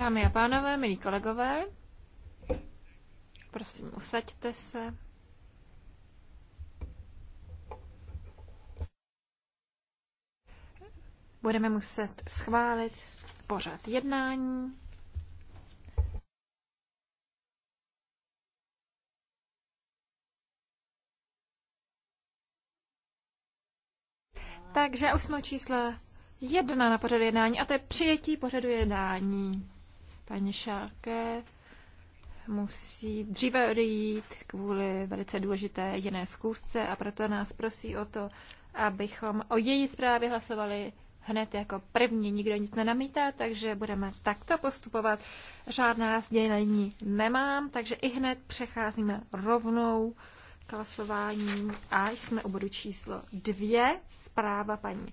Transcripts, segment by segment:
Dámy a pánové, milí kolegové, prosím, usaďte se. Budeme muset schválit pořád jednání. Takže už jsme číslo jedna na pořadu jednání a to je přijetí pořadu jednání. Paní Šáke musí dříve odejít kvůli velice důležité jiné zkoušce a proto nás prosí o to, abychom o její zprávě hlasovali hned jako první. Nikdo nic nenamítá, takže budeme takto postupovat. Žádná sdělení nemám, takže i hned přecházíme rovnou k hlasování a jsme u bodu číslo dvě, zpráva paní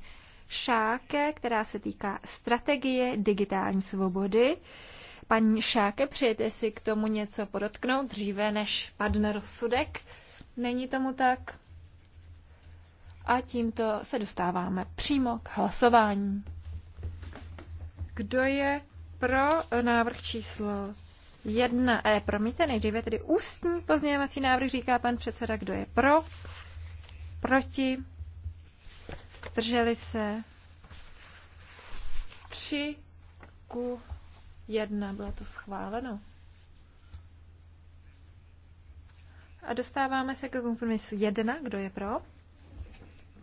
Šáke, která se týká strategie digitální svobody. Paní Šáke, přijete si k tomu něco podotknout dříve, než padne rozsudek? Není tomu tak? A tímto se dostáváme přímo k hlasování. Kdo je pro návrh číslo 1? E, promiňte, nejdříve tedy ústní pozměňovací návrh, říká pan předseda. Kdo je pro? Proti? zdrželi se tři ku jedna bylo to schváleno. A dostáváme se k kompromisu jedna kdo je pro,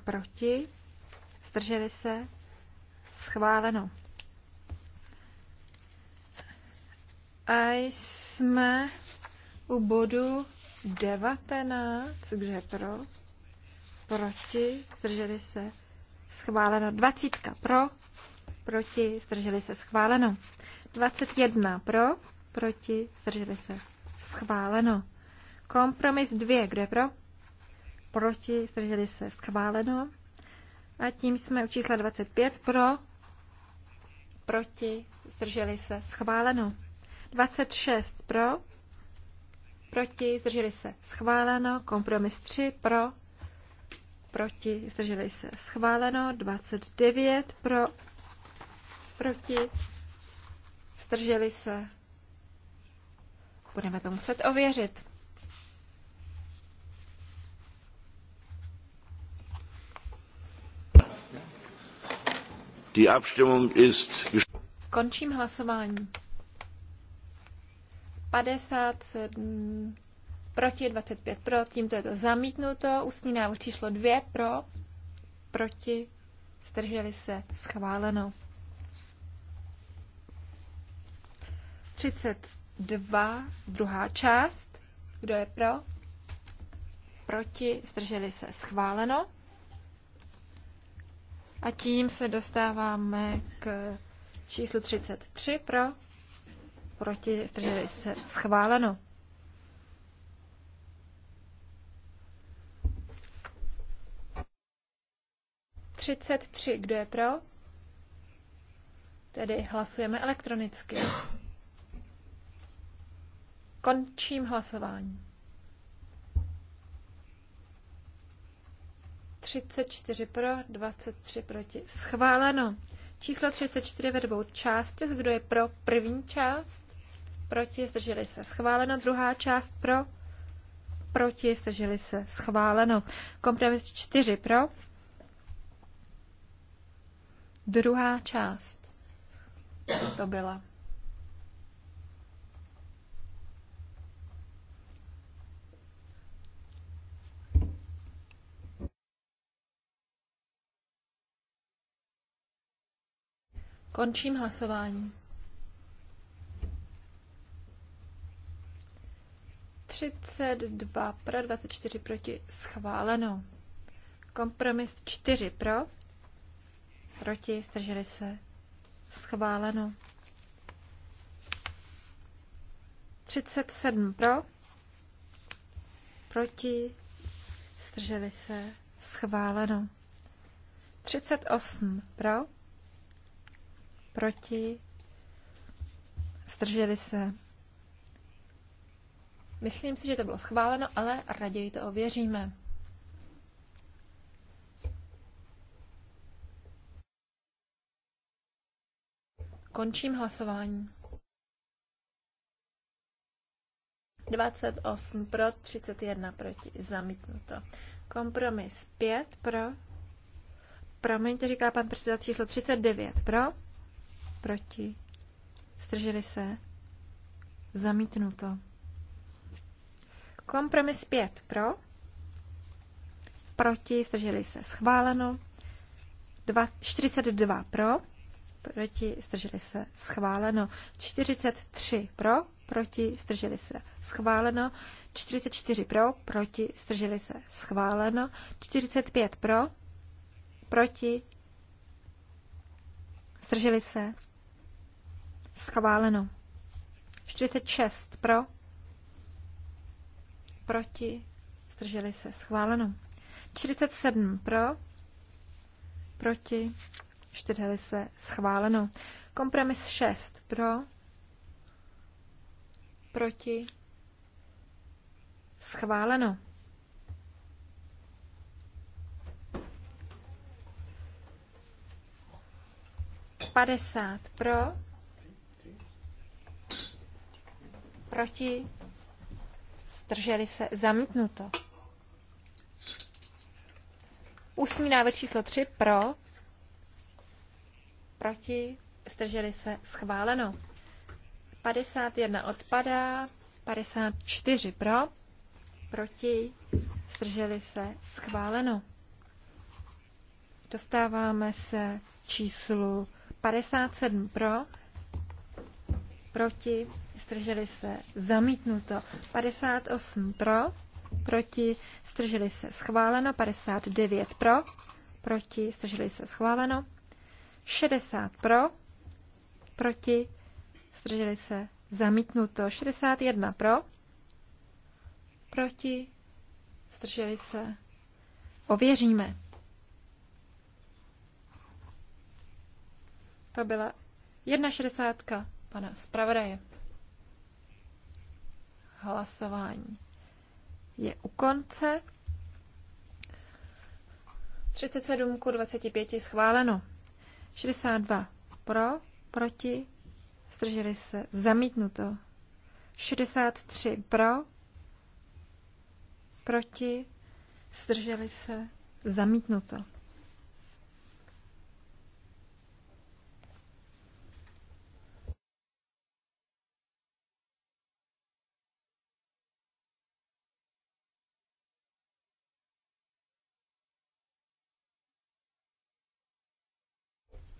proti, zdrželi se, schváleno. A jsme u bodu 19, kde pro, proti, zdrželi se, schváleno. 20 pro, proti, zdrželi se, schváleno. 21 pro, proti, zdrželi se, schváleno. Kompromis 2, kdo je pro? Proti, zdrželi se, schváleno. A tím jsme u čísla 25 pro, proti, zdrželi se, schváleno. 26 pro, proti, zdrželi se, schváleno. Kompromis 3 pro, proti, zdrželi se schváleno, 29 pro, proti, zdrželi se. Budeme to muset ověřit. Die Abstimmung ist Končím hlasování. 57 proti, 25 pro, tímto je to zamítnuto. Ústní návrh číslo 2 pro, proti, zdrželi se, schváleno. 32, druhá část. Kdo je pro? Proti, zdrželi se, schváleno. A tím se dostáváme k číslu 33 pro, proti, zdrželi se, schváleno. 33. Kdo je pro? Tedy hlasujeme elektronicky. Končím hlasování. 34 pro, 23 proti. Schváleno. Číslo 34 ve dvou částech. Kdo je pro první část? Proti, zdrželi se. Schváleno. Druhá část pro? Proti, zdrželi se. Schváleno. Kompromis 4 pro? Druhá část to byla. Končím hlasování. 32 pro, 24 proti, schváleno. Kompromis 4 pro, proti, zdrželi se, schváleno. 37 pro, proti, zdrželi se, schváleno. 38 pro, proti, zdrželi se. Myslím si, že to bylo schváleno, ale raději to ověříme. Končím hlasování. 28 pro, 31 proti, zamítnuto. Kompromis 5 pro, promiňte, říká pan předseda číslo 39 pro, proti, strželi se, zamítnuto. Kompromis 5 pro, proti, strželi se, schváleno, 42 pro, proti, zdrželi se, schváleno. 43 pro, proti, zdrželi se, schváleno. 44 pro, proti, zdrželi se, schváleno. 45 pro, proti, zdrželi se, schváleno. 46 pro, proti, zdrželi se, schváleno. 47 pro, proti, Čtyřeli se schváleno. Kompromis 6 pro, proti, schváleno. Padesát pro, proti, strželi se, zamítnuto. Ústní návrh číslo 3 pro, proti, zdrželi se, schváleno. 51 odpadá, 54 pro, proti, zdrželi se, schváleno. Dostáváme se číslu 57 pro, proti, zdrželi se, zamítnuto. 58 pro, proti, zdrželi se, schváleno. 59 pro, proti, zdrželi se, schváleno. 60 pro, proti, zdrželi se, zamítnuto. 61 pro, proti, zdrželi se, ověříme. To byla 61 pana zpravodaje. Hlasování je u konce. 37 ku 25 schváleno. 62 pro, proti, zdrželi se, zamítnuto. 63 pro, proti, zdrželi se, zamítnuto.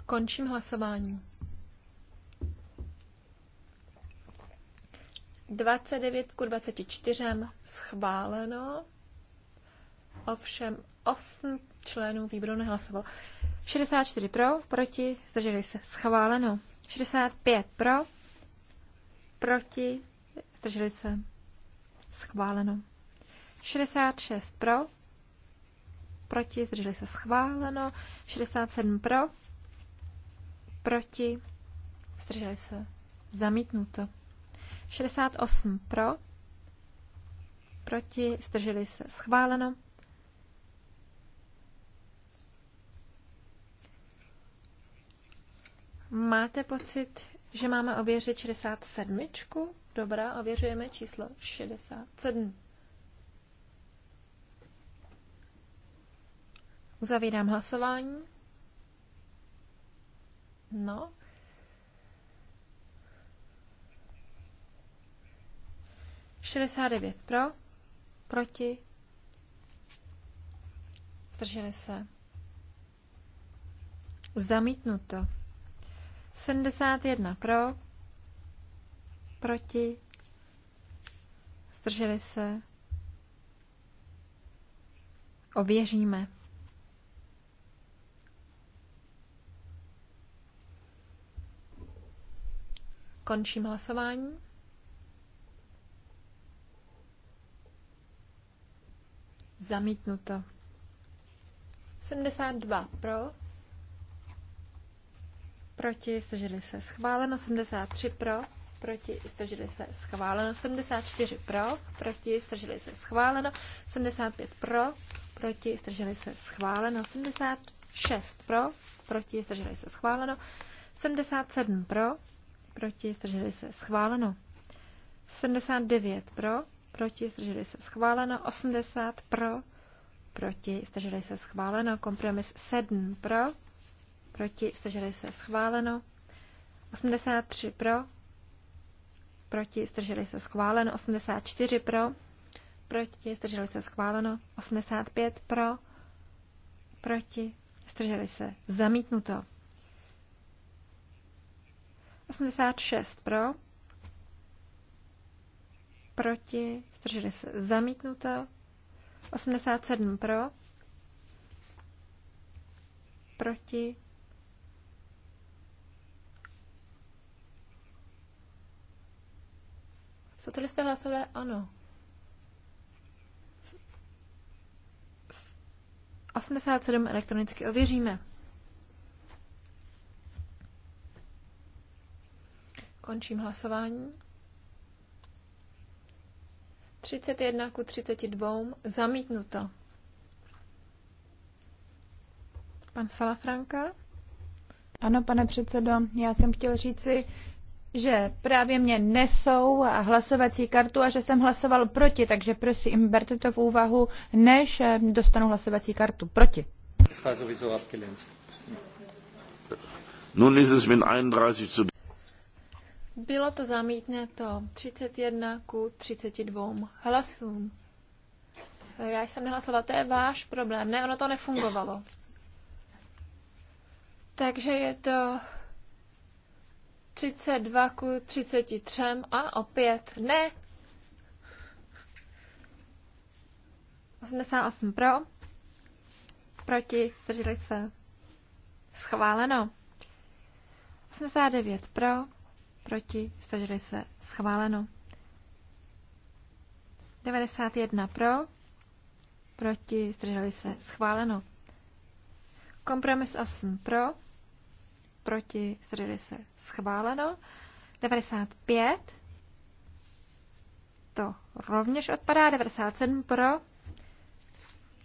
Končím hlasování. 29 ku 24 schváleno, ovšem 8 členů výboru nehlasovalo. 64 pro, proti, zdrželi se, schváleno. 65 pro, proti, zdrželi se, schváleno. 66 pro, proti, zdrželi se, schváleno. 67 pro, proti, zdrželi se, zamítnuto. 68 pro, proti, zdrželi se, schváleno. Máte pocit, že máme ověřit 67? Dobrá, ověřujeme číslo 67. Uzavírám hlasování. No. Šedesát devět pro, proti, zdrželi se. Zamítnuto. 71 pro, proti, zdrželi se. Ověříme. Končím hlasování. Zamítnuto. 72 pro. Proti, stažili se schváleno. 73 pro. Proti, stažili se schváleno. 74 pro. Proti, stažili se schváleno. 75 pro. Proti, stažili se schváleno. 76 pro. Proti, stažili se schváleno. 77 pro proti, zdrželi se, schváleno. 79 pro, proti, zdrželi se, schváleno. 80 pro, proti, zdrželi se, schváleno. Kompromis 7 pro, proti, zdrželi se, schváleno. 83 pro, proti, zdrželi se, schváleno. 84 pro, proti, zdrželi se, schváleno. 85 pro, proti, zdrželi se, zamítnuto. 86 pro, proti, zdrželi se, zamítnuto. 87 pro, proti, Co tady jste hlasovali? Ano. 87 elektronicky ověříme. Končím hlasování. 31 ku 32 zamítnuto. Pan Salafranka? Ano, pane předsedo, já jsem chtěl říci, že právě mě nesou a hlasovací kartu a že jsem hlasoval proti, takže prosím, berte to v úvahu, než eh, dostanu hlasovací kartu proti. Nun ist es mit 31 zu bylo to to 31 ku 32 hlasům. Já jsem nehlasovala, to je váš problém. Ne, ono to nefungovalo. Takže je to 32 ku 33 a opět ne. 88 pro, proti, zdrželi se. Schváleno. 89 pro, proti, zdrželi se, schváleno. 91 pro, proti, zdrželi se, schváleno. Kompromis 8 pro, proti, zdrželi se, schváleno. 95, to rovněž odpadá, 97 pro,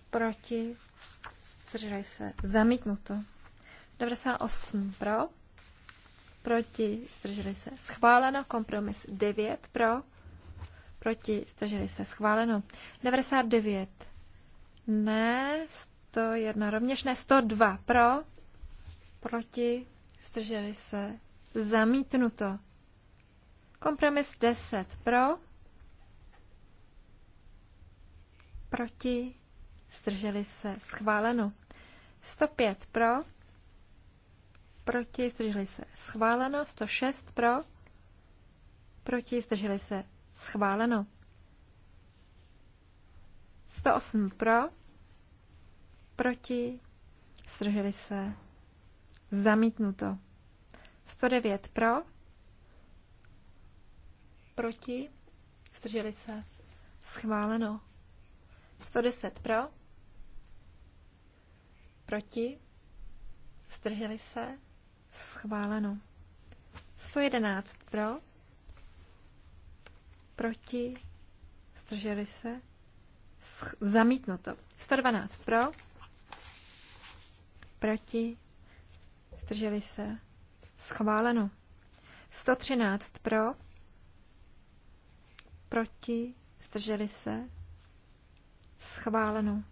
proti, zdrželi se, zamítnuto. 98 pro, proti, zdrželi se, schváleno. Kompromis 9 pro, proti, zdrželi se, schváleno. 99 ne, 101 rovněž ne, 102 pro, proti, zdrželi se, zamítnuto. Kompromis 10 pro, proti, zdrželi se, schváleno. 105 pro, proti, zdrželi se schváleno, 106 pro, proti, zdrželi se schváleno. 108 pro, proti, zdrželi se zamítnuto. 109 pro, proti, zdrželi se schváleno. 110 pro, proti, zdrželi se Schváleno. 111 pro. Proti. Zdrželi se. Sch- zamítnuto. 112 pro. Proti. Zdrželi se. Schváleno. 113 pro. Proti. Zdrželi se. Schváleno.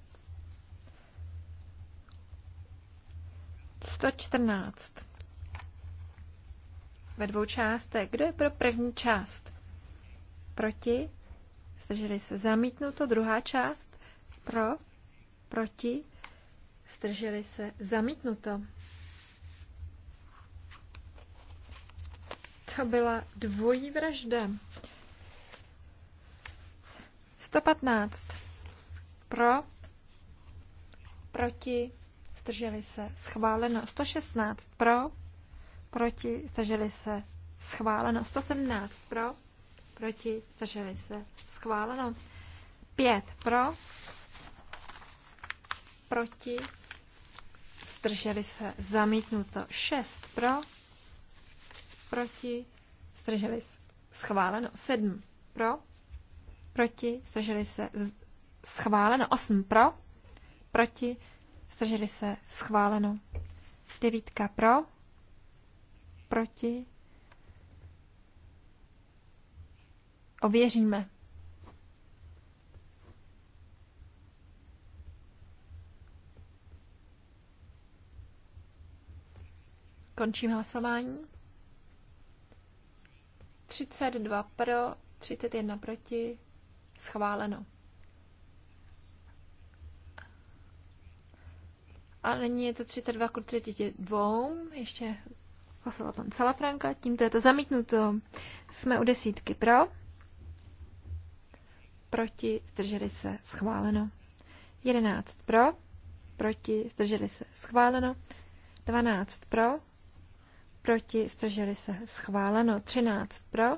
114 ve dvou částech. Kdo je pro první část? Proti? Zdrželi se. Zamítnuto. Druhá část? Pro? Proti? Zdrželi se. Zamítnuto. To byla dvojí vražda. 115. Pro? Proti? Zdrželi se. Schváleno. 116. Pro? proti, zdrželi se, schváleno. 117 pro, proti, zdrželi se, schváleno. 5 pro, proti, zdrželi se, zamítnuto. 6 pro, proti, zdrželi se, schváleno. 7 pro, proti, zdrželi se, schváleno. 8 pro, proti, zdrželi se, schváleno. Devítka pro, proti. Ověříme. Končím hlasování. 32 pro, 31 proti, schváleno. A nyní je to 32 k 32, ještě Hlasoval pan Salafranka, tímto je to zamítnuto. Jsme u desítky pro. Proti, zdrželi se, schváleno. 11 pro, proti, zdrželi se, schváleno. 12 pro, proti, zdrželi se, schváleno. 13 pro,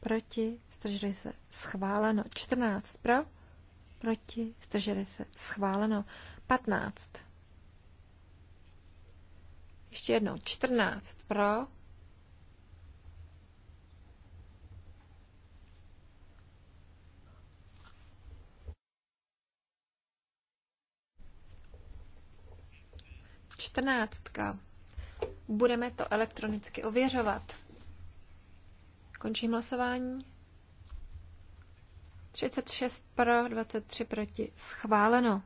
proti, zdrželi se, schváleno. 14 pro, proti, zdrželi se, schváleno. 15 ještě jednou, 14 pro. Čtrnáctka. Budeme to elektronicky ověřovat. Končím hlasování. 36 pro, 23 proti. Schváleno.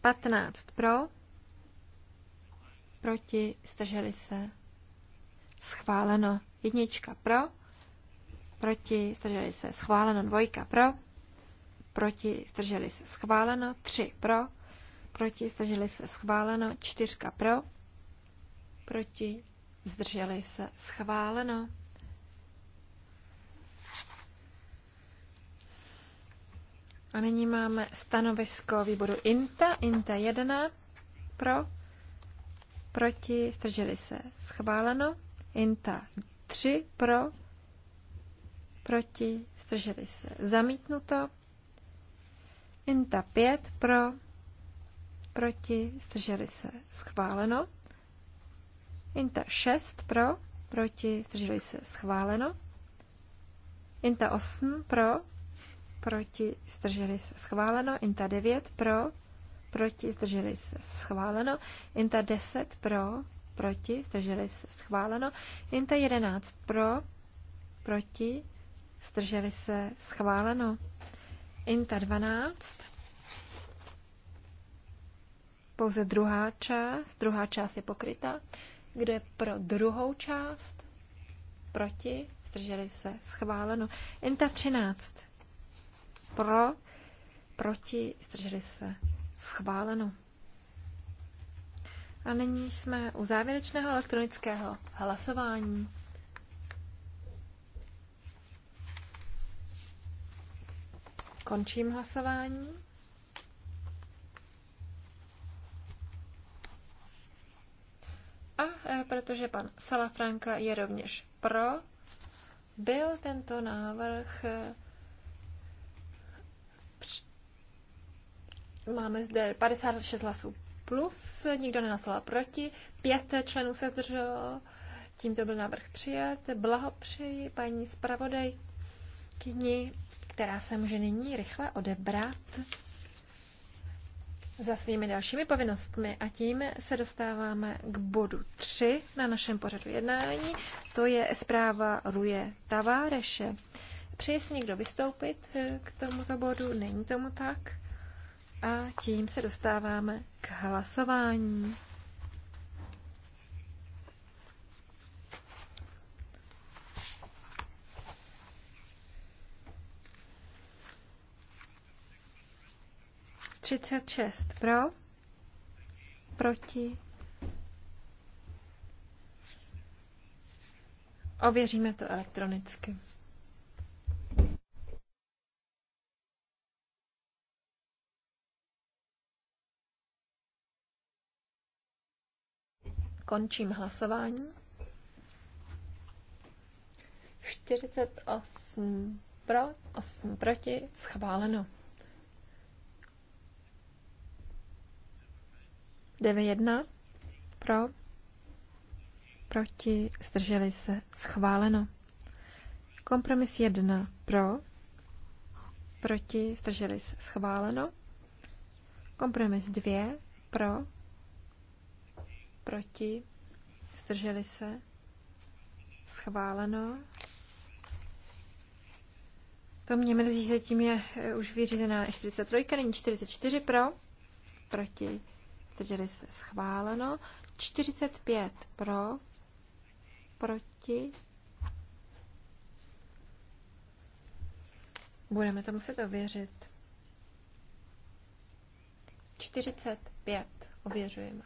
15 pro proti, zdrželi se, schváleno. Jednička pro, proti, zdrželi se, schváleno. Dvojka pro, proti, zdrželi se, schváleno. Tři pro, proti, zdrželi se, schváleno. Čtyřka pro, proti, zdrželi se, schváleno. A nyní máme stanovisko výboru INTA, INTA 1, pro, proti, zdrželi se, schváleno. Inta 3 pro, proti, zdrželi se, zamítnuto. Inta 5 pro, proti, zdrželi se, schváleno. Inta 6 pro, proti, zdrželi se, schváleno. Inta 8 pro, proti, zdrželi se, schváleno. Inta 9 pro, proti, zdrželi se schváleno. Inta 10 pro, proti, zdrželi se schváleno. Inta 11 pro, proti, zdrželi se schváleno. Inta 12 pouze druhá část, druhá část je pokryta. Kdo je pro druhou část? Proti? Zdrželi se? Schváleno. Inta 13. Pro? Proti? Zdrželi se? Schváleno. A nyní jsme u závěrečného elektronického hlasování. Končím hlasování. A e, protože pan Salafranka je rovněž pro, byl tento návrh e, Máme zde 56 hlasů plus, nikdo nenaslal proti, pět členů se zdrželo, tímto byl návrh přijat. Blahopřeji paní zpravodajkyni, která se může nyní rychle odebrat za svými dalšími povinnostmi. A tím se dostáváme k bodu 3 na našem pořadu jednání. To je zpráva Ruje Taváreše. Přeje si někdo vystoupit k tomuto bodu? Není tomu tak. A tím se dostáváme k hlasování. Třicet šest pro, proti. Ověříme to elektronicky. Končím hlasování. 48 pro, 8 proti, schváleno. 91 pro, proti, zdrželi se, schváleno. Kompromis 1 pro, proti, zdrželi se, schváleno. Kompromis 2 pro, proti, zdrželi se, schváleno. To mě mrzí, že tím je eh, už vyřízená 43, není 44 pro, proti, zdrželi se, schváleno. 45 pro, proti, Budeme to muset ověřit. 45 ověřujeme.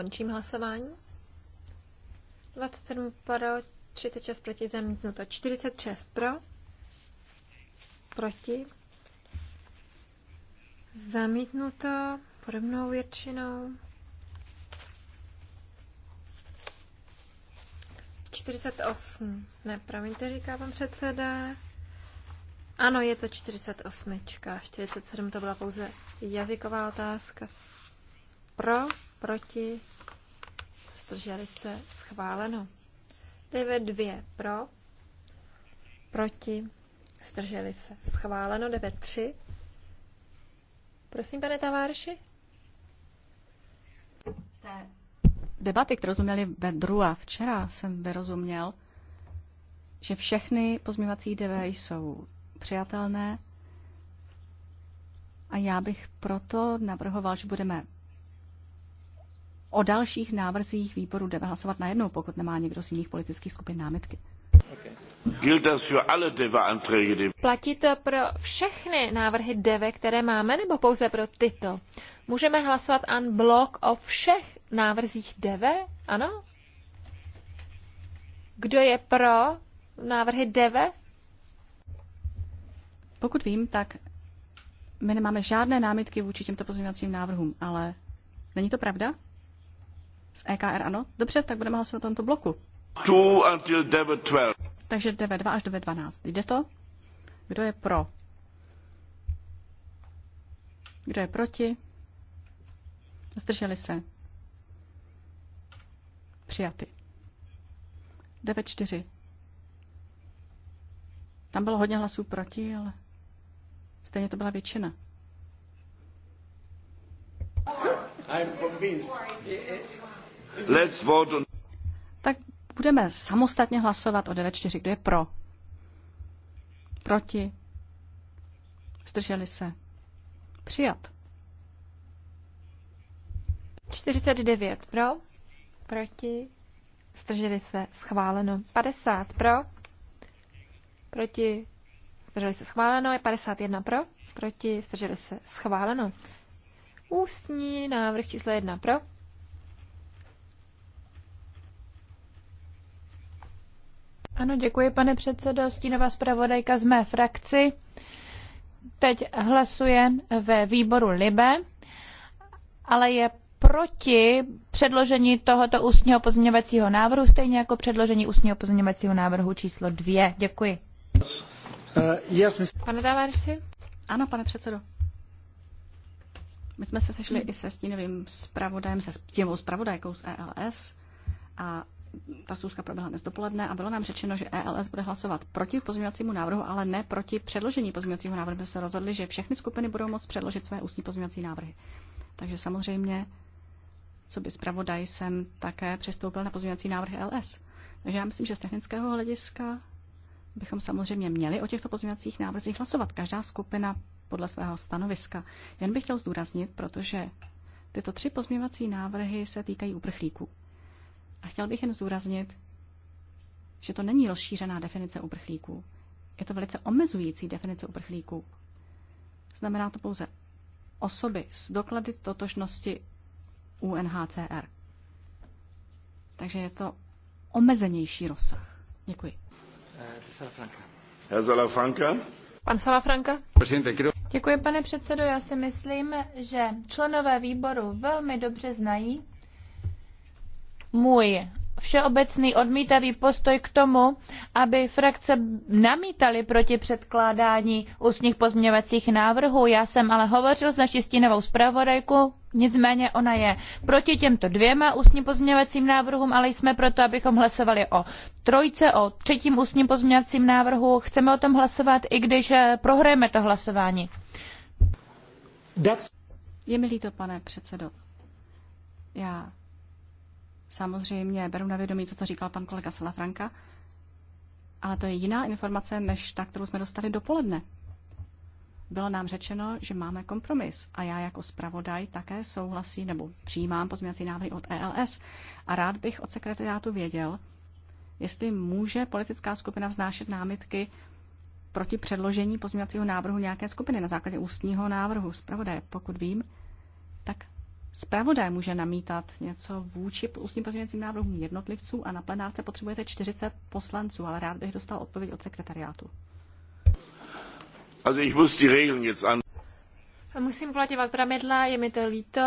Končím hlasování. 27 pro, 36 proti, zamítnuto. 46 pro, proti, zamítnuto podobnou většinou. 48. Ne, promiňte, říká pan předseda. Ano, je to 48. 47 to byla pouze jazyková otázka. Pro, proti, zdrželi se, schváleno. 9, 2 pro, proti, zdrželi se, schváleno. 9, 3. Prosím, pane Tavárši. Z té debaty, kterou jsme měli ve druhá včera, jsem vyrozuměl, že všechny pozměvací DV jsou přijatelné a já bych proto navrhoval, že budeme o dalších návrzích výboru jde hlasovat najednou, pokud nemá někdo z jiných politických skupin námitky. Platí to pro všechny návrhy DEVE, které máme, nebo pouze pro tyto? Můžeme hlasovat an blok o všech návrzích DEVE? Ano? Kdo je pro návrhy DEVE? Pokud vím, tak my nemáme žádné námitky vůči těmto pozměňovacím návrhům, ale není to pravda? Z EKR ano? Dobře, tak budeme hlasovat o tomto bloku. Two until 9.12. Takže 9.2 až 9.12. Jde to? Kdo je pro? Kdo je proti? Zdrželi se? Přijaty. 9.4. Tam bylo hodně hlasů proti, ale stejně to byla většina. I'm convinced. Let's vote on... Tak budeme samostatně hlasovat o 9.4. Kdo je pro? Proti? Zdrželi se? Přijat. 49 pro, proti, zdrželi se, schváleno. 50 pro, proti, zdrželi se, schváleno. Je 51 pro, proti, zdrželi se, schváleno. Ústní návrh číslo 1 pro, Ano, děkuji, pane předsedo. Stínová zpravodajka z mé frakci teď hlasuje ve výboru Libe, ale je proti předložení tohoto ústního pozměňovacího návrhu, stejně jako předložení ústního pozměňovacího návrhu číslo dvě. Děkuji. Uh, pane Dávarši? Ano, pane předsedo. My jsme se sešli hm. i se stínovým zpravodajem, se stínovou zpravodajkou z ELS a ta schůzka proběhla dnes dopoledne a bylo nám řečeno, že ELS bude hlasovat proti pozměňovacímu návrhu, ale ne proti předložení pozměňovacího návrhu. My jsme se rozhodli, že všechny skupiny budou moct předložit své ústní pozměňovací návrhy. Takže samozřejmě, co by zpravodaj jsem také přistoupil na pozměňovací návrh e LS. Takže já myslím, že z technického hlediska bychom samozřejmě měli o těchto pozměňovacích návrzích hlasovat. Každá skupina podle svého stanoviska. Jen bych chtěl zdůraznit, protože tyto tři pozměňovací návrhy se týkají uprchlíků. A chtěl bych jen zdůraznit, že to není rozšířená definice uprchlíků. Je to velice omezující definice uprchlíků. Znamená to pouze osoby s doklady totožnosti UNHCR. Takže je to omezenější rozsah. Děkuji. Eh, eh, Pan Salafranka. Děkuji, pane předsedo. Já si myslím, že členové výboru velmi dobře znají můj všeobecný odmítavý postoj k tomu, aby frakce namítaly proti předkládání ústních pozměňovacích návrhů. Já jsem ale hovořil s naší stínovou zpravodajkou, nicméně ona je proti těmto dvěma ústním pozměňovacím návrhům, ale jsme proto, abychom hlasovali o trojce, o třetím ústním pozměňovacím návrhu. Chceme o tom hlasovat, i když eh, prohrajeme to hlasování. That's... Je mi líto, pane předsedo. Já Samozřejmě beru na vědomí to, co říkal pan kolega Salafranka, ale to je jiná informace, než ta, kterou jsme dostali dopoledne. Bylo nám řečeno, že máme kompromis a já jako zpravodaj také souhlasím nebo přijímám pozměňovací návrhy od ELS a rád bych od sekretariátu věděl, jestli může politická skupina vznášet námitky proti předložení pozměňovacího návrhu nějaké skupiny na základě ústního návrhu zpravodaje. Pokud vím, Zpravodaj může namítat něco vůči ústním pozměňovacím návrhům jednotlivců a na plenárce potřebujete 40 poslanců, ale rád bych dostal odpověď od sekretariátu. Also ich muss die Regeln jetzt an. Musím platit pravidla, je mi to líto.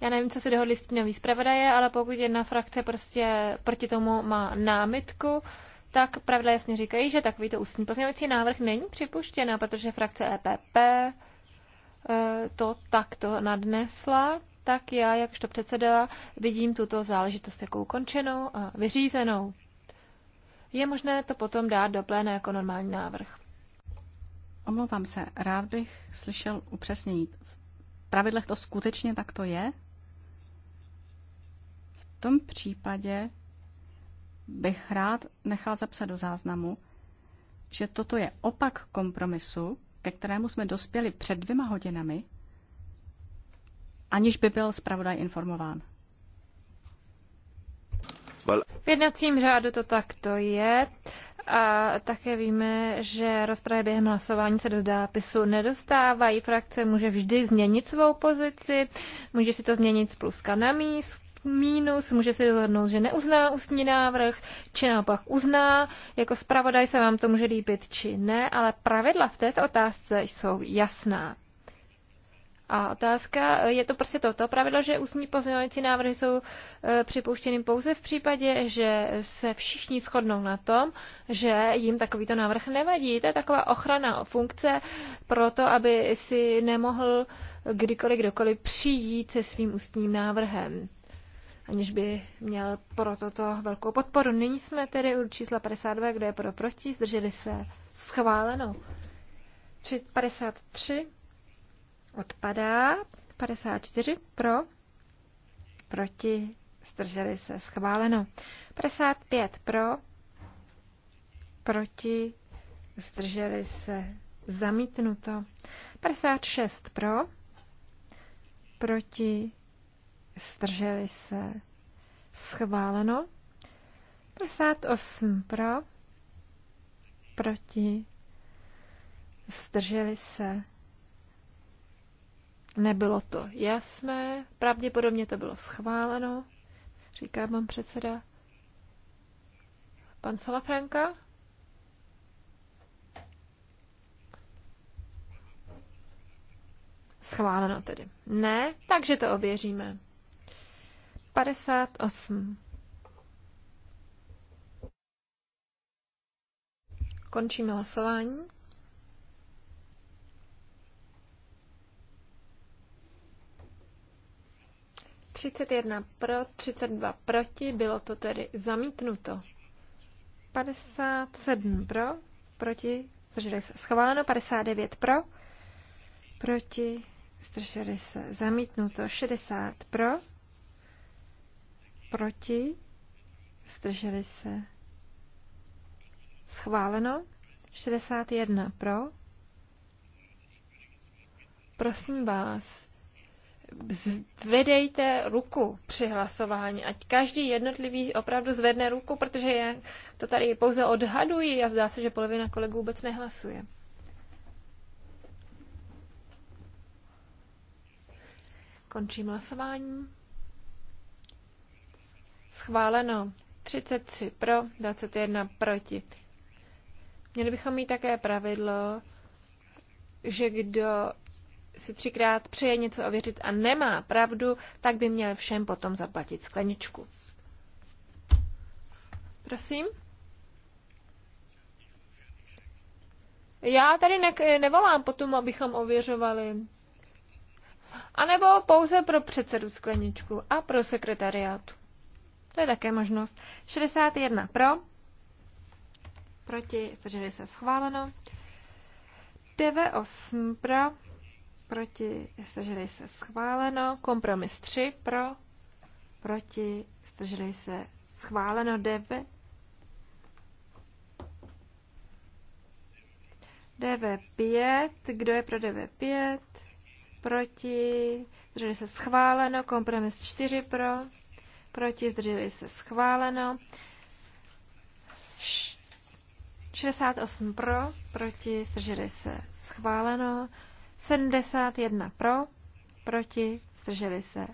Já nevím, co se dohodli nový zpravodaje, ale pokud jedna frakce prostě proti tomu má námitku, tak pravidla jasně říkají, že takovýto ústní pozměňovací návrh není připuštěná, protože frakce EPP E, to takto nadnesla, tak já, jakožto předseda, vidím tuto záležitost jako ukončenou a vyřízenou. Je možné to potom dát do pléna jako normální návrh. Omlouvám se, rád bych slyšel upřesnění. V pravidlech to skutečně takto je? V tom případě bych rád nechal zapsat do záznamu, že toto je opak kompromisu, ke kterému jsme dospěli před dvěma hodinami, aniž by byl zpravodaj informován. V jednacím řádu to takto je. A také víme, že rozpravy během hlasování se do zápisu nedostávají. Frakce může vždy změnit svou pozici, může si to změnit z pluska na míst, mínus, může se dohodnout, že neuzná ústní návrh, či naopak uzná, jako zpravodaj se vám to může líbit, či ne, ale pravidla v této otázce jsou jasná. A otázka je to prostě toto pravidlo, že ústní pozměňovací návrhy jsou e, připouštěny pouze v případě, že se všichni shodnou na tom, že jim takovýto návrh nevadí. To je taková ochrana funkce pro to, aby si nemohl kdykoliv kdokoliv přijít se svým ústním návrhem aniž by měl pro toto velkou podporu. Nyní jsme tedy u čísla 52, kdo je pro proti, zdrželi se schváleno. 53 odpadá, 54 pro, proti, zdrželi se schváleno. 55 pro, proti, zdrželi se zamítnuto. 56 pro, proti, zdrželi se, schváleno. 58 pro, proti, zdrželi se. Nebylo to jasné, pravděpodobně to bylo schváleno, říká pan předseda. Pan Salafranka? Schváleno tedy. Ne, takže to ověříme. 58. Končíme hlasování. Třicet jedna pro, třicet dva proti, bylo to tedy zamítnuto. Padesát sedm pro, proti, zdrželi se schváleno, padesát devět pro, proti, zdrželi se zamítnuto, šedesát pro, Proti? Zdrželi se. Schváleno. 61 pro. Prosím vás, zvedejte ruku při hlasování. Ať každý jednotlivý opravdu zvedne ruku, protože je, to tady pouze odhadují a zdá se, že polovina kolegů vůbec nehlasuje. Končím hlasování. Schváleno 33 pro, 21 proti. Měli bychom mít také pravidlo, že kdo si třikrát přeje něco ověřit a nemá pravdu, tak by měl všem potom zaplatit skleničku. Prosím? Já tady ne- nevolám potom, abychom ověřovali. A nebo pouze pro předsedu skleničku a pro sekretariátu. To je také možnost. 61 pro, proti, zdrželi se schváleno. 98 pro, proti, zdrželi se schváleno. Kompromis 3 pro, proti, zdrželi se schváleno. 9 DV5, kdo je pro DV5? Proti, zdrželi se schváleno, kompromis 4 pro, proti, zdrželi se schváleno. 68 pro, proti, zdrželi se schváleno. 71 pro, proti, zdrželi se.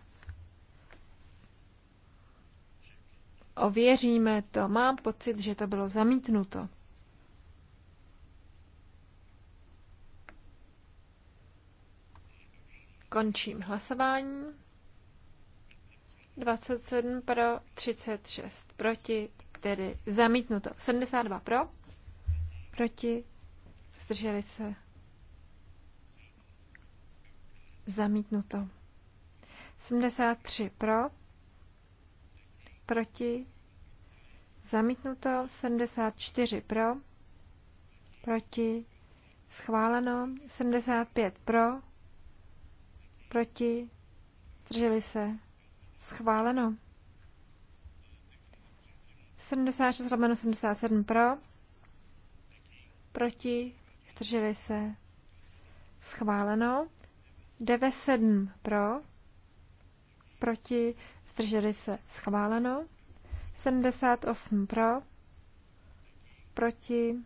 Ověříme to. Mám pocit, že to bylo zamítnuto. Končím hlasování. 27 pro, 36 proti, tedy zamítnuto. 72 pro, proti, zdrželi se. Zamítnuto. 73 pro, proti, zamítnuto. 74 pro, proti, schváleno. 75 pro, proti, zdrželi se Schváleno. 76 lomeno 77 pro. Proti. Zdrželi se. Schváleno. 97 pro. Proti. Zdrželi se. Schváleno. 78 pro. Proti.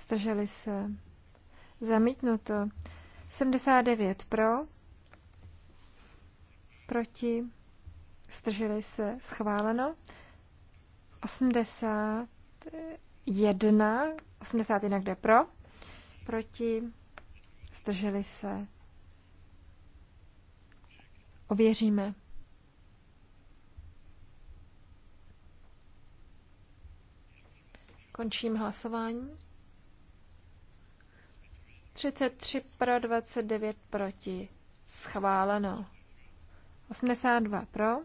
Zdrželi se. Zamítnuto. 79 pro. Proti zdrželi se, schváleno. 81, 81 kde pro, proti, zdrželi se, ověříme. Končím hlasování. 33 pro, 29 proti. Schváleno. 82 pro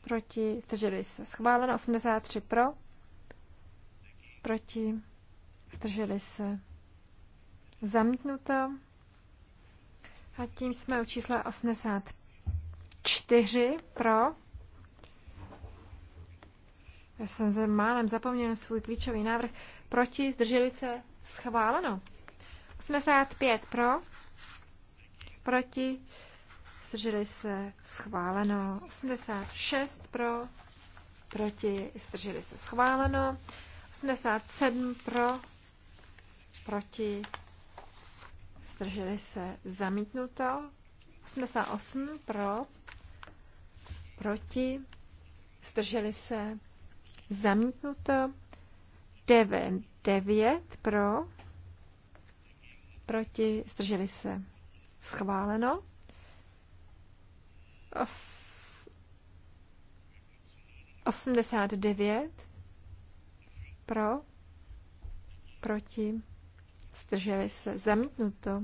proti, zdrželi se. Schváleno 83 pro, proti, zdrželi se. Zamítnuto. A tím jsme u čísla 84 pro. Já jsem se málem zapomněl svůj klíčový návrh. Proti, zdrželi se, schváleno. 85 pro, proti, zdrželi se, schváleno. 86 pro, proti, zdrželi se, schváleno. 87 pro, proti, zdrželi se, zamítnuto. 88 pro, proti, zdrželi se, zamítnuto. 9, 9 pro, proti, zdrželi se, schváleno. 89 pro, proti, zdrželi se, zamítnuto.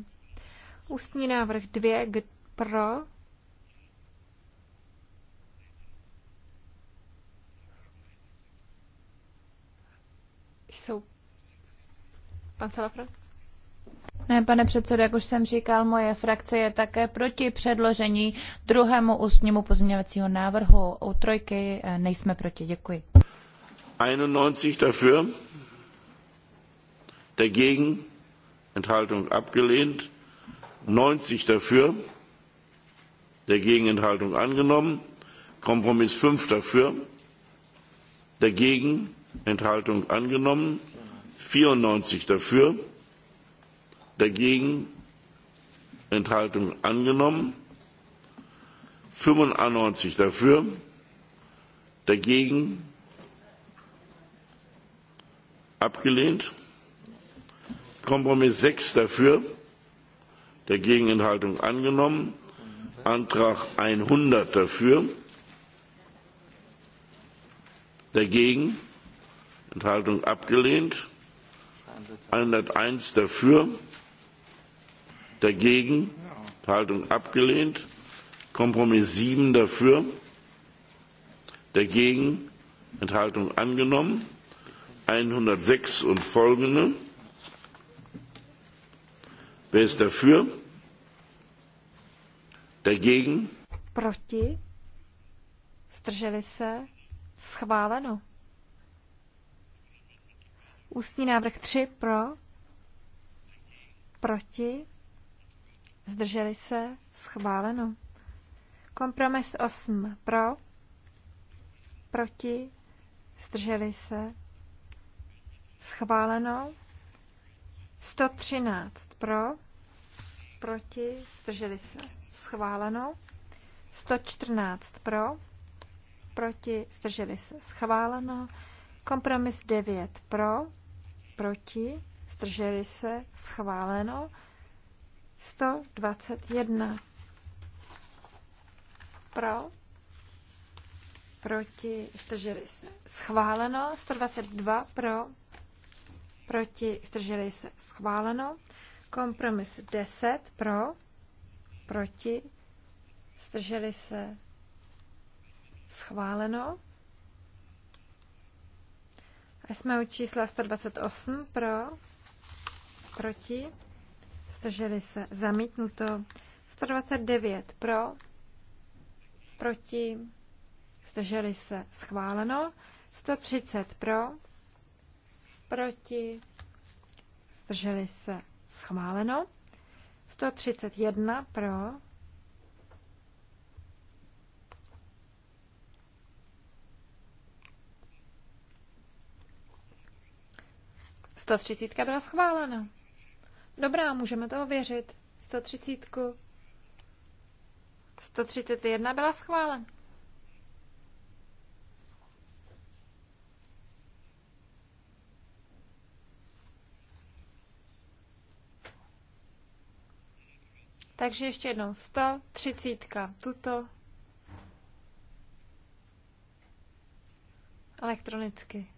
Ústní návrh 2 pro, jsou pan Salafran? Ne, pane předsedo, jak už jsem říkal, moje frakce je také proti předložení druhému ústnímu pozměňovacího návrhu. U trojky eh, nejsme proti. Děkuji. 91 dafür, dagegen, Enthaltung abgelehnt, 90 dafür, dagegen, Enthaltung angenommen, Kompromiss 5 dafür, dagegen, Enthaltung angenommen, 94 dafür, dagegen Enthaltung angenommen, 95 dafür, dagegen abgelehnt, Kompromiss 6 dafür, dagegen Enthaltung angenommen, Antrag 100 dafür, dagegen Enthaltung abgelehnt, 101 dafür, dagegen, Enthaltung abgelehnt. Kompromiss 7 dafür, dagegen, Enthaltung angenommen. 106 und folgende. Wer ist dafür? Dagegen? Proti? Zdrželi se? Schváleno. Ústní návrh 3 pro? Proti? Zdrželi se? Schváleno. Kompromis 8. Pro? Proti? Zdrželi se? Schváleno. 113 pro, proti, zdrželi se. Schváleno. 114 pro, proti, zdrželi se. Schváleno. Kompromis 9 pro, proti, zdrželi se. Schváleno. 121. Pro. Proti. Strželi se. Schváleno. 122. Pro. Proti. Strželi se. Schváleno. Kompromis 10. Pro. Proti. Strželi se. Schváleno. A jsme u čísla 128 pro, proti, zdrželi se, zamítnuto. 129 pro, proti, zdrželi se, schváleno. 130 pro, proti, zdrželi se, schváleno. 131 pro, Sto třicítka byla schválena. Dobrá, můžeme to ověřit. 130. 131 byla schválen. Takže ještě jednou 130. Tuto. Elektronicky.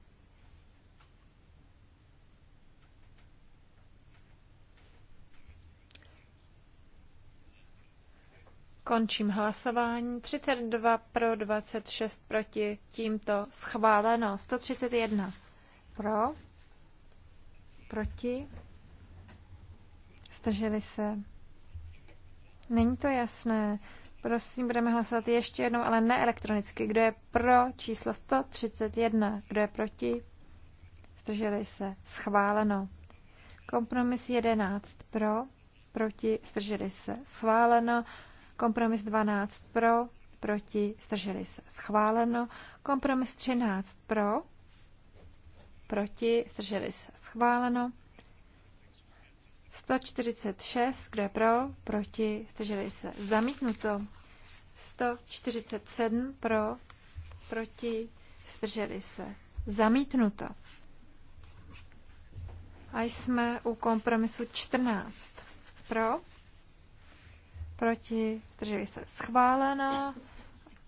Končím hlasování. 32 pro, 26 proti. Tímto schváleno. 131 pro, proti. Zdrželi se. Není to jasné. Prosím, budeme hlasovat ještě jednou, ale ne elektronicky. Kdo je pro číslo 131? Kdo je proti? Zdrželi se. Schváleno. Kompromis 11 pro, proti, zdrželi se. Schváleno. Kompromis 12 pro, proti, zdrželi se schváleno. Kompromis 13 pro, proti, zdrželi se schváleno. 146, kdo je pro, proti, zdrželi se zamítnuto. 147 pro, proti, zdrželi se zamítnuto. A jsme u kompromisu 14 pro, proti, zdrželi se schváleno.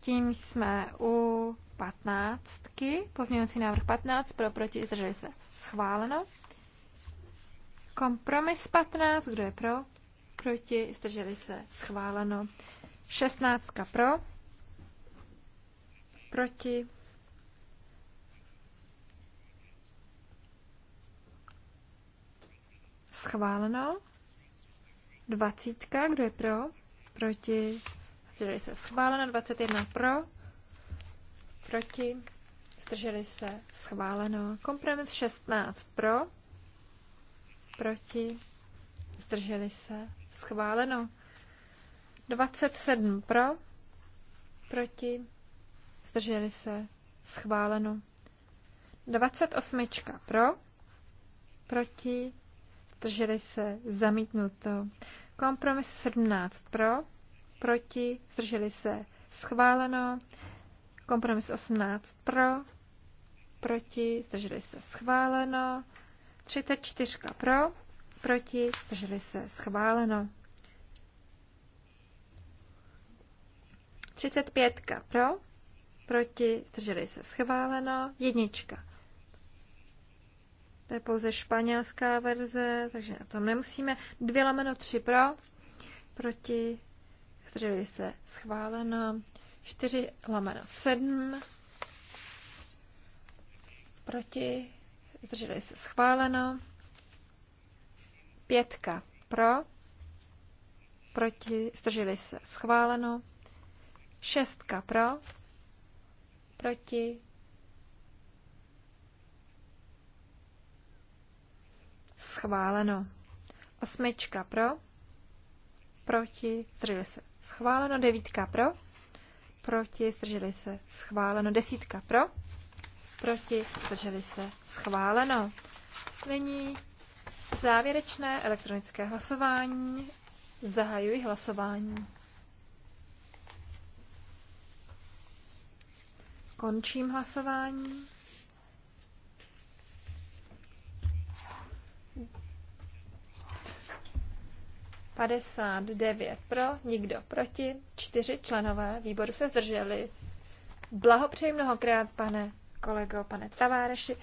Tím jsme u patnáctky, pozměňovací návrh 15, pro, proti, zdrželi se schváleno. Kompromis 15, kdo je pro, proti, zdrželi se schváleno. 16 pro, proti, schváleno. Dvacítka, kdo je pro? proti, zdrželi se schváleno, 21 pro, proti, zdrželi se schváleno, kompromis 16 pro, proti, zdrželi se schváleno, 27 pro, proti, zdrželi se schváleno, 28 pro, proti, zdrželi se zamítnuto, Kompromis 17 pro, proti, zdrželi se schváleno. Kompromis 18 pro, proti, zdrželi se schváleno. 34 pro, proti, zdrželi se schváleno. 35 pro, proti, zdrželi se schváleno. Jednička to je pouze španělská verze, takže na tom nemusíme. 2 lomeno 3 pro, proti, zdrželi se schváleno. 4 lomeno 7, proti, zdrželi se schváleno. Pětka pro, proti, zdrželi se schváleno. Šestka pro, proti, schváleno. Osmička pro, proti, zdrželi se, schváleno. Devítka pro, proti, zdrželi se, schváleno. Desítka pro, proti, zdrželi se, schváleno. Nyní závěrečné elektronické hlasování. Zahajuji hlasování. Končím hlasování. 59 pro, nikdo proti, čtyři členové výboru se zdrželi. Blahopřeji mnohokrát, pane kolego, pane Taváreši.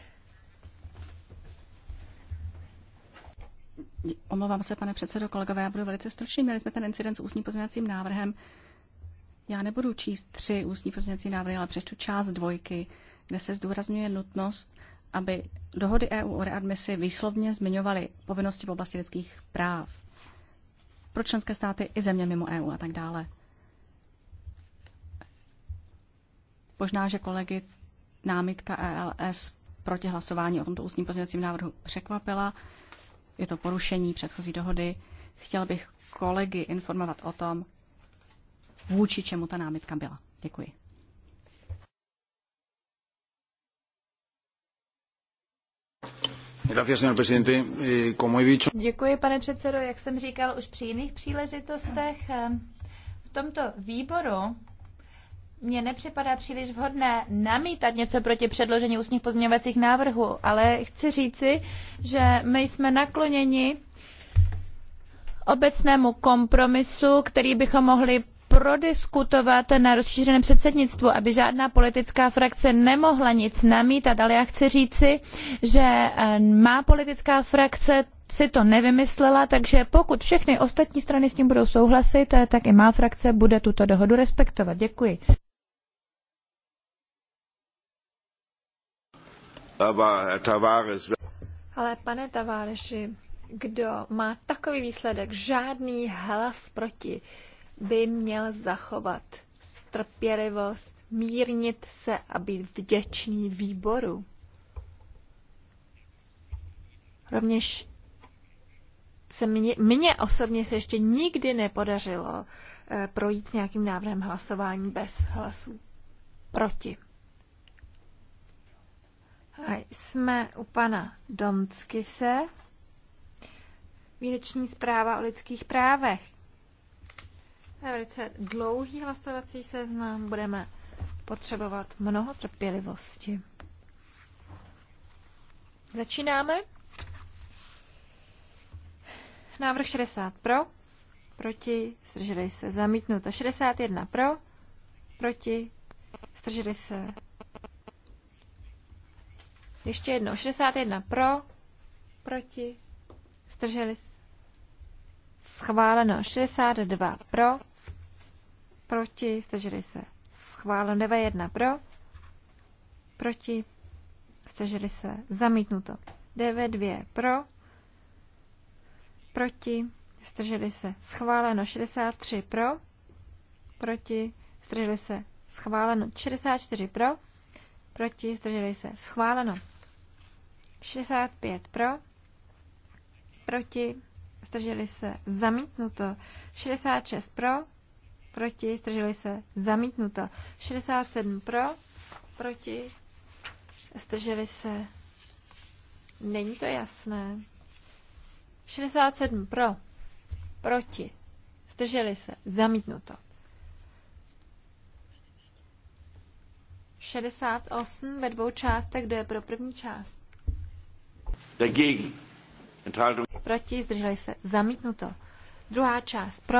Omlouvám se, pane předsedo, kolegové, já budu velice stručný. Měli jsme ten incident s ústním pozměňovacím návrhem. Já nebudu číst tři ústní pozměňovací návrhy, ale přečtu část dvojky, kde se zdůrazňuje nutnost, aby dohody EU o readmisi výslovně zmiňovaly povinnosti v oblasti lidských práv pro členské státy i země mimo EU a tak dále. Možná, že kolegy námitka ELS proti hlasování o tomto ústním pozměňovacím návrhu překvapila. Je to porušení předchozí dohody. Chtěl bych kolegy informovat o tom, vůči čemu ta námitka byla. Děkuji. Eh, Děkuji, pane předsedo. Jak jsem říkal už při jiných příležitostech, ehm, v tomto výboru mně nepřipadá příliš vhodné namítat něco proti předložení ústních pozměňovacích návrhů, ale chci říci, že my jsme nakloněni obecnému kompromisu, který bychom mohli prodiskutovat na rozšířeném předsednictvu, aby žádná politická frakce nemohla nic namítat, ale já chci říci, že eh, má politická frakce si to nevymyslela, takže pokud všechny ostatní strany s tím budou souhlasit, eh, tak i má frakce bude tuto dohodu respektovat. Děkuji. Ale pane Taváreši, kdo má takový výsledek, žádný hlas proti, by měl zachovat trpělivost, mírnit se a být vděčný výboru. Rovněž se mě, mně osobně se ještě nikdy nepodařilo e, projít s nějakým návrhem hlasování bez hlasů proti. A jsme u pana Domskise. Výroční zpráva o lidských právech je velice dlouhý hlasovací seznam, budeme potřebovat mnoho trpělivosti. Začínáme. Návrh 60 pro, proti, strželi se, zamítnuto. 61 pro, proti, strželi se. Ještě jednou, 61 pro, proti, strželi se schváleno 62 pro, proti, zdrželi se, schváleno 91 pro, proti, zdrželi se, zamítnuto 92 pro, proti, zdrželi se, schváleno 63 pro, proti, zdrželi se, schváleno 64 pro, proti, zdrželi se, schváleno 65 pro, proti, zdrželi se, zamítnuto. 66 pro, proti, zdrželi se, zamítnuto. 67 pro, proti, zdrželi se. Není to jasné. 67 pro, proti, zdrželi se, zamítnuto. 68 ve dvou částech, kdo je pro první část? Dagegen Proti, zdrželi se, zamítnuto. Druhá část pro,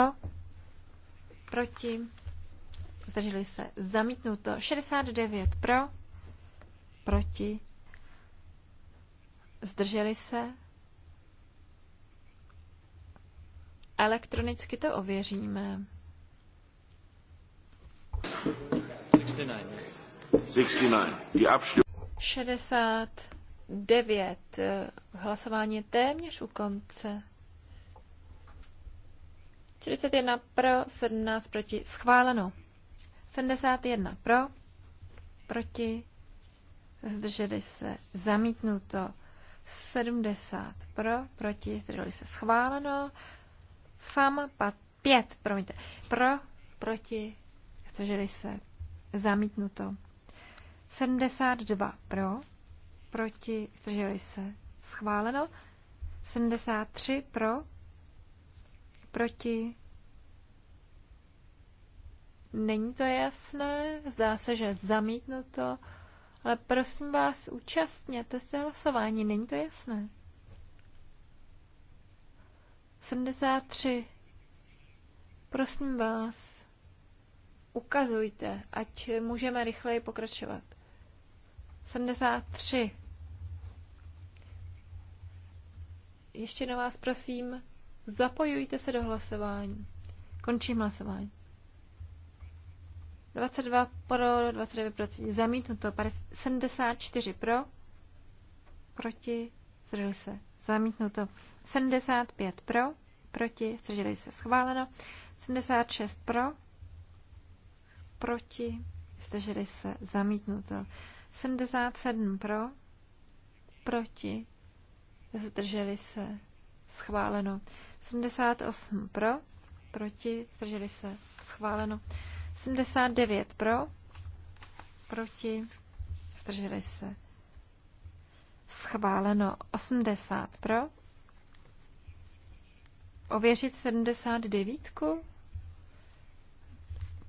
proti, zdrželi se, zamítnuto. 69 pro, proti, zdrželi se. Elektronicky to ověříme. 69. 69. 69. 9. Eh, hlasování je téměř u konce. 41 pro, 17 proti. Schváleno. 71 pro, proti. Zdrželi se. Zamítnuto. 70 pro, proti. Zdrželi se. Schváleno. FAM 5, promiňte. Pro, proti. Zdrželi se. Zamítnuto. 72 pro, proti, zdrželi se, schváleno. 73 pro, proti, není to jasné, zdá se, že zamítnuto, ale prosím vás, účastněte se hlasování, není to jasné. 73. Prosím vás, ukazujte, ať můžeme rychleji pokračovat. 73. ještě na vás prosím, zapojujte se do hlasování. Končím hlasování. 22 pro, 29 proti, zamítnuto, 74 pro, proti, zdrželi se, zamítnuto, 75 pro, proti, zdrželi se, schváleno, 76 pro, proti, zdrželi se, zamítnuto, 77 pro, proti, zdrželi se, schváleno. 78 pro, proti, zdrželi se, schváleno. 79 pro, proti, zdrželi se, schváleno. 80 pro, ověřit 79. -ku?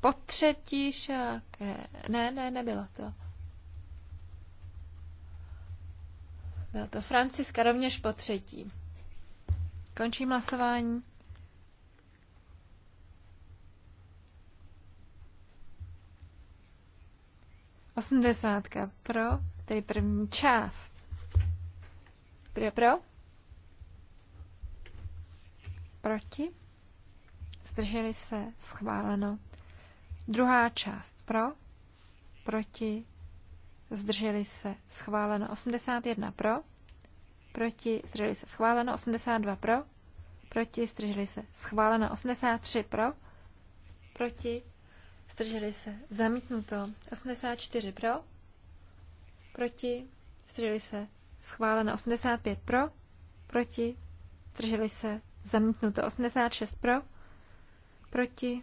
Po třetí šáke. Ne, ne, nebyla to. Byla to Franciska rovněž po třetí. Končím hlasování. Osmdesátka pro, tedy první část. Kdo je pro? Proti? Zdrželi se, schváleno. Druhá část pro, proti, zdrželi se schváleno 81 pro, proti zdrželi se schváleno 82 pro, proti zdrželi se schváleno 83 pro, proti zdrželi se zamítnuto 84 pro, proti zdrželi se schváleno 85 pro, proti zdrželi se zamítnuto 86 pro, proti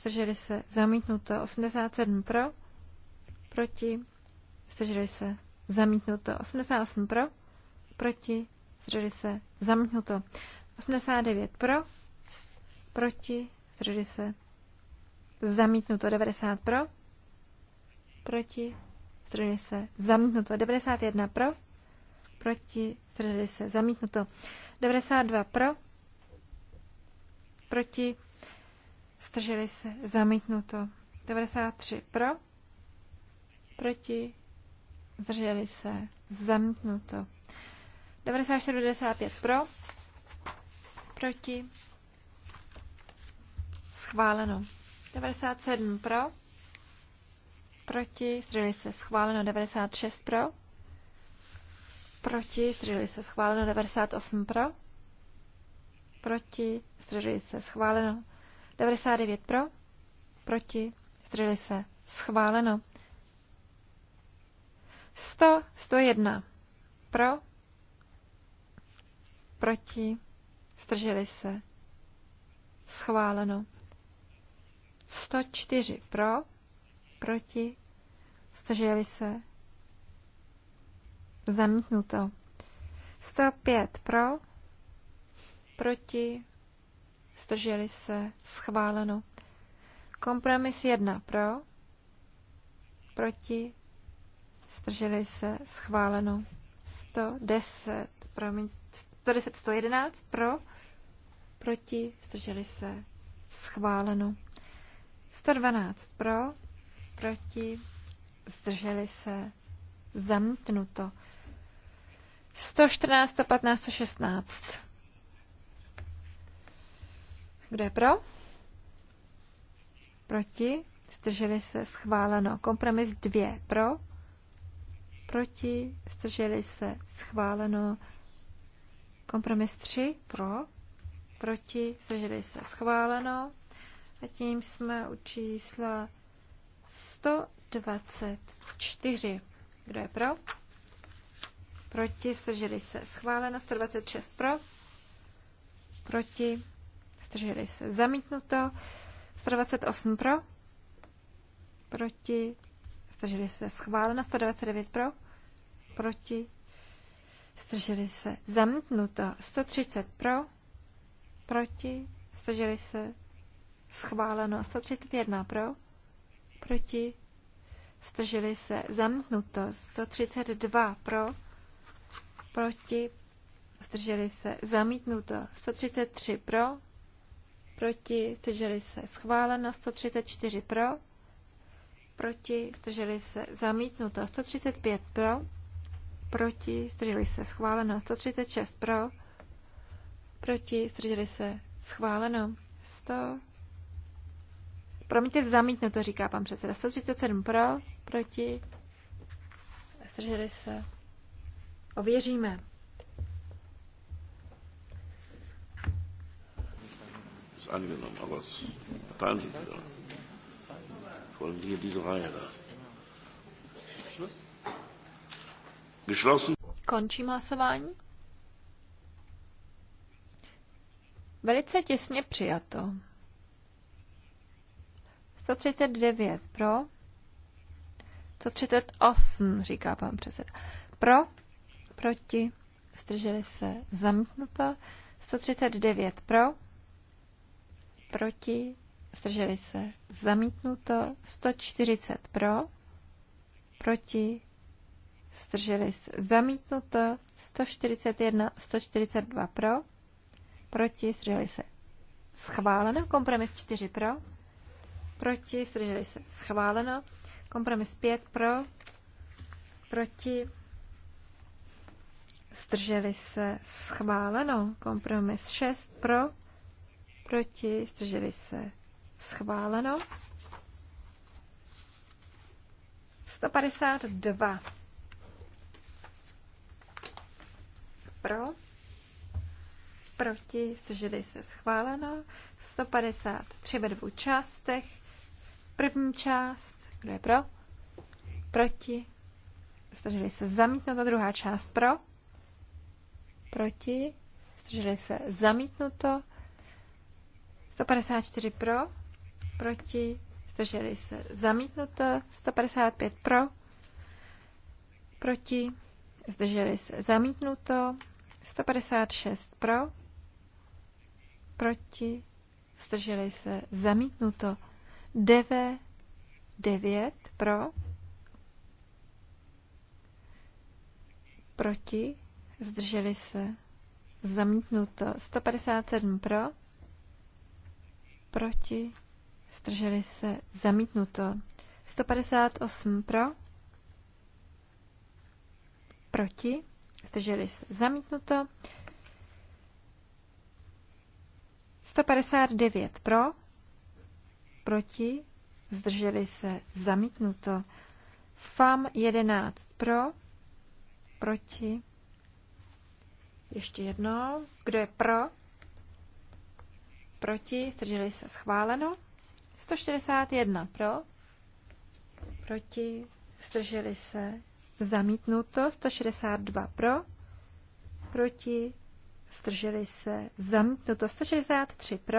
zdrželi se zamítnuto 87 pro, proti zdrželi se, zamítnuto. 88 pro, proti, zdrželi se, zamítnuto. 89 pro, proti, zdrželi se, zamítnuto. 90 pro, proti, zdrželi se, zamítnuto. 91 pro, proti, zdrželi se, zamítnuto. 92 pro, proti, zdrželi se, zamítnuto. 93 pro, proti, drželi se, zamknuto. 94,95 pro, proti, schváleno. 97 pro, proti, zdrželi se, schváleno. 96 pro, proti, zdrželi se, schváleno. 98 pro, proti, zdrželi se, schváleno. 99 pro, proti, zdrželi se, schváleno. 100, 101. Pro, proti, strželi se, schváleno. 104 pro, proti, strželi se, zamítnuto. 105 pro, proti, strželi se, schváleno. Kompromis 1 pro, proti, zdrželi se, schváleno. 110, promiň, 110, 111 pro, proti, zdrželi se, schváleno. 112 pro, proti, zdrželi se, zamítnuto. 114, 115, 116. Kdo je pro? Proti? Zdrželi se schváleno. Kompromis 2 pro proti, zdrželi se, schváleno. Kompromis 3, pro, proti, zdrželi se, schváleno. A tím jsme u čísla 124. Kdo je pro? Proti, zdrželi se, schváleno. 126 pro, proti, zdrželi se, zamítnuto. 128 pro, proti, Zdrželi se schváleno 129 pro. Proti. Zdrželi se zamítnuto 130 pro. Proti. Zdrželi se schváleno 131 pro. Proti. Zdrželi se zamítnuto 132 pro. Proti. Zdrželi se zamítnuto 133 pro. Proti. Zdrželi se schváleno 134 pro proti, zdrželi se, zamítnuto. 135 pro, proti, zdrželi se, schváleno. 136 pro, proti, zdrželi se, schváleno. 100 Promiňte, zamítnuto, říká pan předseda. 137 pro, proti, zdrželi se. Ověříme. Angenommen, aber es teilen sich Folgen hier Reihe Geschlossen. Končím hlasování. Velice těsně přijato. 139 pro. 138, říká pan předseda. Pro, proti, zdrželi se, zamítnuto. 139 pro, proti, zdrželi se, zamítnuto 140 pro, proti, zdrželi se, zamítnuto 141, 142 pro, proti, zdrželi se, schváleno, kompromis 4 pro, proti, zdrželi se, schváleno, kompromis 5 pro, proti, zdrželi se, schváleno, kompromis 6 pro, proti, zdrželi se, Schváleno. 152. Pro. Proti. Zdrželi se. Schváleno. 153 ve dvou částech. První část. Kdo je pro? Proti. Zdrželi se. Zamítnuto. Druhá část. Pro. Proti. Zdrželi se. Zamítnuto. 154 pro proti, zdrželi se zamítnuto, 155 pro, proti, zdrželi se zamítnuto, 156 pro, proti, zdrželi se zamítnuto, 9, 9 pro, proti, zdrželi se zamítnuto, 157 pro, proti, zdrželi se, zamítnuto. 158 pro, proti, zdrželi se, zamítnuto. 159 pro, proti, zdrželi se, zamítnuto. FAM 11 pro, proti, ještě jednou, kdo je pro, proti, zdrželi se, schváleno. 161 pro, proti, zdrželi se, zamítnuto. 162 pro, proti, zdrželi se, zamítnuto. 163 pro,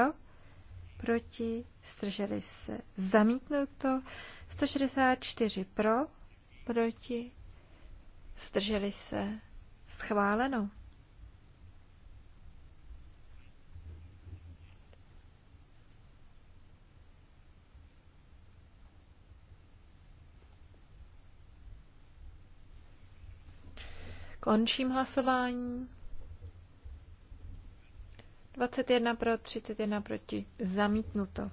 proti, zdrželi se, zamítnuto. 164 pro, proti, zdrželi se, schváleno. Končím hlasování. 21 pro, 31 proti. Zamítnuto.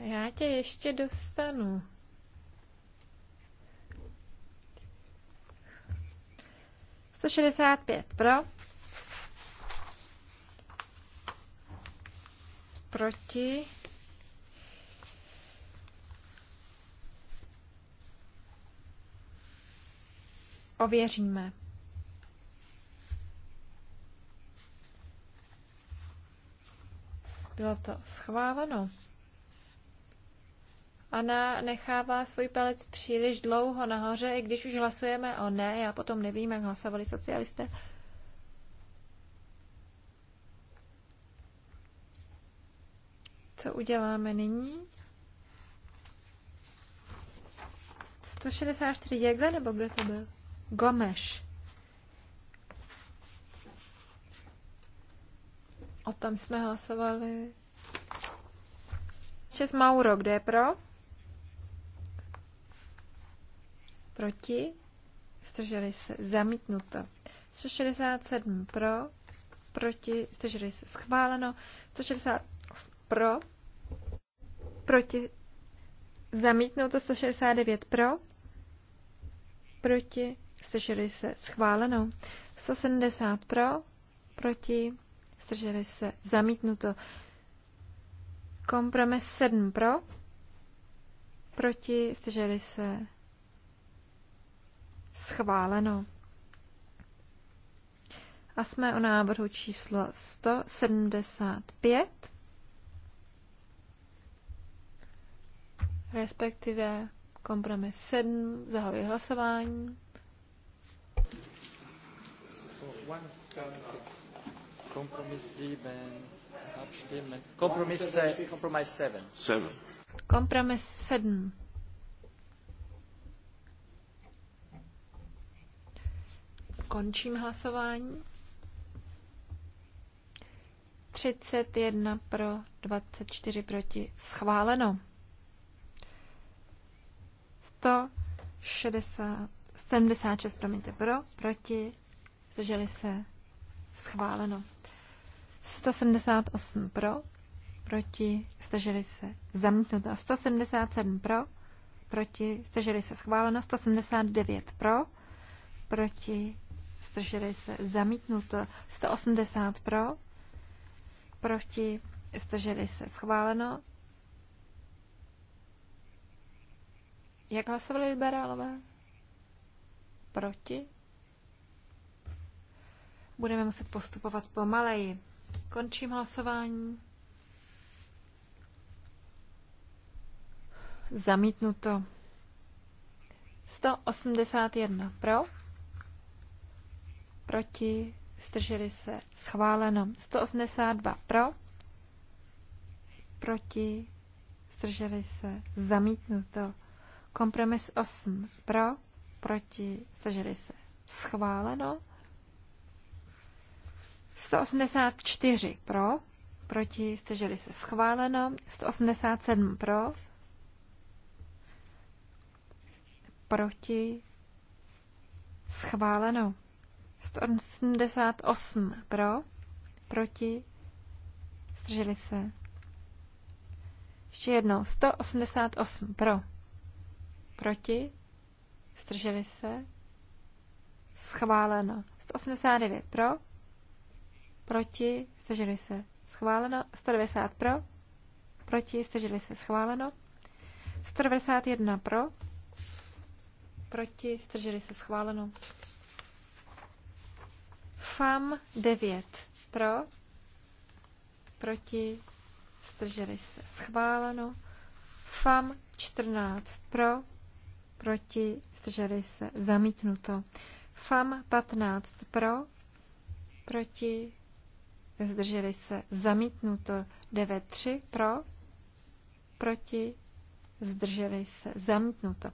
Já tě ještě dostanu. Sto šedesát pět pro. Proti. ověříme. Bylo to schváleno. Ana nechává svůj palec příliš dlouho nahoře, i když už hlasujeme o ne, já potom nevím, jak hlasovali socialisté. Co uděláme nyní? 164 jegle, nebo kdo to byl? Gomeš. O tom jsme hlasovali. 6 Mauro, kde je pro? Proti? Strželi se. Zamítnuto. 167 pro, proti, Strželi se. Schváleno. 168 pro, proti, zamítnuto. 169 pro, proti, zdrželi se schváleno. 170 pro, proti, zdrželi se zamítnuto. Kompromis 7 pro, proti, zdrželi se schváleno. A jsme o návrhu číslo 175, respektive kompromis 7, zahoji hlasování. Kompromis 7. Končím hlasování. 31 pro, 24 proti. Schváleno. 160, 76 promiňte, pro, proti zdrželi se, schváleno. 178 pro, proti, zdrželi se, zamítnuto. 177 pro, proti, zdrželi se, schváleno. 179 pro, proti, zdrželi se, zamítnuto. 180 pro, proti, zdrželi se, schváleno. Jak hlasovali liberálové? Proti? Budeme muset postupovat pomaleji. Končím hlasování. Zamítnuto. 181 pro. Proti. Strželi se. Schváleno. 182 pro. Proti. Strželi se. Zamítnuto. Kompromis 8 pro. Proti. Strželi se. Schváleno. 184 pro, proti, stěželi se schváleno, 187 pro, proti, schváleno, 188 pro, proti, stěželi se. Ještě jednou, 188 pro, proti, strželi se, schváleno, 189 pro, proti, zdrželi se schváleno, 190 pro, proti, zdrželi se schváleno, 191 pro, proti, zdrželi se schváleno. FAM 9 pro, proti, zdrželi se schváleno. FAM 14 pro, proti, zdrželi se zamítnuto. FAM 15 pro, proti, zdrželi se, zamítnuto 9-3 pro, proti, zdrželi se, zamítnuto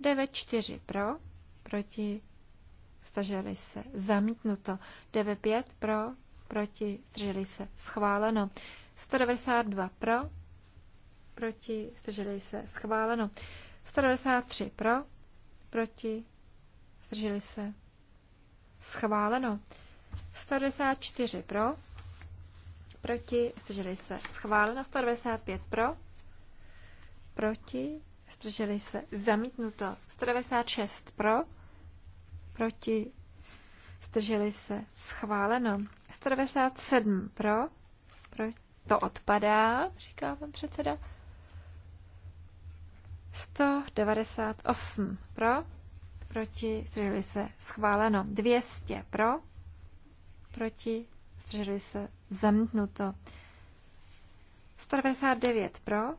9-4 pro, proti, zdrželi se, zamítnuto 9-5 pro, proti, zdrželi se, schváleno 192 pro, proti, zdrželi se, schváleno 193 pro, proti, zdrželi se, schváleno 194 pro, proti, zdrželi se schváleno, 195 pro, proti, zdrželi se zamítnuto, 196 pro, proti, zdrželi se schváleno, 197 pro, pro to odpadá, říká pan předseda, 198 pro, proti, zdrželi se schváleno, 200 pro, proti, zdrželi se zamítnuto. 199 pro,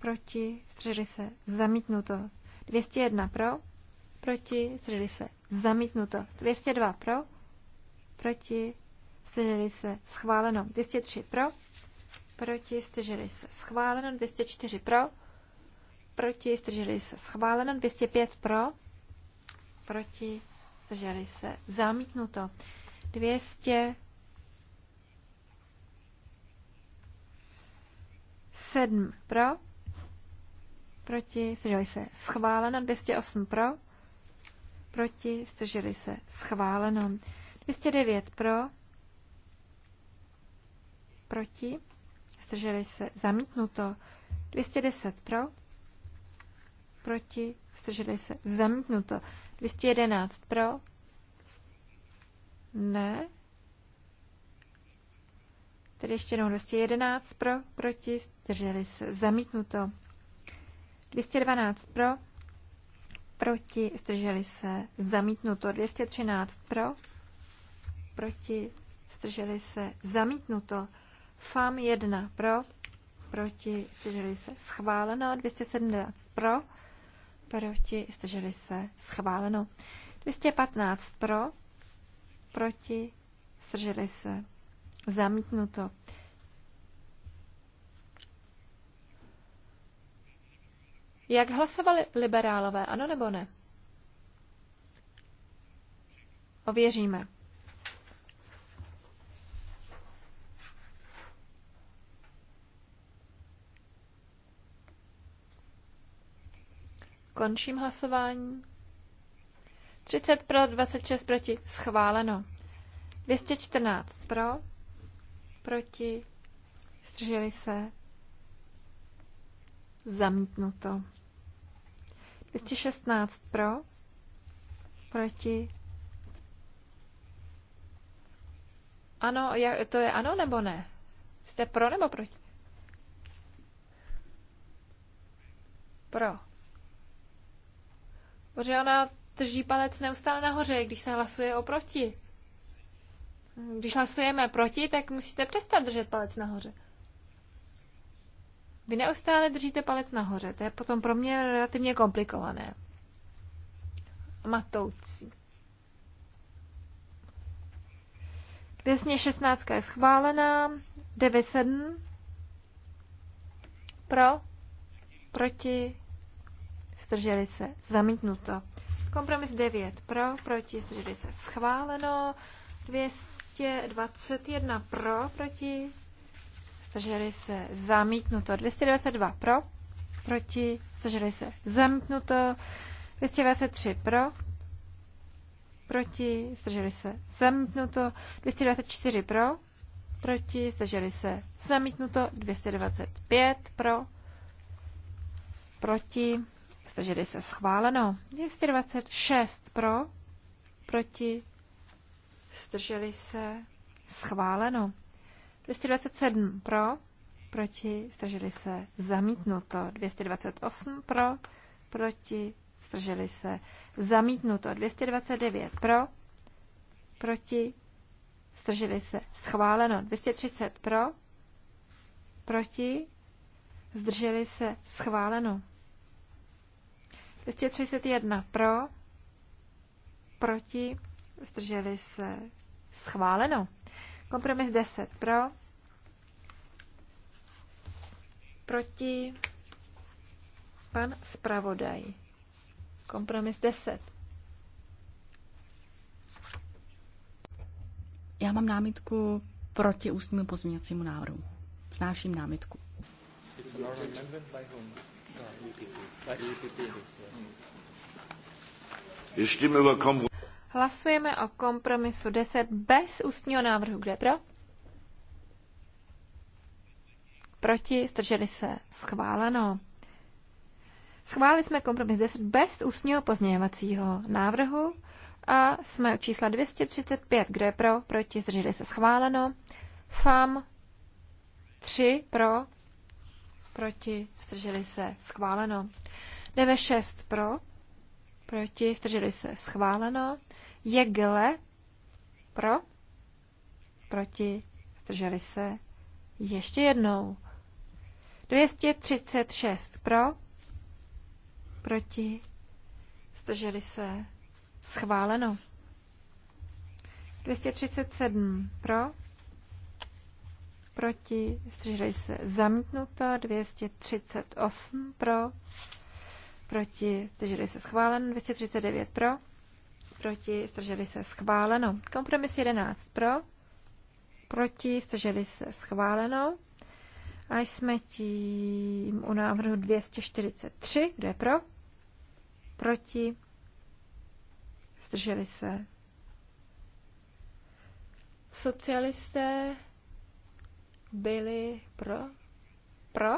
proti, střeli se, zamítnuto. 201 pro, proti, střeli se, zamítnuto. 202 pro, proti, střeli se, schváleno. 203 pro, proti, střeli se, schváleno. 204 pro, proti, střeli se, schváleno. 205 pro, proti, střeli se, zamítnuto. 200 7 pro, proti, zdrželi se schváleno, 208 pro, proti, zdrželi se schváleno, 209 pro, proti, zdrželi se zamítnuto, 210 pro, proti, zdrželi se zamítnuto, 211 pro, ne, Tedy ještě jednou 211 pro, proti, zdrželi se, zamítnuto. 212 pro, proti, zdrželi se, zamítnuto. 213 pro, proti, zdrželi se, zamítnuto. FAM 1 pro, proti, zdrželi se, schváleno. 217 pro, proti, zdrželi se, schváleno. 215 pro, proti, zdrželi se, Zamítnuto. Jak hlasovali liberálové, ano nebo ne? Ověříme. Končím hlasování. 30 pro, 26 proti. Schváleno. 214 pro, proti, zdrželi se, zamítnuto. 216 pro, proti. Ano, to je ano nebo ne? Jste pro nebo proti? Pro. Protože ona drží palec neustále nahoře, když se hlasuje oproti. Když hlasujeme proti, tak musíte přestat držet palec nahoře. Vy neustále držíte palec nahoře. To je potom pro mě relativně komplikované. Matoucí. 16 je schválená. 97 pro, proti, Strželi se, zamítnuto. Kompromis 9 pro, proti, Strželi se, schváleno. 200 221 pro, proti, zdrželi se zamítnuto. 222 pro, proti, zdrželi se zamítnuto. 223 pro, proti, zdrželi se zamítnuto. 224 pro, proti, zdrželi se zamítnuto. 225 pro, proti, zdrželi se schváleno. 226 pro, proti, Zdrželi se? Schváleno. 227 pro, proti, zdrželi se, zamítnuto. 228 pro, proti, zdrželi se, zamítnuto. 229 pro, proti, zdrželi se, schváleno. 230 pro, proti, zdrželi se, schváleno. 231 pro, proti, zdrželi se, schváleno. Kompromis 10 pro, proti, pan zpravodaj. Kompromis 10. Já mám námitku proti ústnímu pozměňovacímu návrhu. Znáším námitku. Ještě mi über Hlasujeme o kompromisu 10 bez ústního návrhu. Kde pro? Proti, zdrželi se, schváleno. Schválili jsme kompromis 10 bez ústního pozměňovacího návrhu a jsme u čísla 235. Kdo je pro? Proti, zdrželi se, schváleno. FAM 3 pro, proti, zdrželi se, schváleno. DV6 pro, proti, zdrželi se, schváleno. Jegle pro, proti, zdrželi se. Ještě jednou. 236 pro, proti, zdrželi se. Schváleno. 237 pro, proti, zdrželi se. Zamítnuto. 238 pro, proti, zdrželi se. Schváleno. 239 pro proti, zdrželi se, schváleno. Kompromis 11 pro, proti, zdrželi se, schváleno. A jsme tím u návrhu 243, kdo je pro, proti, zdrželi se. Socialisté byli pro, pro,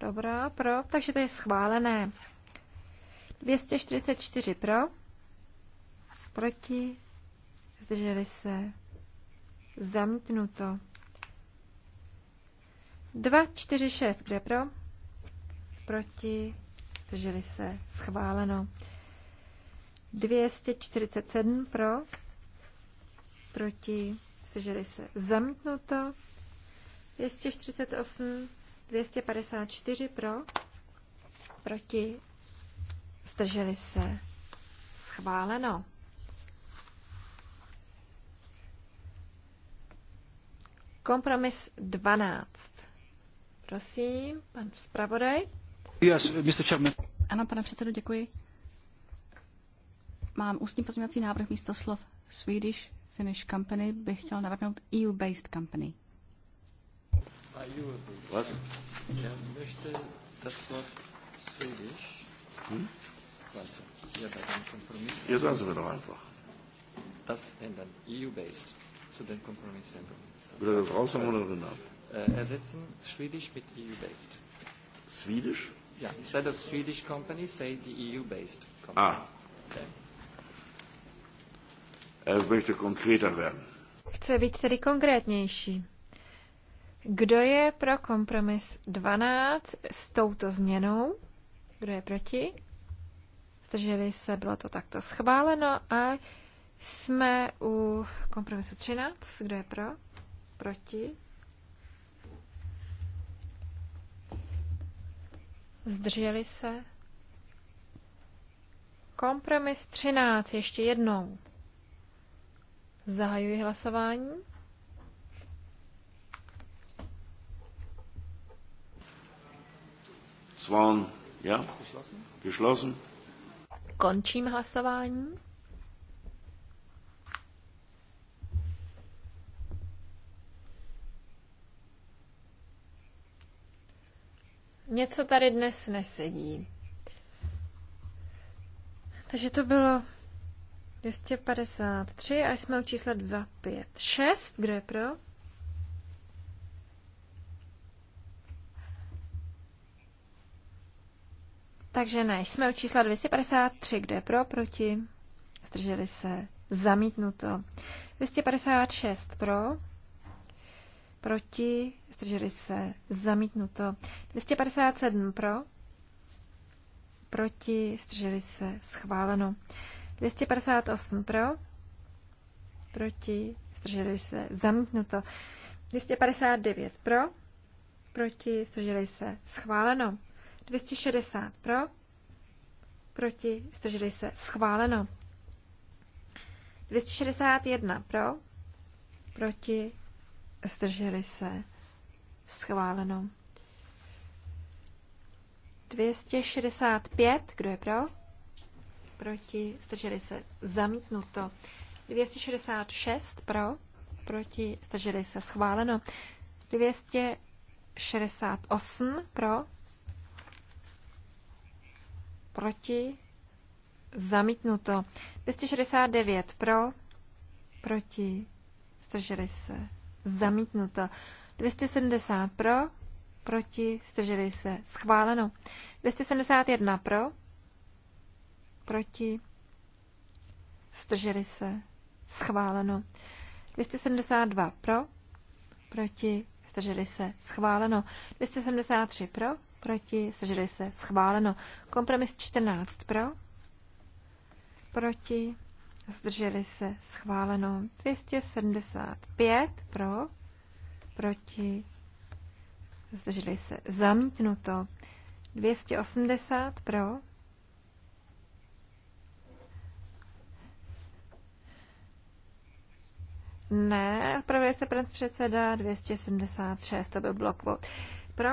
dobrá, pro, takže to je schválené. 244 pro, Proti? Zdrželi se? Zamítnuto. 2, 4, 6. Kde pro? Proti? Zdrželi se? Schváleno. 247 pro? Proti? Zdrželi se? Zamítnuto. 248, 254 pro? Proti? Zdrželi se? Schváleno. Kompromis 12. Prosím, pan zpravodaj. Yes, Ano, pane předsedo, děkuji. Mám ústní pozměňovací návrh místo slov Swedish Finnish Company bych chtěl navrhnout EU-based company. What? Já möchte das Wort Swedish. Hm? Warte, ja, bei Je Kompromiss. Ihr sagen einfach. Das ändern, EU-based, zu den Kompromissänderungen. Will er das raus haben oder er nach? Äh, ersetzen Swedish mit EU-based. Swedish? Ja, yeah, instead of Swedish company, say the EU-based company. Ah. Okay. Er möchte konkreter werden. Chce být tedy konkrétnější. Kdo je pro kompromis 12 s touto změnou? Kdo je proti? Zdrželi se, bylo to takto schváleno a jsme u kompromisu 13. Kdo je pro? Proti? Zdrželi se? Kompromis 13, ještě jednou. Zahajuji hlasování. Zván, ja? Geschlossen. Končím hlasování. Něco tady dnes nesedí. Takže to bylo 253 a jsme u čísla 256. Kdo je pro? Takže ne, jsme u čísla 253. Kdo je pro? Proti? Zdrželi se. Zamítnuto. 256 pro proti, zdrželi se, zamítnuto. 257 pro, proti, zdrželi se, schváleno. 258 pro, proti, zdrželi se, zamítnuto. 259 pro, proti, zdrželi se, schváleno. 260 pro, proti, zdrželi se, schváleno. 261 pro, proti, zdrželi se, schváleno. 265, kdo je pro? Proti, zdrželi se, zamítnuto. 266 pro, proti, zdrželi se, schváleno. 268 pro, proti, zamítnuto. 269 pro, proti, zdrželi se, zamítnuto. 270 pro, proti, zdrželi se, schváleno. 271 pro, proti, zdrželi se, schváleno. 272 pro, proti, zdrželi se, schváleno. 273 pro, proti, zdrželi se, schváleno. Kompromis 14 pro, proti, zdrželi se schváleno 275 pro, proti, zdrželi se zamítnuto 280 pro, Ne, opravuje se pan předseda 276, to byl blok vod. Pro?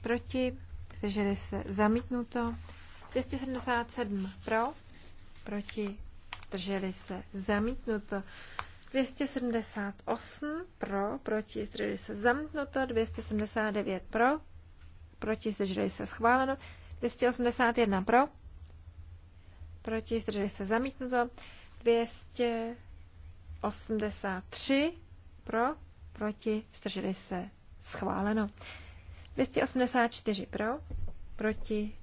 Proti? Zdrželi se zamítnuto. 277 pro? proti, zdrželi se, zamítnuto. 278 pro, proti, zdrželi se, zamítnuto. 279 pro, proti, zdrželi se, schváleno. 281 pro, proti, zdrželi se, zamítnuto. 283 pro, proti, zdrželi se, schváleno. 284 pro, proti,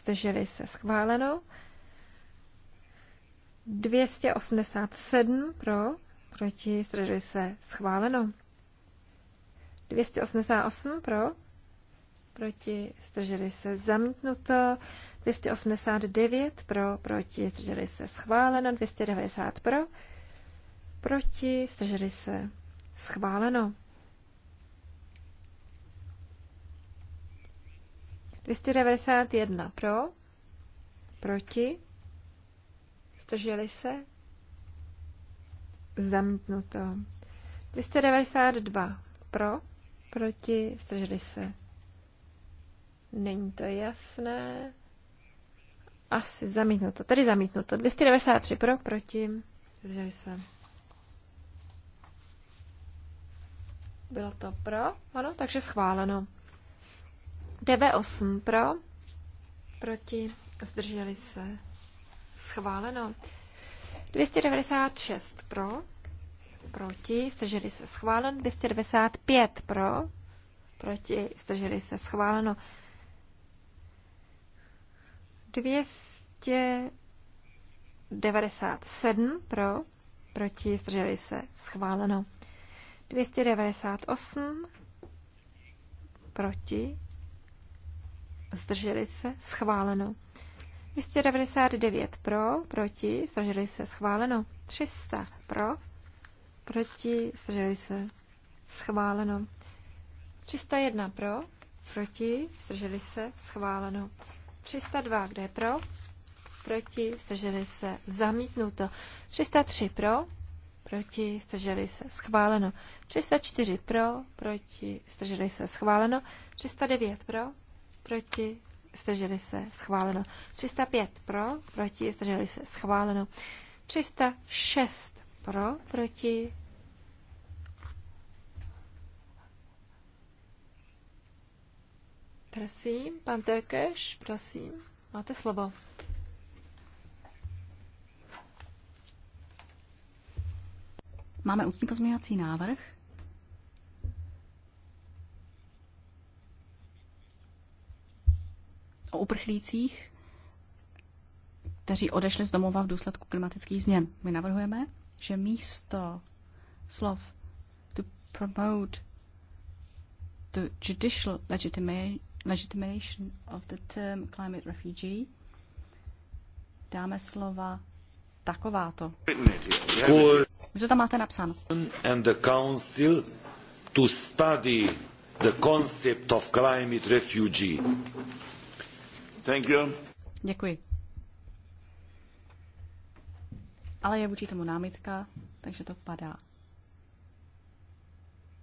zdrželi se schváleno, 287 pro, proti, zdrželi se, schváleno. 288 pro, proti, zdrželi se, zamítnuto. 289 pro, proti, zdrželi se, schváleno. 290 pro, proti, zdrželi se, schváleno. 291 pro, proti, Zdrželi se? Zamítnuto. 292 pro, proti, zdrželi se. Není to jasné. Asi zamítnuto, tedy zamítnuto. 293 pro, proti, zdrželi se. Bylo to pro, ano, takže schváleno. DB8 pro, proti, zdrželi se schváleno. 296 pro, proti, zdrželi se schváleno. 295 pro, proti, zdrželi se schváleno. 297 pro, proti, zdrželi se schváleno. 298 proti, zdrželi se schváleno. 299 pro, proti, zdrželi se schváleno. 300 pro, proti, zdrželi se schváleno. 301 pro, proti, zdrželi se schváleno. 302, kde je pro, proti, zdrželi se zamítnuto. 303 pro, proti, zdrželi se schváleno. 304 pro, proti, zdrželi se schváleno. 309 pro, proti, zdrželi se, schváleno. 305 pro, proti, zdrželi se, schváleno. 306 pro, proti, Prosím, pan Tekeš, prosím, máte slovo. Máme ústní pozměňovací návrh? o uprchlících, kteří odešli z domova v důsledku klimatických změn. My navrhujeme, že místo slov to promote the judicial legitimation of the term climate refugee dáme slova takováto. Co to tam máte napsáno. And the council to study the concept of climate refugee Thank you. Děkuji. Ale je vůči tomu námitka, takže to padá.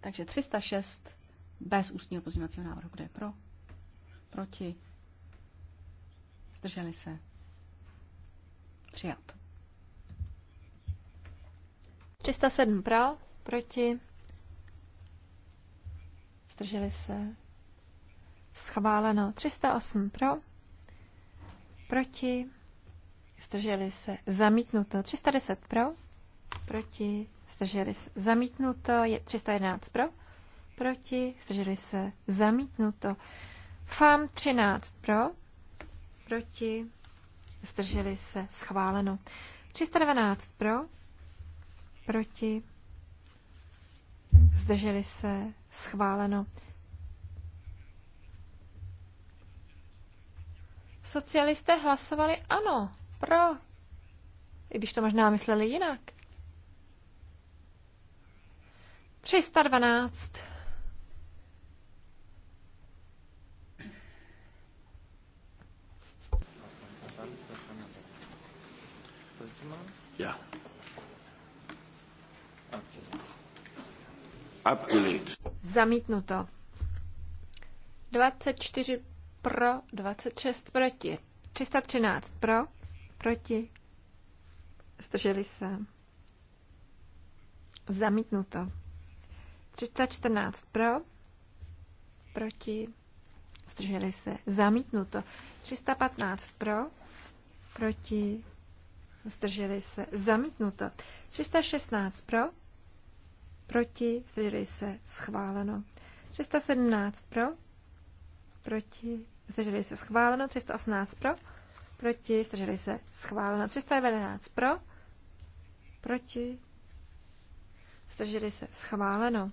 Takže 306 bez ústního pozměňovacího návrhu. Kdo je pro? Proti? Zdrželi se? Přijat. 307 pro, proti? Zdrželi se? Schváleno. 308 pro, proti, zdrželi se, zamítnuto. 310 pro, proti, zdrželi se, zamítnuto. Je 311 pro, proti, zdrželi se, zamítnuto. FAM 13 pro, proti, zdrželi se, schváleno. 312 pro, proti, zdrželi se, schváleno. socialisté hlasovali ano, pro, i když to možná mysleli jinak. 312. Zamítnuto. 24 pro, 26 proti. 313 pro, proti. Zdrželi se. Zamítnuto. 314 pro, proti. Zdrželi se. Zamítnuto. 315 pro, proti. Zdrželi se. Zamítnuto. 316 pro, proti. Zdrželi se. Schváleno. 317 pro, proti zdrželi se schváleno, 318 pro, proti, zdrželi se schváleno, 311 pro, proti, zdrželi se schváleno.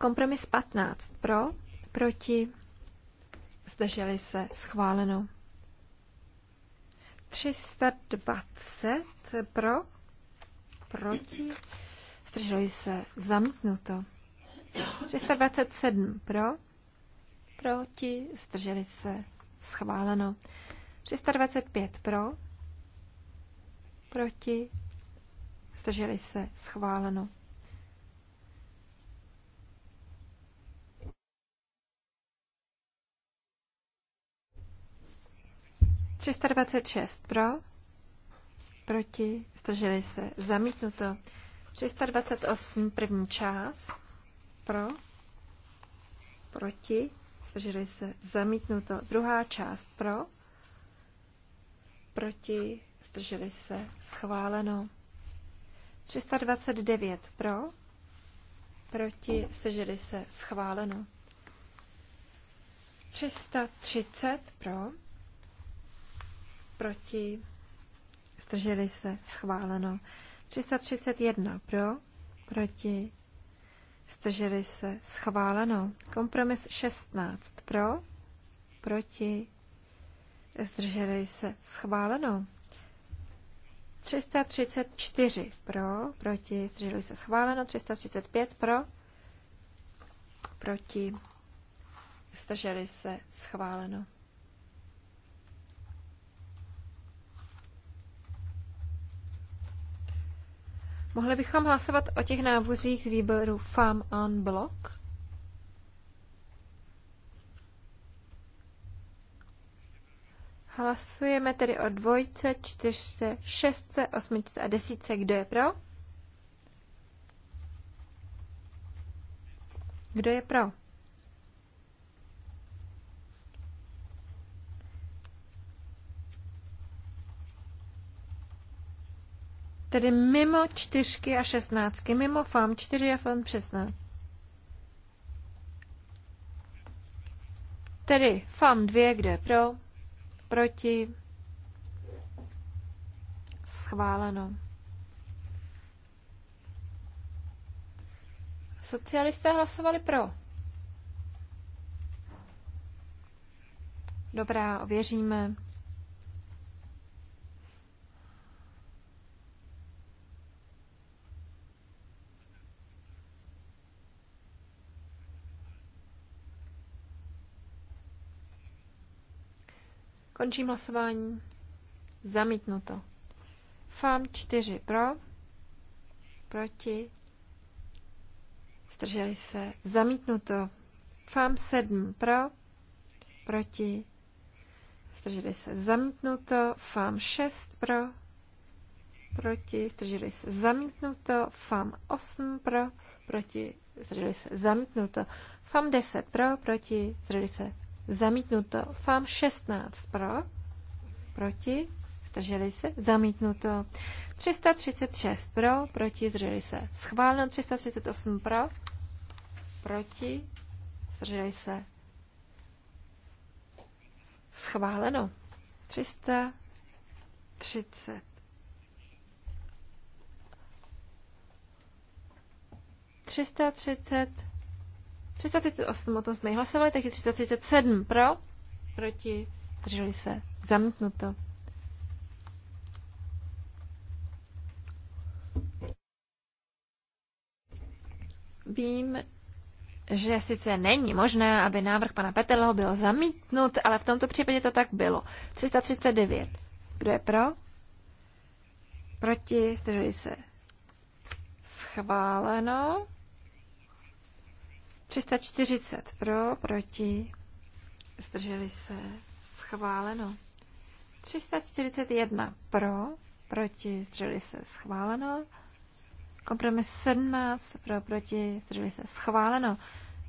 Kompromis 15 pro, proti, zdrželi se schváleno. 320 pro, proti, zdrželi se zamítnuto. 627 pro, proti, zdrželi se, schváleno. 325 pro, proti, zdrželi se, schváleno. Třista dvacet šest pro, proti, zdrželi se, zamítnuto. 328 první část, pro, proti, zdrželi se, zamítnuto. Druhá část pro, proti, zdrželi se, schváleno. 329 pro, proti, zdrželi se, schváleno. 330 pro, proti, zdrželi se, schváleno. 331 pro, proti, Zdrželi se. Schváleno. Kompromis 16. Pro. Proti. Zdrželi se. Schváleno. 334 pro, proti, zdrželi se schváleno, 335 pro, proti, zdrželi se schváleno. Mohli bychom hlasovat o těch návrzích z výboru Farm on Block? Hlasujeme tedy o dvojce, čtyřce, šestce, osmičce a desítce. Kdo je pro? Kdo je pro? Tedy mimo čtyřky a šestnáctky, mimo FAM 4 a FAM 16. Tedy FAM 2, kde pro, proti, schváleno. Socialisté hlasovali pro. Dobrá, ověříme. Končím hlasování. Zamítnuto. FAM 4 pro, proti, zdrželi se, zamítnuto. FAM 7 pro, proti, zdrželi se, zamítnuto. FAM 6 pro, proti, zdrželi se, zamítnuto. FAM 8 pro, proti, zdrželi se, zamítnuto. FAM 10 pro, proti, zdrželi se, Zamítnuto. FAM 16 pro. Proti. Zdrželi se. Zamítnuto. 336 pro. Proti. Zdrželi se. Schváleno. 338 pro. Proti. Zdrželi se. Schváleno. 330. 330 338 o tom jsme hlasovali, takže 337 pro, proti, drželi se, zamítnuto. Vím, že sice není možné, aby návrh pana Petelho byl zamítnut, ale v tomto případě to tak bylo. 339. Kdo je pro? Proti, zdrželi se. Schváleno. 340 pro, proti, zdrželi se, schváleno. 341 pro, proti, zdrželi se, schváleno. Kompromis 17 pro, proti, zdrželi se, schváleno.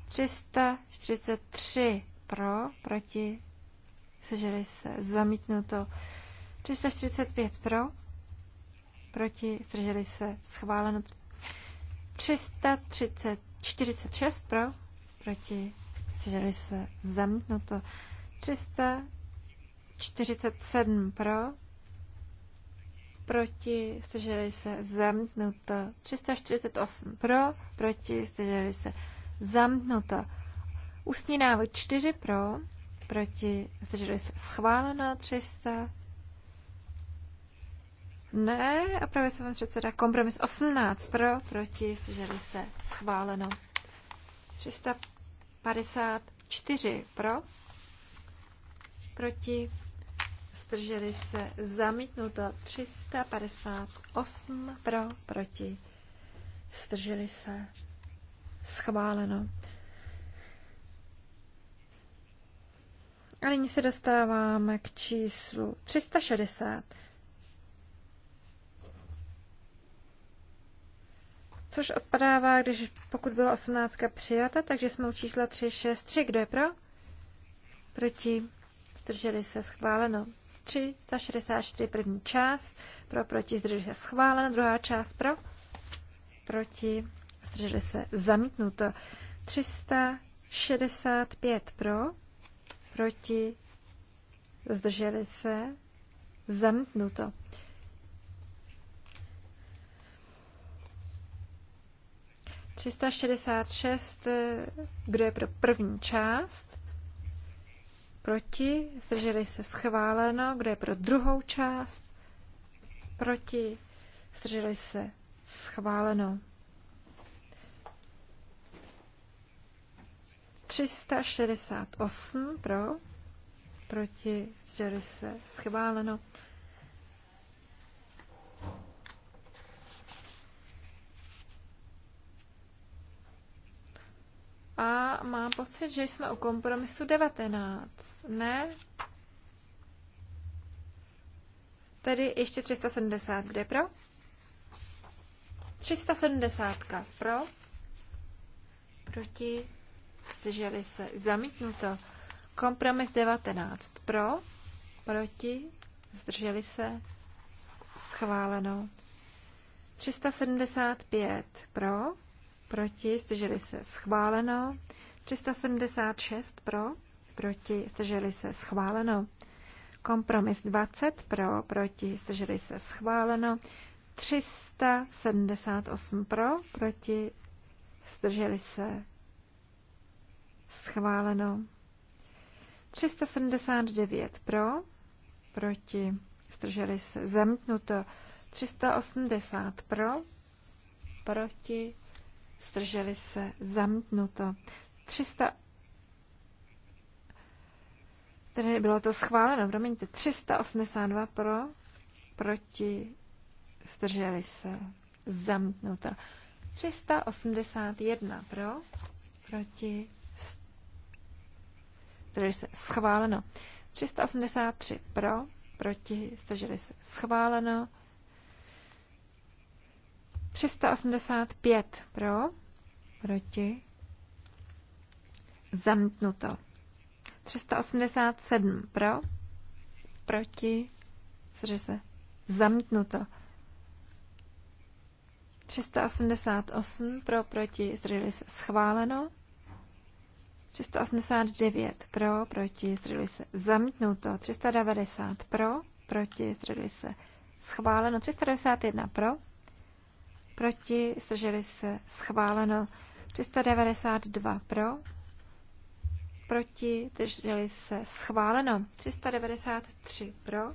343 pro, proti, zdrželi se, zamítnuto. 345 pro, proti, zdrželi se, schváleno. 333 46 pro, proti, chtěli se zamítnout to, 347 pro, proti, zdrželi se zamítnout to, 348 pro, proti, zdrželi se zamítnout to, Ústní návod 4 pro, proti, zdrželi se schváleno 300. Ne, opravdu se vám předseda. Kompromis 18 pro, proti, zdrželi se, schváleno. 354 pro, proti, zdrželi se, zamítnuto. 358 pro, proti, zdrželi se, schváleno. A nyní se dostáváme k číslu 360 což odpadává, když pokud byla 18 přijata, takže jsme u čísla 3 Kdo je pro? Proti. Zdrželi se schváleno. 3, 64 první část, pro, proti, zdrželi se schváleno, druhá část pro, proti, zdrželi se zamítnuto. 365 pro, proti, zdrželi se zamítnuto. 366, eh, kdo je pro první část? Proti? Zdrželi se schváleno. Kdo je pro druhou část? Proti? Zdrželi se schváleno. 368 pro, proti, zdrželi se schváleno. A mám pocit, že jsme u kompromisu 19, ne? Tedy ještě 370, kde pro? 370 pro, proti, zdrželi se, zamítnuto. Kompromis 19 pro, proti, zdrželi se, schváleno. 375 pro, proti, zdrželi se schváleno. 376 pro, proti, zdrželi se schváleno. Kompromis 20 pro, proti, zdrželi se schváleno. 378 pro, proti, zdrželi se schváleno. 379 pro, proti, zdrželi se zamítnuto. 380 pro, proti, zdrželi se, zamítnuto. 300 Tedy bylo to schváleno, promiňte, 382 pro, proti, zdrželi se, zamítnuto. 381 pro, proti, zdrželi se, schváleno. 383 pro, proti, zdrželi se, schváleno. 385 pro, proti, zamítnuto. 387 pro, proti, cože se, zamítnuto. 388 pro, proti, zřeli se, schváleno. 389 pro, proti, zřeli se, zamítnuto. 390 pro, proti, zřeli se, schváleno. 391 pro, proti, zdrželi se, schváleno. 392 pro, proti, zdrželi se, schváleno. 393 pro,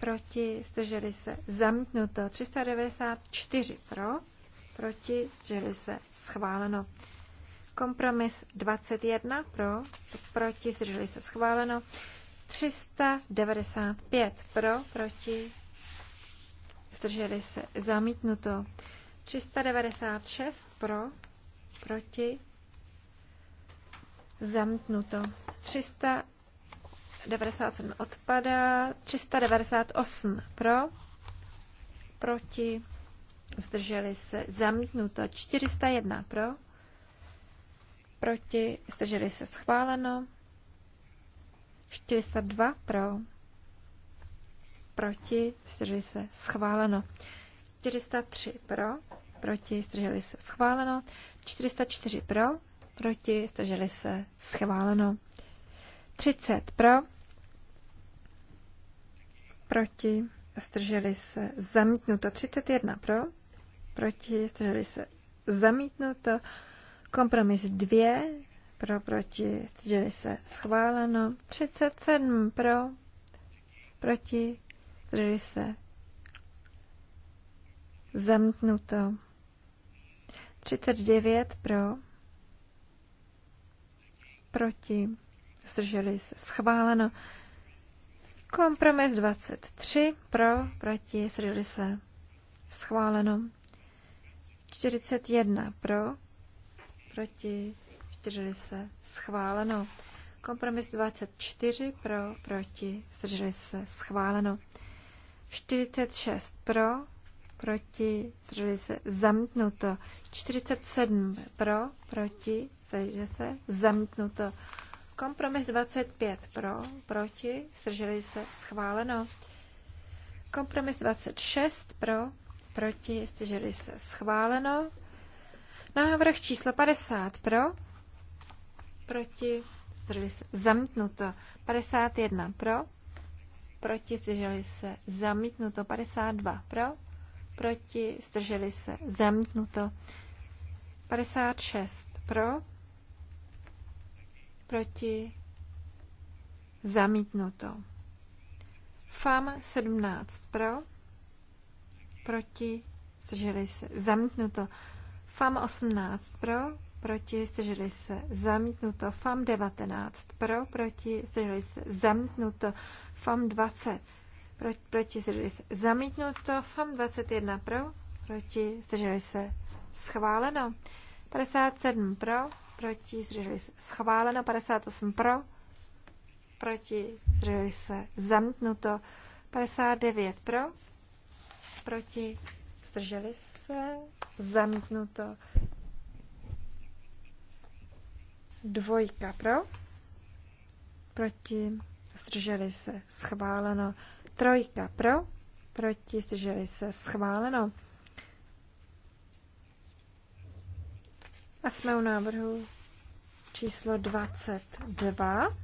proti, zdrželi se, zamítnuto. 394 pro, proti, zdrželi se, schváleno. Kompromis 21 pro, proti, zdrželi se, schváleno. 395 pro, proti, zdrželi se, zamítnuto. 396 pro, proti, zamítnuto. 397 odpadá, 398 pro, proti, zdrželi se, zamítnuto. 401 pro, proti, zdrželi se, schváleno. 402 pro, proti, zdrželi se, schváleno. 403 pro, proti, zdrželi se, schváleno. 404 pro, proti, zdrželi se, schváleno. 30 pro, proti, zdrželi se, zamítnuto. 31 pro, proti, zdrželi se, zamítnuto. Kompromis 2, pro, proti, zdrželi se, schváleno. 37 pro, proti, drží se, zamknuto 39 pro, proti, zdrželi se, schváleno. Kompromis 23 pro, proti, zdrželi se, schváleno. 41 pro, proti, zdrželi se, schváleno. Kompromis 24 pro, proti, zdrželi se, schváleno. 46 pro, proti, drželi se, zamítnuto. 47 pro, proti, zdrželi se, zamítnuto. Kompromis 25 pro, proti, zdrželi se, schváleno. Kompromis 26 pro, proti, zdrželi se, schváleno. Návrh číslo 50 pro, proti, zdrželi se, zamítnuto. 51 pro, proti, zdrželi se, zamítnuto. 52 pro, proti, zdrželi se, zamítnuto. 56 pro, proti, zamítnuto. FAM 17 pro, proti, zdrželi se, zamítnuto. FAM 18 pro, proti, zdrželi se, zamítnuto. FAM 19 pro, proti, zdrželi se, zamítnuto. FAM 20 pro, proti, zdrželi se, zamítnuto. FAM 21 pro, proti, zdrželi se, schváleno. 57 pro, proti, zdrželi se, schváleno. 58 pro, proti, zdrželi se, zamítnuto. 59 pro, proti, zdrželi se, zamítnuto. Dvojka pro, proti, zdrželi se, schváleno. Trojka pro, proti, zdrželi se, schváleno. A jsme u návrhu číslo 22.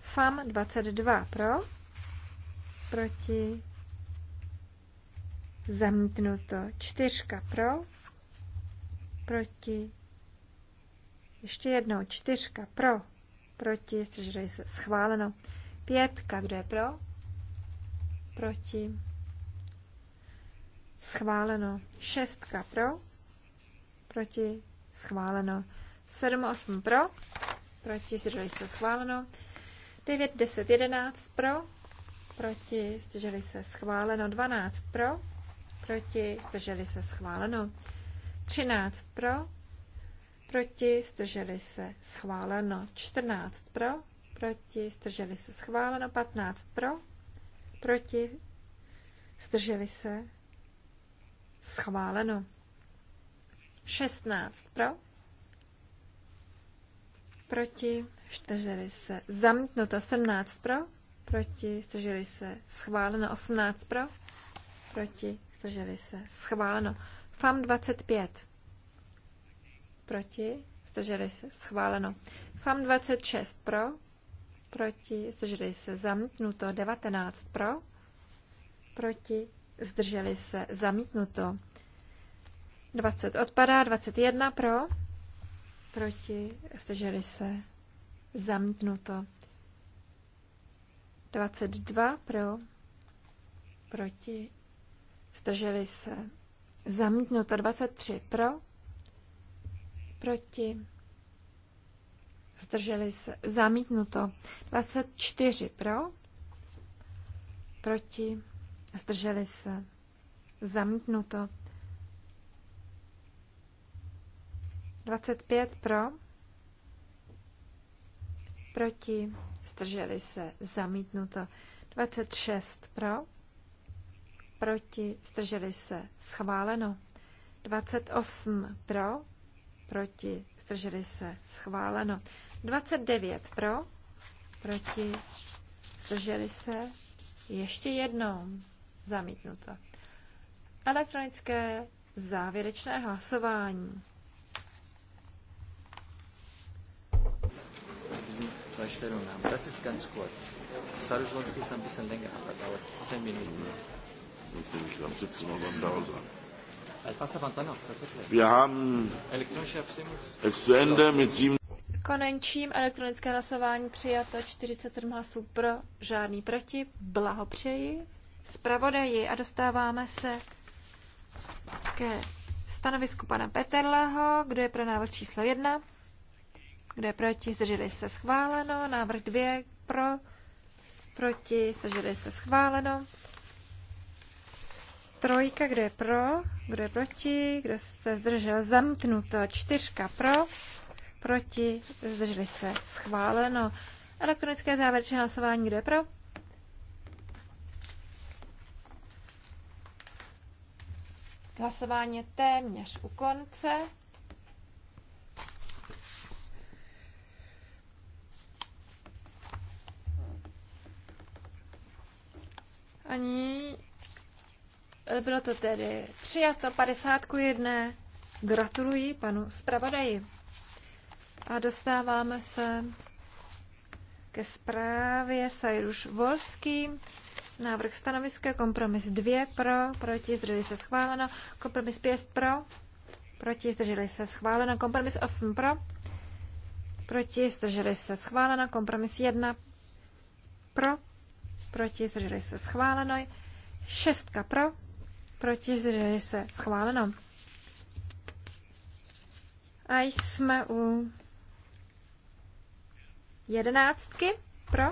FAM 22 pro, proti, zamítnuto. Čtyřka pro, proti, ještě jednou, čtyřka pro, proti, zdrželi se, schváleno. Pětka, kdo je pro? Proti. Schváleno. Šestka pro, proti, schváleno. Sedm, osm pro, proti, zdrželi se, schváleno. Devět, deset, jedenáct pro, proti, zdrželi se, schváleno. Dvanáct pro, proti, zdrželi se, schváleno. Třináct pro, proti, zdrželi se, schváleno. 14 pro, proti, zdrželi se, schváleno. 15 pro, proti, zdrželi se, schváleno. 16 pro, proti, zdrželi se, zamítnuto. 17 pro, proti, zdrželi se, schváleno. 18 pro, proti, zdrželi se, schváleno. FAM 25 proti, zdrželi se, schváleno. FAM 26 pro, proti, zdrželi se, zamítnuto. 19 pro, proti, zdrželi se, zamítnuto. 20 odpadá, 21 pro, proti, zdrželi se, zamítnuto. 22 pro, proti, zdrželi se, zamítnuto. 23 pro, proti, zdrželi se, zamítnuto. 24 pro, proti, zdrželi se, zamítnuto. 25 pro, proti, zdrželi se, zamítnuto. 26 pro, proti, zdrželi se, schváleno. 28 pro, proti, zdrželi se, schváleno. 29 pro, proti, zdrželi se, ještě jednou, zamítnuto. Elektronické závěrečné hlasování. Das ist ganz kurz. Saruswonski ist ein bisschen länger, aber dauert zehn Minuten. Ich glaube, 17 Uhr dauert es an. Wir haben es zu Ende mit sieben. elektronické hlasování přijato 47 hlasů pro, žádný proti. Blahopřeji zpravodaji a dostáváme se ke stanovisku pana Peterleho. Kdo je pro návrh číslo 1? Kdo je proti? Zdrželi se schváleno. Návrh 2 pro, proti, zdrželi se schváleno. Trojka, kdo je pro, kdo je proti, kdo se zdržel, zamknuto. Čtyřka pro, proti, zdrželi se, schváleno. Elektronické závěrečné hlasování, kdo je pro? Hlasování je téměř u konce. Ani bylo to tedy přijato 50 k 1. Gratuluji panu zpravodaji. A dostáváme se ke zprávě Sajruš Volský. Návrh stanoviska, kompromis 2 pro, proti, zdrželi se schváleno, kompromis 5 pro, proti, zdrželi se schváleno, kompromis 8 pro, proti, zdrželi se schváleno, kompromis 1 pro, proti, zdrželi se schváleno, 6 pro, proti, zdrželi se, schváleno. A jsme u jedenáctky pro,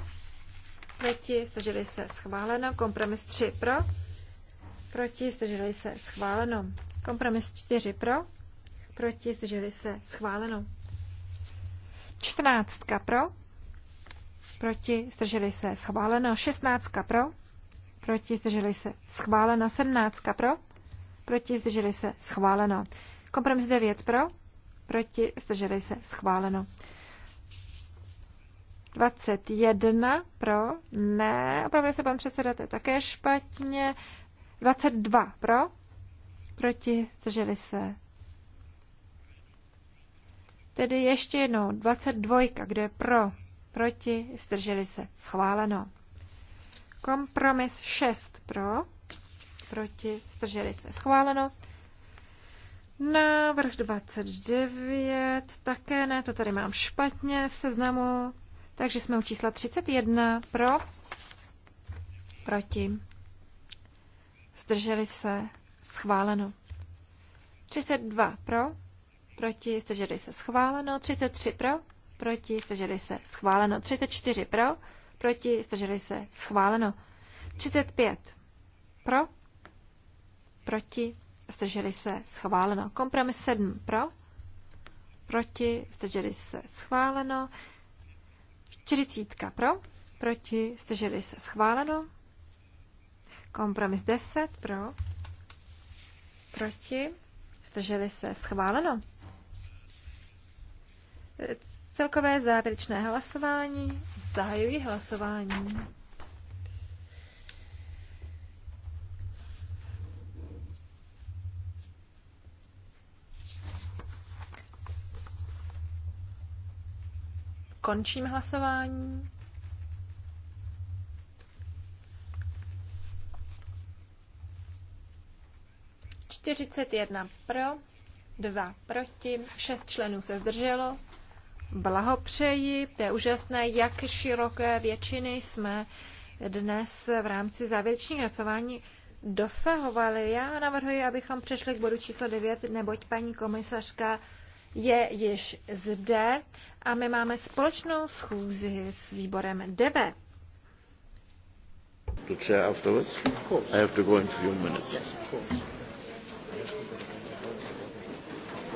proti, zdrželi se, schváleno. Kompromis 3 pro, proti, zdrželi se, schváleno. Kompromis 4 pro, proti, zdrželi se, schváleno. Čtrnáctka pro, proti, zdrželi se, schváleno. Šestnáctka pro, proti, zdrželi se, schváleno. 17 pro, proti, zdrželi se, schváleno. Kompromis 9 pro, proti, zdrželi se, schváleno. 21 pro, ne, opravdu se pan předseda, to je také špatně. 22 pro, proti, zdrželi se. Tedy ještě jednou, 22, kde pro, proti, zdrželi se, schváleno. Kompromis 6 pro, proti, zdrželi se schváleno. Návrh 29, také ne, to tady mám špatně v seznamu. Takže jsme u čísla 31 pro, proti, zdrželi se schváleno. 32 pro, proti, zdrželi se schváleno. 33 pro, proti, zdrželi se schváleno. 34 pro, proti, zdrželi se, schváleno. 35 pro, proti, zdrželi se, schváleno. Kompromis 7 pro, proti, zdrželi se, schváleno. 40 pro, proti, zdrželi se, schváleno. Kompromis 10 pro, proti, zdrželi se, schváleno. Celkové závěrečné hlasování Zahajuji hlasování. Končím hlasování. Čtyřicet jedna pro, dva proti, šest členů se zdrželo blahopřeji. To je úžasné, jak široké většiny jsme dnes v rámci závěrečných hlasování dosahovali. Já navrhuji, abychom přešli k bodu číslo 9, neboť paní komisařka je již zde a my máme společnou schůzi s výborem DB. To chair afterwards? I have to go in few minutes.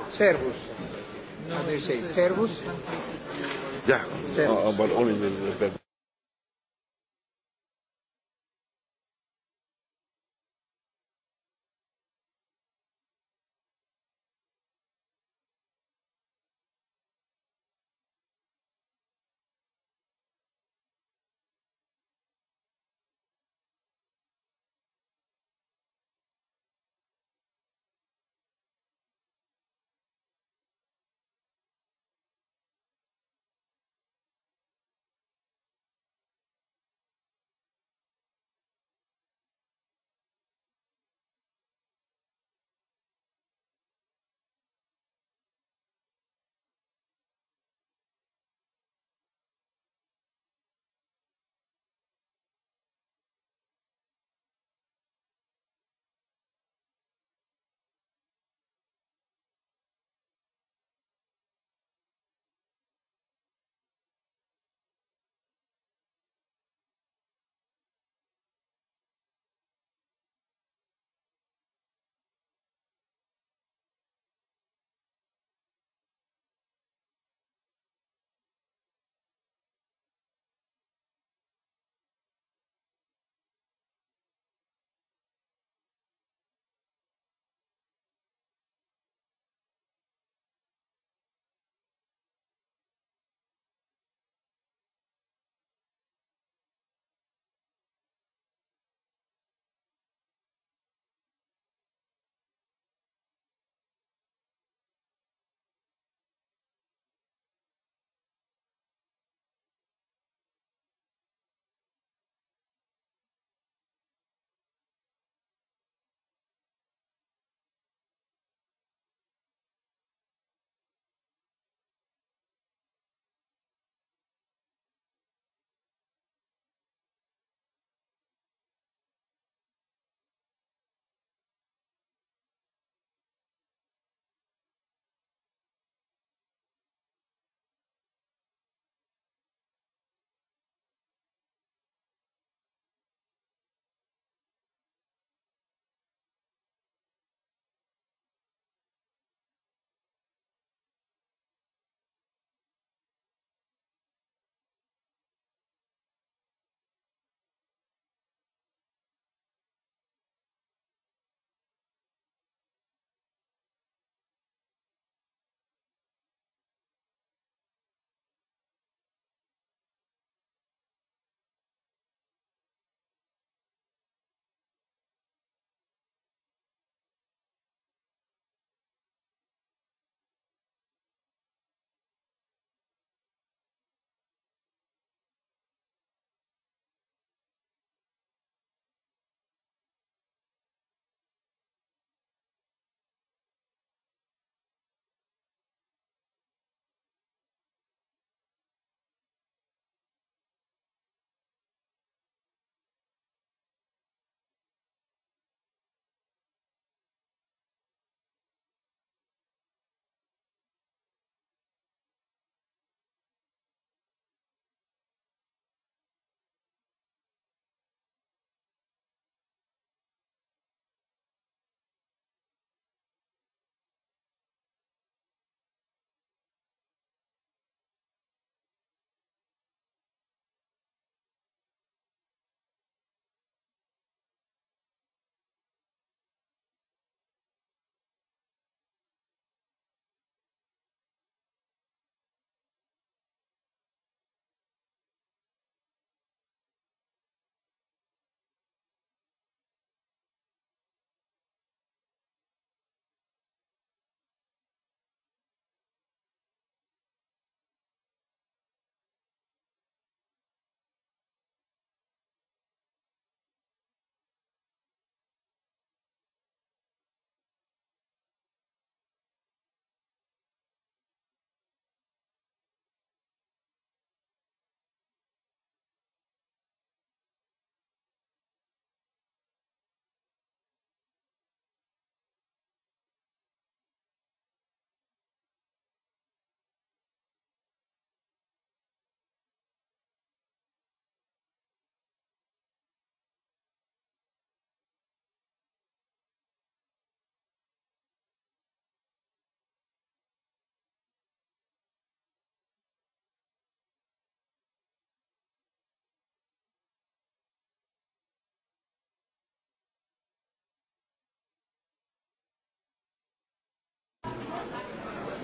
Servus. How do you say? Servus? Yeah, Servus. Uh, but only the,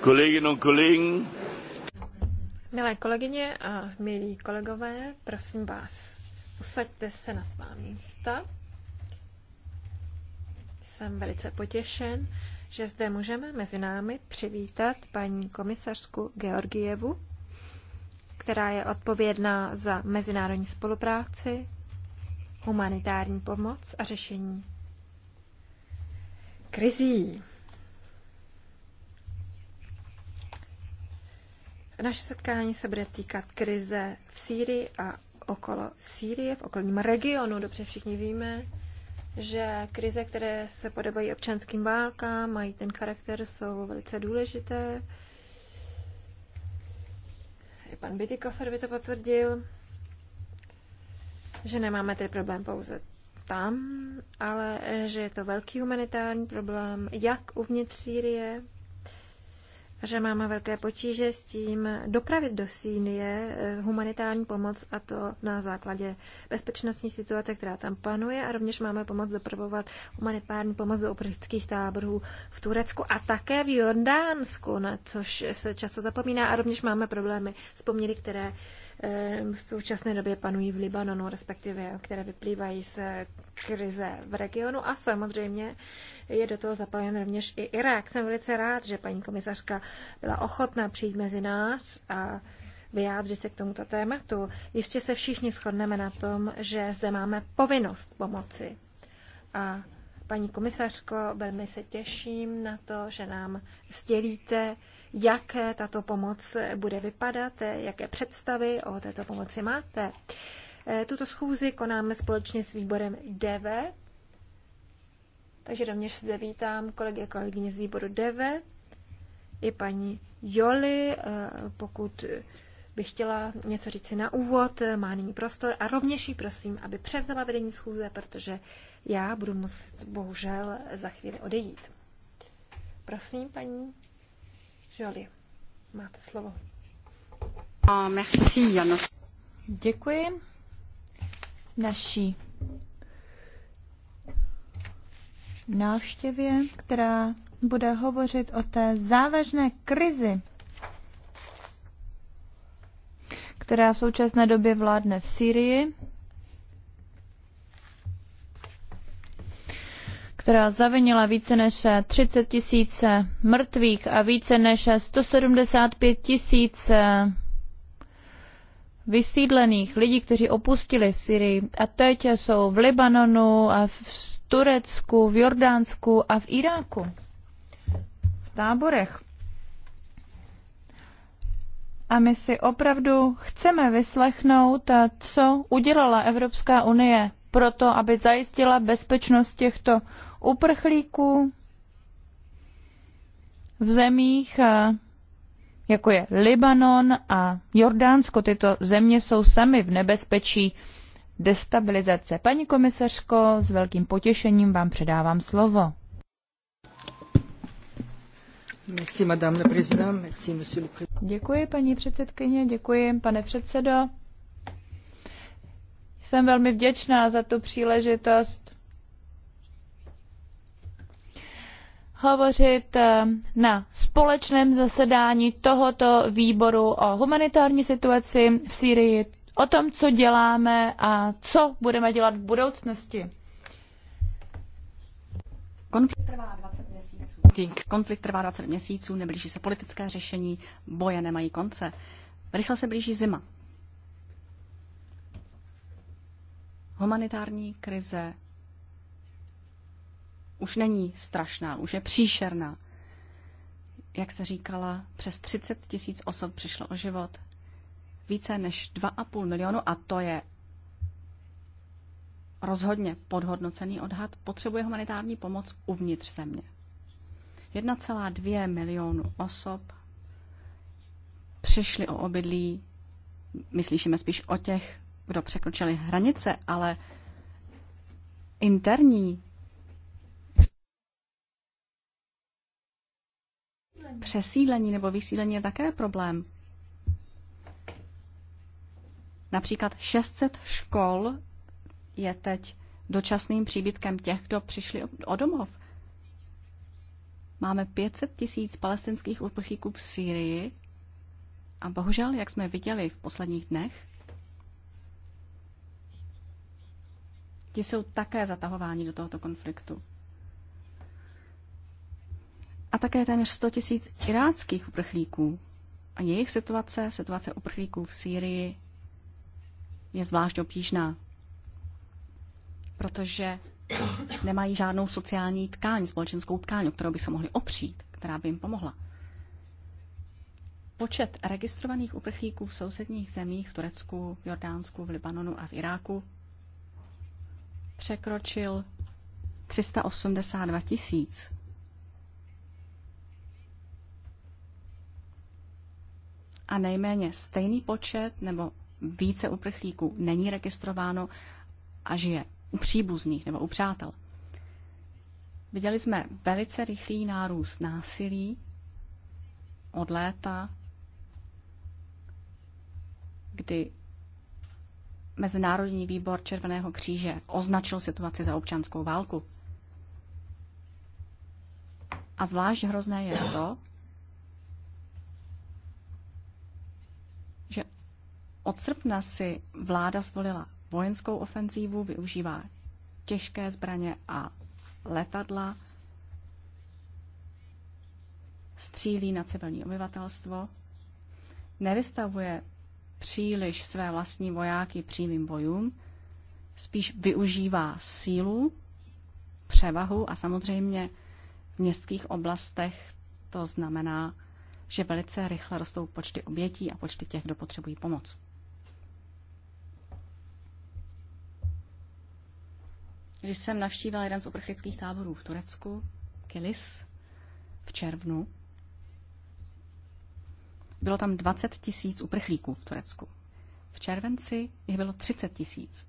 Kolleginnen und Milé kolegyně a milí kolegové, prosím vás, usaďte se na svá místa. Jsem velice potěšen, že zde můžeme mezi námi přivítat paní komisařku Georgievu, která je odpovědná za mezinárodní spolupráci, humanitární pomoc a řešení krizí. Naše setkání se bude týkat krize v Sýrii a okolo Sýrie, v okolním regionu. Dobře všichni víme, že krize, které se podobají občanským válkám, mají ten charakter, jsou velice důležité. I pan Bytikofer by to potvrdil, že nemáme tedy problém pouze tam, ale že je to velký humanitární problém, jak uvnitř Sýrie, že máme velké potíže s tím dopravit do Sýrie eh, humanitární pomoc a to na základě bezpečnostní situace, která tam panuje a rovněž máme pomoc dopravovat humanitární pomoc do uprchlických táborů v Turecku a také v Jordánsku, na což se často zapomíná a rovněž máme problémy s poměry, které v současné době panují v Libanonu, respektive které vyplývají z krize v regionu a samozřejmě je do toho zapojen rovněž i Irák. Jsem velice rád, že paní komisařka byla ochotná přijít mezi nás a vyjádřit se k tomuto tématu. Jistě se všichni shodneme na tom, že zde máme povinnost pomoci. A paní komisařko, velmi se těším na to, že nám sdělíte, jak tato pomoc bude vypadat, jaké představy o této pomoci máte. E, tuto schůzi konáme společně s výborem DV, takže rovněž zde vítám kolegy a kolegyně z výboru DV i paní Joli, e, pokud by chtěla něco říct si na úvod, má nyní prostor a rovněž ji prosím, aby převzala vedení schůze, protože já budu muset bohužel za chvíli odejít. Prosím, paní Žoli, máte slovo. A ah, merci, Jano. Děkuji. Naší návštěvě, která bude hovořit o té závažné krizi, která v současné době vládne v Syrii která zavinila více než 30 tisíc mrtvých a více než 175 tisíc vysídlených lidí, kteří opustili Syrii a teď jsou v Libanonu a v Turecku, v Jordánsku a v Iráku. V táborech. A my si opravdu chceme vyslechnout, co udělala Evropská unie pro to, aby zajistila bezpečnost těchto uprchlíků v zemích, eh, jako je Libanon a Jordánsko. Tyto země jsou sami v nebezpečí destabilizace. Paní komisařko, s velkým potěšením vám předávám slovo. Děkuji, paní předsedkyně, děkuji, pane předsedo. Jsem velmi vděčná za tu příležitost hovořit eh, na společném zasedání tohoto výboru o humanitární situaci v Sýrii, o tom, co děláme a co budeme dělat v budoucnosti. Konflikt trvá 20 měsíců. Konflikt trvá 20 měsíců, neblíží se politické řešení, boje nemají konce. Rychle se blíží zima. Humanitární krize už není strašná, už je příšerná. Jak jste říkala, přes 30 tisíc osob přišlo o život, více než 2,5 milionu a to je rozhodně podhodnocený odhad, potřebuje humanitární pomoc uvnitř země. 1,2 milionu osob přišli o obydlí, myslíme spíš o těch, kdo překročili hranice, ale interní Přesídlení nebo vysílení je také problém. Například 600 škol je teď dočasným příbytkem těch, kdo přišli o domov. Máme 500 tisíc palestinských uprchlíků v Sýrii a bohužel, jak jsme viděli v posledních dnech, ti jsou také zatahováni do tohoto konfliktu a také téměř 100 tisíc iráckých uprchlíků. A jejich situace, situace uprchlíků v Sýrii, je zvlášť obtížná, protože nemají žádnou sociální tkáň, společenskou tkáň, o kterou by se mohli opřít, která by jim pomohla. Počet registrovaných uprchlíků v sousedních zemích v Turecku, v Jordánsku, v Libanonu a v Iráku překročil 382 tisíc a nejméně stejný počet nebo více uprchlíků není registrováno a žije u příbuzných nebo u přátel. Viděli jsme velice rychlý nárůst násilí od léta, kdy Mezinárodní výbor Červeného kříže označil situaci za občanskou válku. A zvlášť hrozné je to, Od srpna si vláda zvolila vojenskou ofenzívu, využívá těžké zbraně a letadla, střílí na civilní obyvatelstvo, nevystavuje příliš své vlastní vojáky přímým bojům, spíš využívá sílu, převahu a samozřejmě v městských oblastech to znamená, že velice rychle rostou počty obětí a počty těch, kdo potřebují pomoc. když jsem navštívila jeden z uprchlických táborů v Turecku, Kilis, v červnu, bylo tam 20 tisíc uprchlíků v Turecku. V červenci jich bylo 30 tisíc.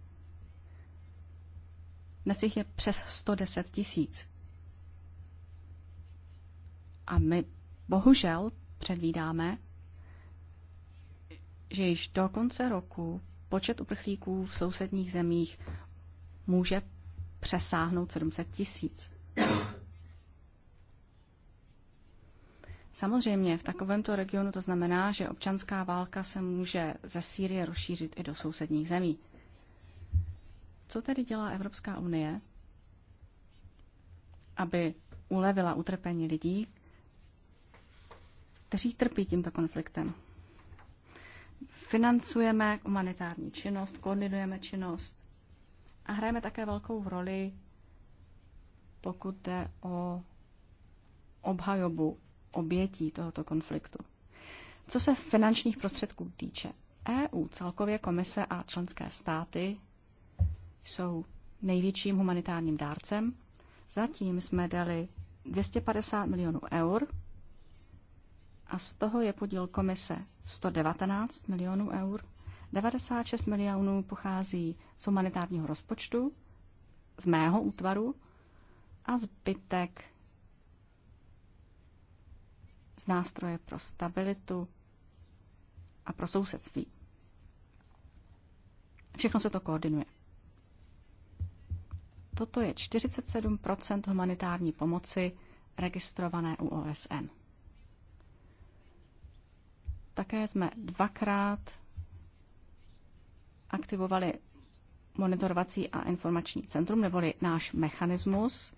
Dnes jich je přes 110 tisíc. A my bohužel předvídáme, že již do konce roku počet uprchlíků v sousedních zemích může přesáhnout 700 tisíc. Samozřejmě v takovémto regionu to znamená, že občanská válka se může ze Sýrie rozšířit i do sousedních zemí. Co tedy dělá Evropská unie, aby ulevila utrpení lidí, kteří trpí tímto konfliktem? Financujeme humanitární činnost, koordinujeme činnost, a hrajeme také velkou roli, pokud jde o obhajobu obětí tohoto konfliktu. Co se finančních prostředků týče, EU, celkově komise a členské státy jsou největším humanitárním dárcem. Zatím jsme dali 250 milionů eur a z toho je podíl komise 119 milionů eur 96 milionů pochází z humanitárního rozpočtu, z mého útvaru a zbytek z nástroje pro stabilitu a pro sousedství. Všechno se to koordinuje. Toto je 47 humanitární pomoci registrované u OSN. Také jsme dvakrát aktivovali monitorovací a informační centrum, neboli náš mechanismus.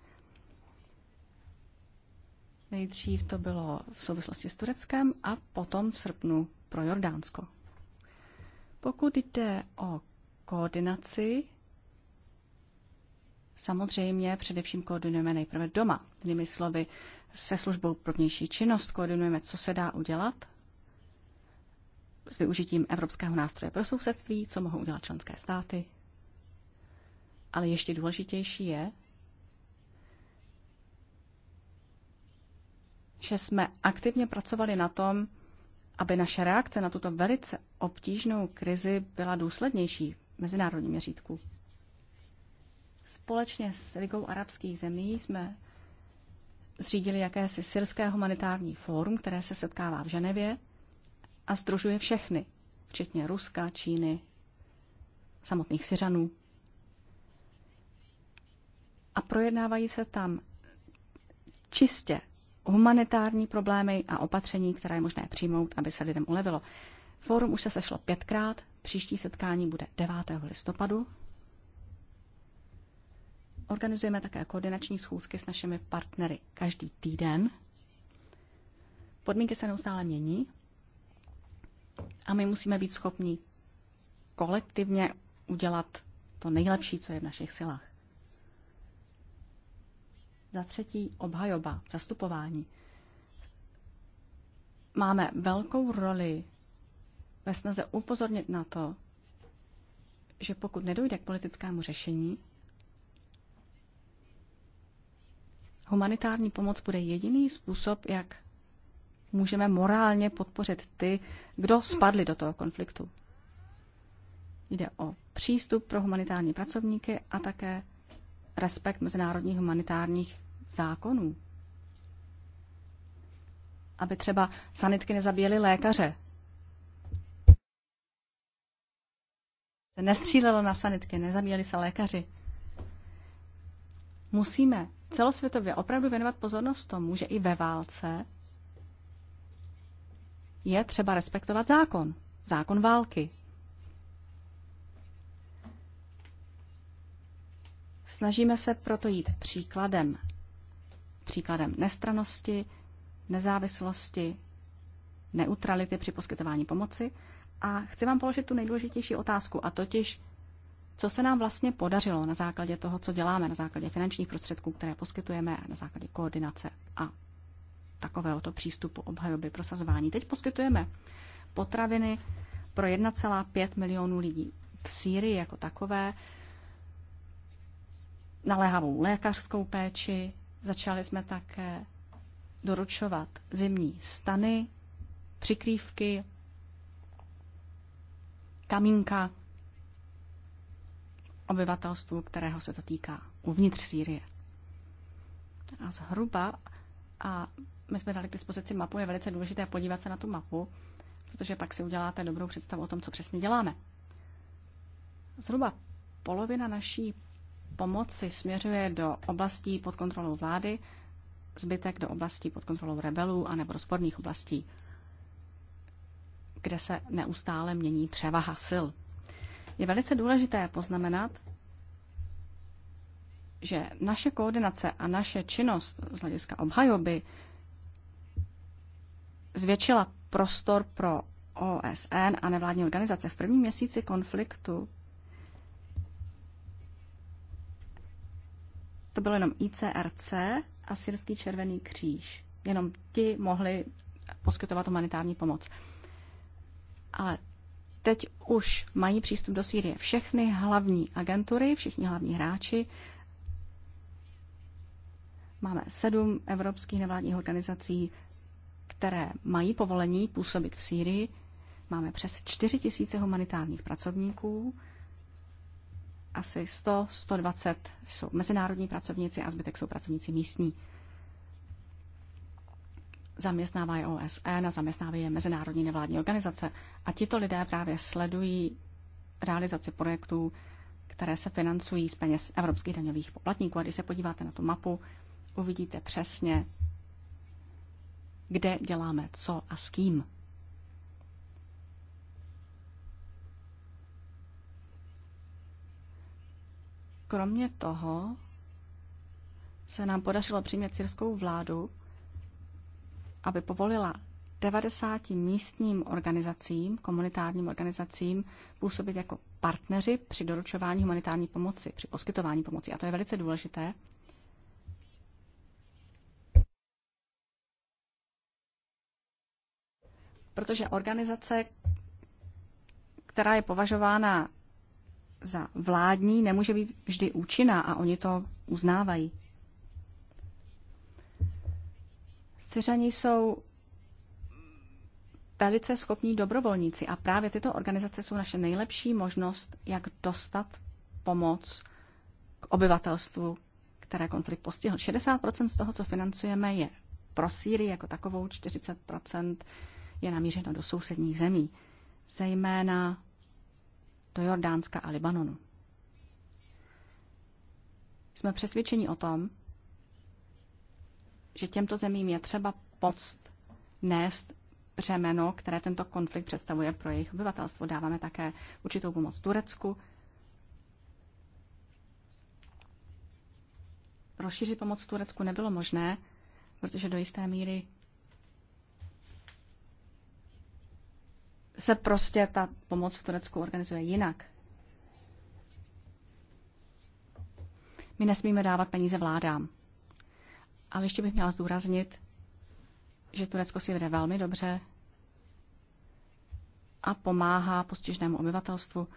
Nejdřív to bylo v souvislosti s Tureckem a potom v srpnu pro Jordánsko. Pokud jde o koordinaci, samozřejmě především koordinujeme nejprve doma. Jinými slovy, se službou pro vnější činnost koordinujeme, co se dá udělat s využitím Evropského nástroje pro sousedství, co mohou udělat členské státy. Ale ještě důležitější je, že jsme aktivně pracovali na tom, aby naše reakce na tuto velice obtížnou krizi byla důslednější v mezinárodním měřítku. Společně s Ligou arabských zemí jsme zřídili jakési syrské humanitární fórum, které se setkává v Ženevě a združuje všechny, včetně Ruska, Číny, samotných Syřanů. A projednávají se tam čistě humanitární problémy a opatření, které je možné přijmout, aby se lidem ulevilo. Fórum už se sešlo pětkrát, příští setkání bude 9. listopadu. Organizujeme také koordinační schůzky s našimi partnery každý týden. Podmínky se neustále mění, a my musíme být schopni kolektivně udělat to nejlepší, co je v našich silách. Za třetí obhajoba, zastupování. Máme velkou roli ve snaze upozornit na to, že pokud nedojde k politickému řešení, humanitární pomoc bude jediný způsob, jak můžeme morálně podpořit ty, kdo spadli do toho konfliktu. Jde o přístup pro humanitární pracovníky a také respekt mezinárodních humanitárních zákonů. Aby třeba sanitky nezabíjely lékaře. Se nestřílelo na sanitky, nezabíjeli se lékaři. Musíme celosvětově opravdu věnovat pozornost tomu, že i ve válce je třeba respektovat zákon, zákon války. Snažíme se proto jít příkladem. Příkladem nestranosti, nezávislosti, neutrality při poskytování pomoci. A chci vám položit tu nejdůležitější otázku, a totiž, co se nám vlastně podařilo na základě toho, co děláme, na základě finančních prostředků, které poskytujeme, na základě koordinace a takovéhoto přístupu obhajoby prosazování. Teď poskytujeme potraviny pro 1,5 milionů lidí v Sýrii jako takové, naléhavou lékařskou péči, začali jsme také doručovat zimní stany, přikrývky, kamínka obyvatelstvu, kterého se to týká uvnitř Sýrie. A zhruba a my jsme dali k dispozici mapu, je velice důležité podívat se na tu mapu, protože pak si uděláte dobrou představu o tom, co přesně děláme. Zhruba polovina naší pomoci směřuje do oblastí pod kontrolou vlády, zbytek do oblastí pod kontrolou rebelů a nebo rozporných oblastí, kde se neustále mění převaha sil. Je velice důležité poznamenat, že naše koordinace a naše činnost z hlediska obhajoby zvětšila prostor pro OSN a nevládní organizace. V prvním měsíci konfliktu to bylo jenom ICRC a Syrský červený kříž. Jenom ti mohli poskytovat humanitární pomoc. Ale teď už mají přístup do Sýrie všechny hlavní agentury, všichni hlavní hráči. Máme sedm evropských nevládních organizací, které mají povolení působit v Sýrii. Máme přes 4 000 humanitárních pracovníků, asi 100-120 jsou mezinárodní pracovníci a zbytek jsou pracovníci místní. Zaměstnává je OSN a zaměstnávají je mezinárodní nevládní organizace. A tito lidé právě sledují realizaci projektů, které se financují z peněz evropských daňových poplatníků. A když se podíváte na tu mapu, uvidíte přesně, kde děláme co a s kým. Kromě toho se nám podařilo přimět syrskou vládu, aby povolila 90 místním organizacím, komunitárním organizacím, působit jako partneři při doručování humanitární pomoci, při poskytování pomoci. A to je velice důležité, protože organizace, která je považována za vládní, nemůže být vždy účinná a oni to uznávají. Syřani jsou velice schopní dobrovolníci a právě tyto organizace jsou naše nejlepší možnost, jak dostat pomoc k obyvatelstvu, které konflikt postihl. 60% z toho, co financujeme, je pro Sýrii jako takovou, 40% je namířeno do sousedních zemí, zejména do Jordánska a Libanonu. Jsme přesvědčeni o tom, že těmto zemím je třeba poct nést břemeno, které tento konflikt představuje pro jejich obyvatelstvo. Dáváme také určitou pomoc Turecku. Rozšířit pomoc Turecku nebylo možné, protože do jisté míry se prostě ta pomoc v Turecku organizuje jinak. My nesmíme dávat peníze vládám. Ale ještě bych měla zdůraznit, že Turecko si vede velmi dobře a pomáhá postižnému obyvatelstvu,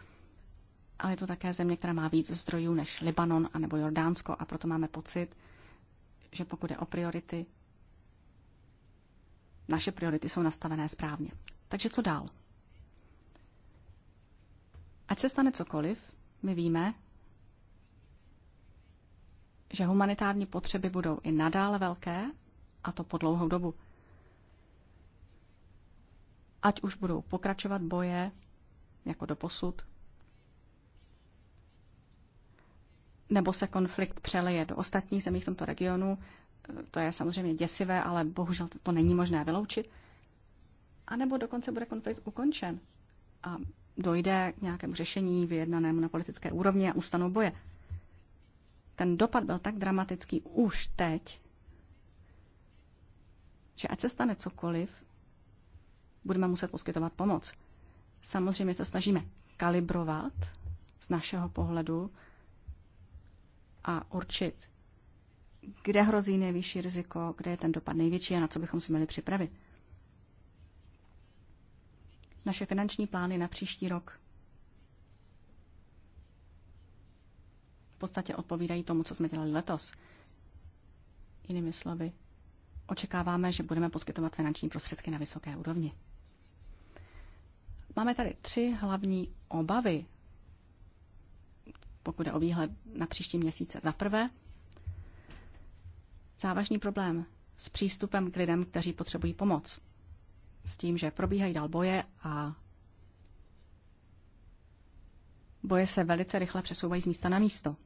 ale je to také země, která má víc zdrojů než Libanon a nebo Jordánsko a proto máme pocit, že pokud je o priority, naše priority jsou nastavené správně. Takže co dál? Ať se stane cokoliv, my víme, že humanitární potřeby budou i nadále velké, a to po dlouhou dobu. Ať už budou pokračovat boje, jako do posud, nebo se konflikt přeleje do ostatních zemí v tomto regionu, to je samozřejmě děsivé, ale bohužel to není možné vyloučit, a nebo dokonce bude konflikt ukončen a dojde k nějakému řešení vyjednanému na politické úrovni a ustanou boje. Ten dopad byl tak dramatický už teď, že ať se stane cokoliv, budeme muset poskytovat pomoc. Samozřejmě to snažíme kalibrovat z našeho pohledu a určit, kde hrozí nejvyšší riziko, kde je ten dopad největší a na co bychom si měli připravit naše finanční plány na příští rok. V podstatě odpovídají tomu, co jsme dělali letos. Jinými slovy, očekáváme, že budeme poskytovat finanční prostředky na vysoké úrovni. Máme tady tři hlavní obavy, pokud je o výhled na příští měsíce. Za prvé, závažný problém s přístupem k lidem, kteří potřebují pomoc s tím, že probíhají dál boje a boje se velice rychle přesouvají z místa na místo.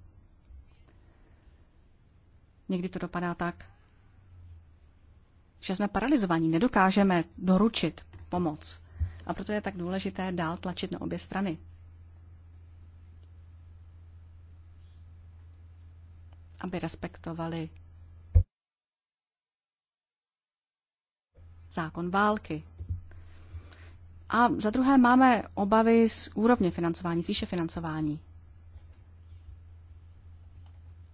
Někdy to dopadá tak, že jsme paralizovaní, nedokážeme doručit pomoc. A proto je tak důležité dál tlačit na obě strany. Aby respektovali zákon války, a za druhé máme obavy z úrovně financování, z výše financování.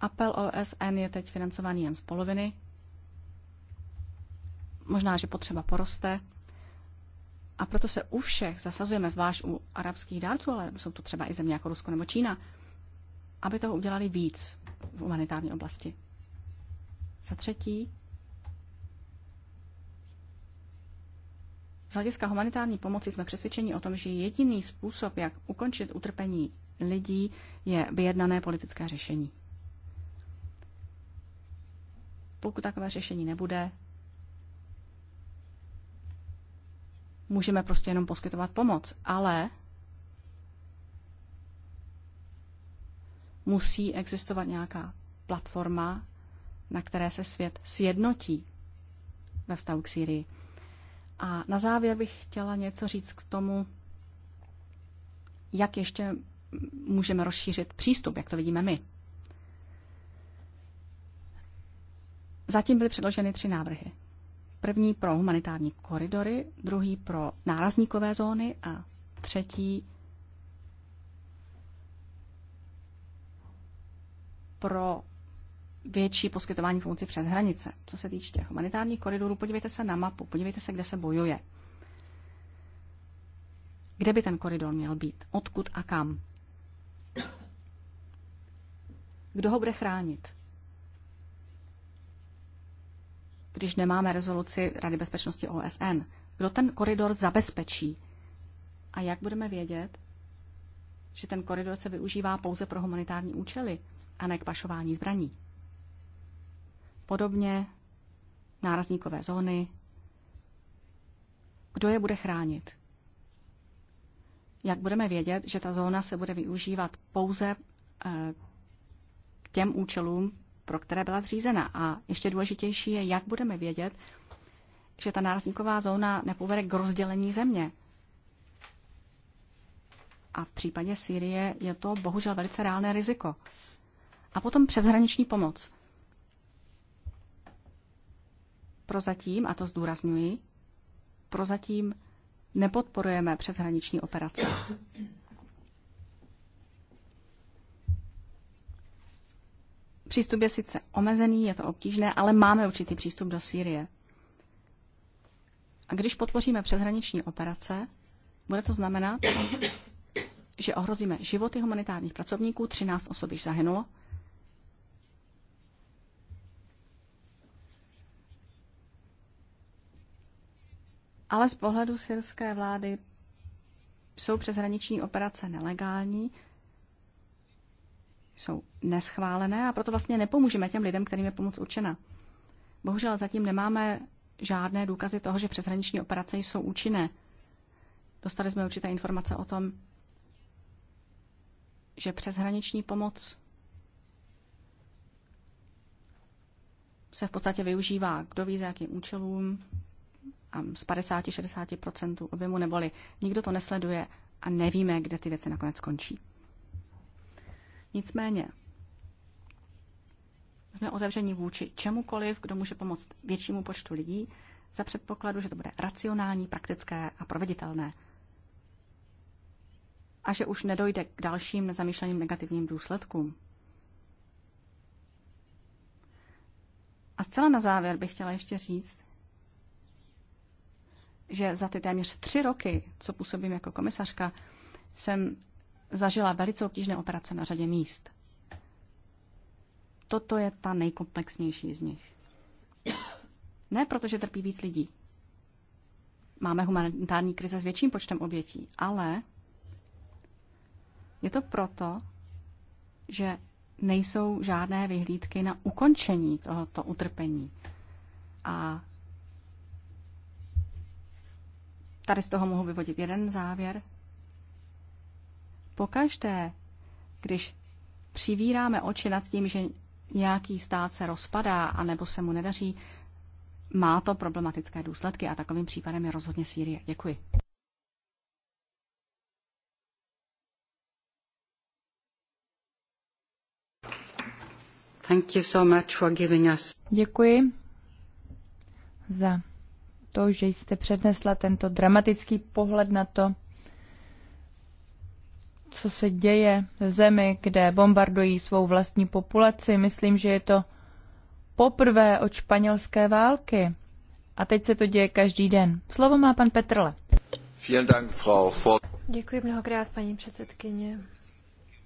Apel OSN je teď financovaný jen z poloviny. Možná, že potřeba poroste. A proto se u všech zasazujeme, zvlášť u arabských dárců, ale jsou to třeba i země jako Rusko nebo Čína, aby toho udělali víc v humanitární oblasti. Za třetí, Z hlediska humanitární pomoci jsme přesvědčeni o tom, že jediný způsob, jak ukončit utrpení lidí, je vyjednané politické řešení. Pokud takové řešení nebude, můžeme prostě jenom poskytovat pomoc, ale musí existovat nějaká platforma, na které se svět sjednotí ve vztahu k Syrii. A na závěr bych chtěla něco říct k tomu, jak ještě můžeme rozšířit přístup, jak to vidíme my. Zatím byly předloženy tři návrhy. První pro humanitární koridory, druhý pro nárazníkové zóny a třetí pro větší poskytování pomoci přes hranice. Co se týče těch humanitárních koridorů, podívejte se na mapu, podívejte se, kde se bojuje. Kde by ten koridor měl být? Odkud a kam? Kdo ho bude chránit? Když nemáme rezoluci Rady bezpečnosti OSN, kdo ten koridor zabezpečí? A jak budeme vědět, že ten koridor se využívá pouze pro humanitární účely a ne k pašování zbraní? Podobně nárazníkové zóny. Kdo je bude chránit? Jak budeme vědět, že ta zóna se bude využívat pouze k eh, těm účelům, pro které byla zřízena? A ještě důležitější je, jak budeme vědět, že ta nárazníková zóna nepovede k rozdělení země. A v případě Sýrie je to bohužel velice reálné riziko. A potom přeshraniční pomoc. Prozatím, a to zdůrazňuji, prozatím nepodporujeme přeshraniční operace. Přístup je sice omezený, je to obtížné, ale máme určitý přístup do Sýrie. A když podpoříme přeshraniční operace, bude to znamenat, že ohrozíme životy humanitárních pracovníků, 13 osob již zahynulo, Ale z pohledu syrské vlády jsou přeshraniční operace nelegální, jsou neschválené a proto vlastně nepomůžeme těm lidem, kterým je pomoc určena. Bohužel zatím nemáme žádné důkazy toho, že přeshraniční operace jsou účinné. Dostali jsme určité informace o tom, že přeshraniční pomoc se v podstatě využívá, kdo ví, za jakým účelům, z 50-60 objemu, neboli nikdo to nesleduje a nevíme, kde ty věci nakonec končí. Nicméně jsme otevření vůči čemukoliv, kdo může pomoct většímu počtu lidí, za předpokladu, že to bude racionální, praktické a proveditelné. A že už nedojde k dalším nezamýšleným negativním důsledkům. A zcela na závěr bych chtěla ještě říct, že za ty téměř tři roky, co působím jako komisařka, jsem zažila velice obtížné operace na řadě míst. Toto je ta nejkomplexnější z nich. Ne proto, že trpí víc lidí. Máme humanitární krize s větším počtem obětí, ale je to proto, že nejsou žádné vyhlídky na ukončení tohoto utrpení. A Tady z toho mohu vyvodit jeden závěr. Pokaždé, když přivíráme oči nad tím, že nějaký stát se rozpadá a nebo se mu nedaří, má to problematické důsledky a takovým případem je rozhodně Sýrie. Děkuji. Thank you so much for giving us... Děkuji za to, že jste přednesla tento dramatický pohled na to, co se děje v zemi, kde bombardují svou vlastní populaci. Myslím, že je to poprvé od španělské války. A teď se to děje každý den. Slovo má pan Petrle. Děkuji mnohokrát, paní předsedkyně.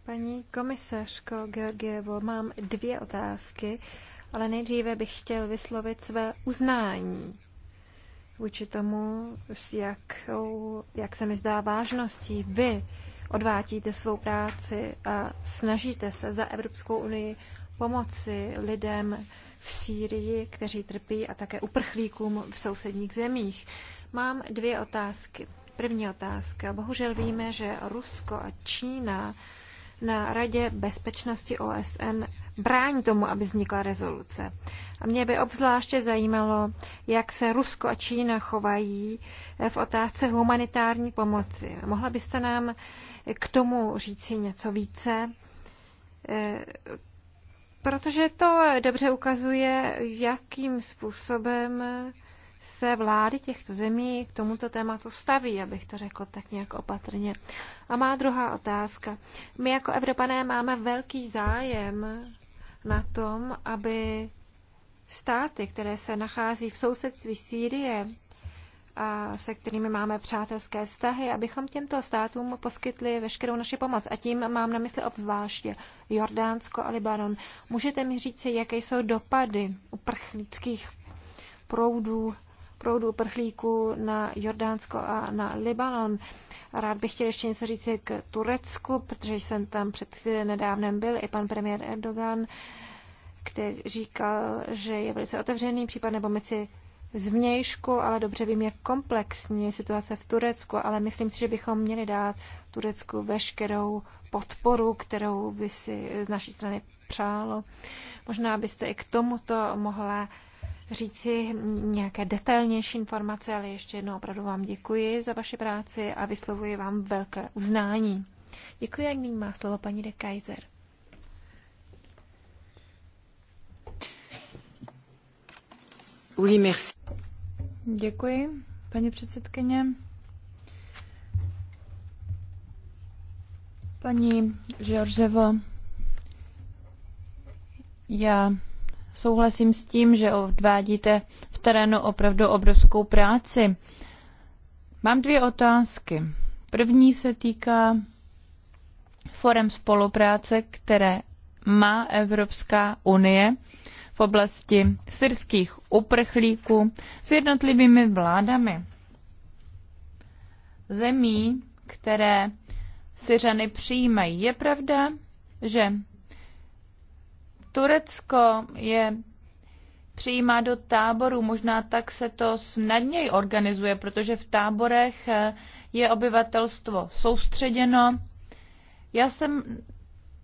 Paní komisařko Georgievo, mám dvě otázky, ale nejdříve bych chtěl vyslovit své uznání vůči tomu, s jakou, jak se mi zdá vážností vy odvátíte svou práci a snažíte se za Evropskou unii pomoci lidem v Sýrii, kteří trpí a také uprchlíkům v sousedních zemích. Mám dvě otázky. První otázka. Bohužel víme, že Rusko a Čína na Radě bezpečnosti OSN brání tomu, aby vznikla rezoluce. A mě by obzvláště zajímalo, jak se Rusko a Čína chovají eh, v otázce humanitární pomoci. Mohla byste nám eh, k tomu říci něco více? Eh, protože to dobře ukazuje, jakým způsobem se vlády těchto zemí k tomuto tématu staví, abych to řekl tak nějak opatrně. A má druhá otázka. My jako Evropané máme velký zájem na tom, aby státy, které se nachází v sousedství Sýrie, a se kterými máme přátelské vztahy, abychom těmto státům poskytli veškerou naši pomoc. A tím mám na mysli obzvláště Jordánsko a Libanon. Můžete mi říct, jaké jsou dopady uprchlických proudů, proudů uprchlíků na Jordánsko a na Libanon? Rád bych chtěl ještě něco říct k Turecku, protože jsem tam před nedávnem byl, i pan premiér Erdogan který říkal, že je velice otevřený případ nebo mezi zvnějšku, ale dobře vím, jak komplexní je situace v Turecku, ale myslím si, že bychom měli dát Turecku veškerou podporu, kterou by si z naší strany přálo. Možná byste i k tomuto mohla říci nějaké detailnější informace, ale ještě jednou opravdu vám děkuji za vaši práci a vyslovuji vám velké uznání. Děkuji, jak nyní má slovo paní de Kaiser. Oui, merci. Děkuji, paní předsedkyně. Paní Žorževo, já souhlasím s tím, že odvádíte v terénu opravdu obrovskou práci. Mám dvě otázky. První se týká forem spolupráce, které má Evropská unie v oblasti syrských uprchlíků s jednotlivými vládami zemí, které Syřany přijímají. Je pravda, že Turecko je přijímá do táborů. Možná tak se to snadněji organizuje, protože v táborech je obyvatelstvo soustředěno. Já jsem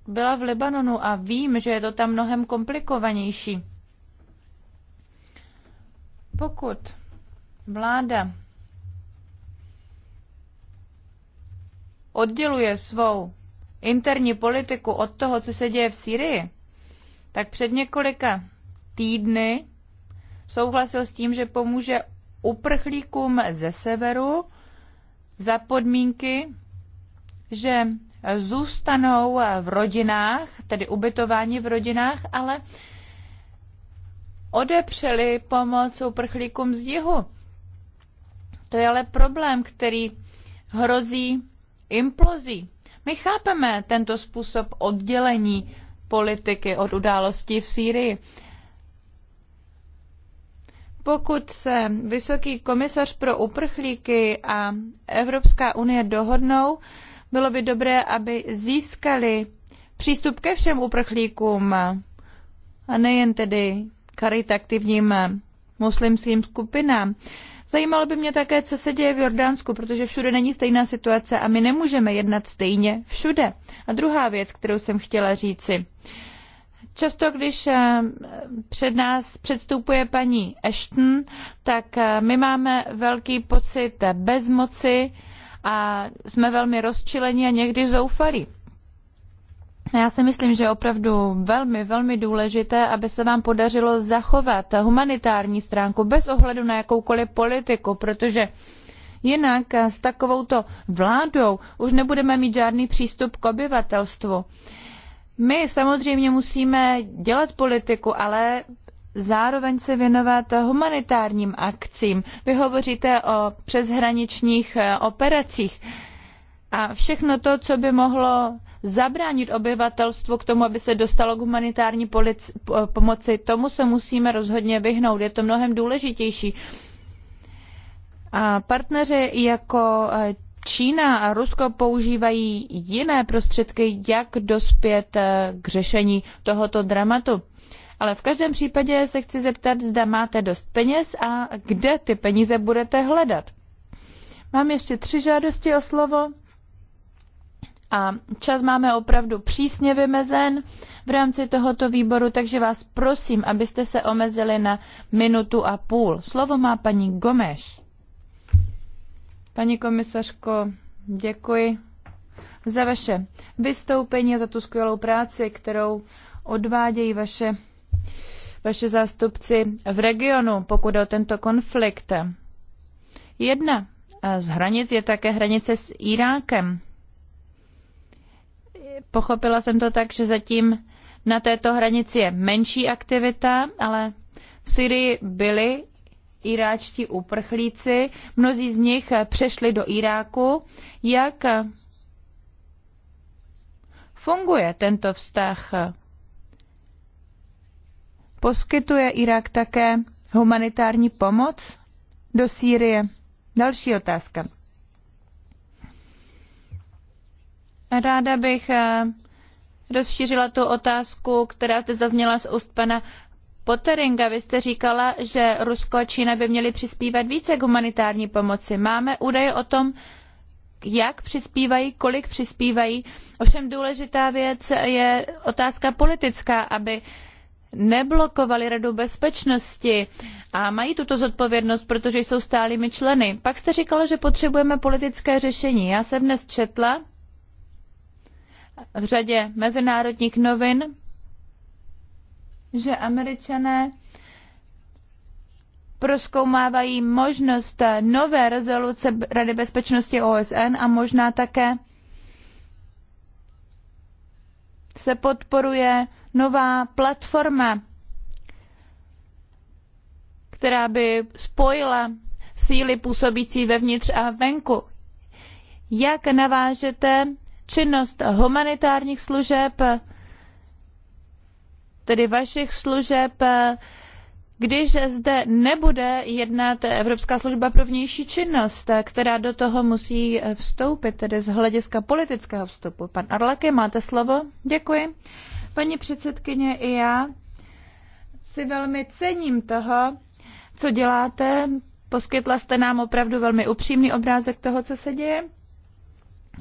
byla v Libanonu a vím, že je to tam mnohem komplikovanější. Pokud vláda odděluje svou interní politiku od toho, co se děje v Sýrii, tak před několika týdny souhlasil s tím, že pomůže uprchlíkům ze severu za podmínky, že zůstanou v rodinách, tedy ubytování v rodinách, ale odepřeli pomoc uprchlíkům z jihu. To je ale problém, který hrozí implozí. My chápeme tento způsob oddělení politiky od událostí v Sýrii. Pokud se Vysoký komisař pro uprchlíky a Evropská unie dohodnou, bylo by dobré, aby získali přístup ke všem uprchlíkům a nejen tedy karitativním muslimským skupinám. Zajímalo by mě také, co se děje v Jordánsku, protože všude není stejná situace a my nemůžeme jednat stejně všude. A druhá věc, kterou jsem chtěla říci. Často, když eh, před nás předstupuje paní Ashton, tak eh, my máme velký pocit bezmoci, a jsme velmi rozčileni a někdy zoufalí. Já si myslím, že je opravdu velmi, velmi důležité, aby se vám podařilo zachovat humanitární stránku bez ohledu na jakoukoliv politiku, protože jinak s takovouto vládou už nebudeme mít žádný přístup k obyvatelstvu. My samozřejmě musíme dělat politiku, ale zároveň se věnovat humanitárním akcím. Vy hovoříte o přeshraničních eh, operacích a všechno to, co by mohlo zabránit obyvatelstvu k tomu, aby se dostalo k humanitární pomoci, tomu se musíme rozhodně vyhnout. Je to mnohem důležitější. A partneři jako eh, Čína a Rusko používají jiné prostředky, jak dospět eh, k řešení tohoto dramatu. Ale v každém případě se chci zeptat, zda máte dost peněz a kde ty peníze budete hledat. Mám ještě tři žádosti o slovo a čas máme opravdu přísně vymezen v rámci tohoto výboru, takže vás prosím, abyste se omezili na minutu a půl. Slovo má paní Gomeš. Paní komisařko, děkuji za vaše vystoupení a za tu skvělou práci, kterou odvádějí vaše vaše zástupci v regionu, pokud o tento konflikt. Jedna z hranic je také hranice s Irákem. Pochopila jsem to tak, že zatím na této hranici je menší aktivita, ale v Syrii byli iráčtí uprchlíci. Mnozí z nich přešli do Iráku. Jak funguje tento vztah Poskytuje Irák také humanitární pomoc do Sýrie? Další otázka. Ráda bych eh, rozšířila tu otázku, která zde zazněla z úst pana Potteringa. Vy jste říkala, že Rusko a Čína by měly přispívat více k humanitární pomoci. Máme údaje o tom, jak přispívají, kolik přispívají. Ovšem důležitá věc je otázka politická, aby neblokovali Radu bezpečnosti a mají tuto zodpovědnost, protože jsou stálými členy. Pak jste říkala, že potřebujeme politické řešení. Já jsem dnes četla v řadě mezinárodních novin, že američané proskoumávají možnost nové rezoluce Rady bezpečnosti OSN a možná také se podporuje nová platforma, která by spojila síly působící vevnitř a venku. Jak navážete činnost humanitárních služeb, tedy vašich služeb, když zde nebude jednat Evropská služba pro vnější činnost, která do toho musí vstoupit, tedy z hlediska politického vstupu. Pan Arlake, máte slovo? Děkuji. Paní předsedkyně, i já si velmi cením toho, co děláte. Poskytla jste nám opravdu velmi upřímný obrázek toho, co se děje.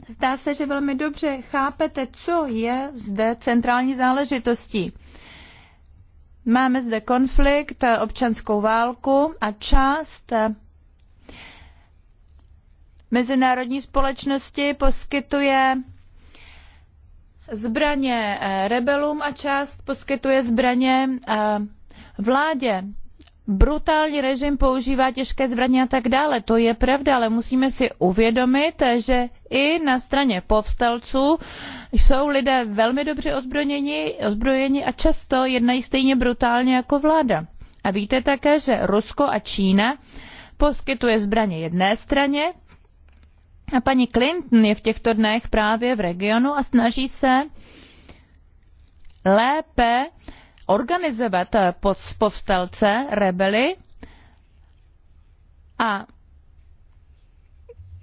Zdá se, že velmi dobře chápete, co je zde centrální záležitostí. Máme zde konflikt, eh, občanskou válku a část eh, mezinárodní společnosti poskytuje zbraně eh, rebelům a část poskytuje zbraně vládě brutální režim používá těžké zbraně a tak dále. To je pravda, ale musíme si uvědomit, že i na straně povstalců jsou lidé velmi dobře ozbrojeni, ozbrojeni a často jednají stejně brutálně jako vláda. A víte také, že Rusko a Čína poskytuje zbraně jedné straně a paní Clinton je v těchto dnech právě v regionu a snaží se lépe organizovat eh, povstalce, rebely a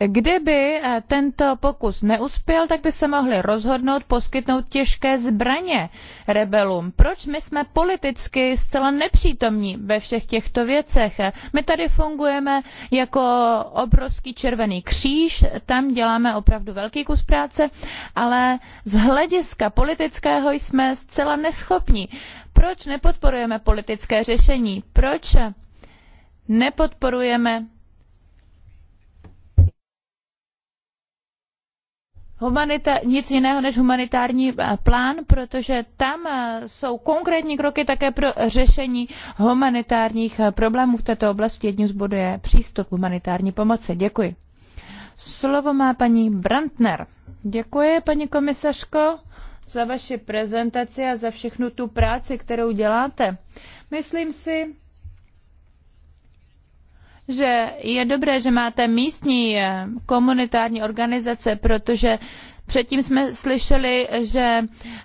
Kdyby eh, tento pokus neuspěl, tak by se mohli rozhodnout poskytnout těžké zbraně rebelům. Proč my jsme politicky zcela nepřítomní ve všech těchto věcech? My tady fungujeme jako obrovský červený kříž, tam děláme opravdu velký kus práce, ale z hlediska politického jsme zcela neschopní. Proč nepodporujeme politické řešení? Proč nepodporujeme Humanita, nic jiného než humanitární eh, plán, protože tam eh, jsou konkrétní kroky také pro řešení humanitárních eh, problémů v této oblasti. Jedním z bodů je přístup k humanitární pomoci. Děkuji. Slovo má paní Brandner. Děkuji, paní komisařko za vaši prezentaci a za všechnu tu práci, kterou děláte. Myslím si, že je dobré, že máte místní eh, komunitární organizace, protože Předtím jsme slyšeli, že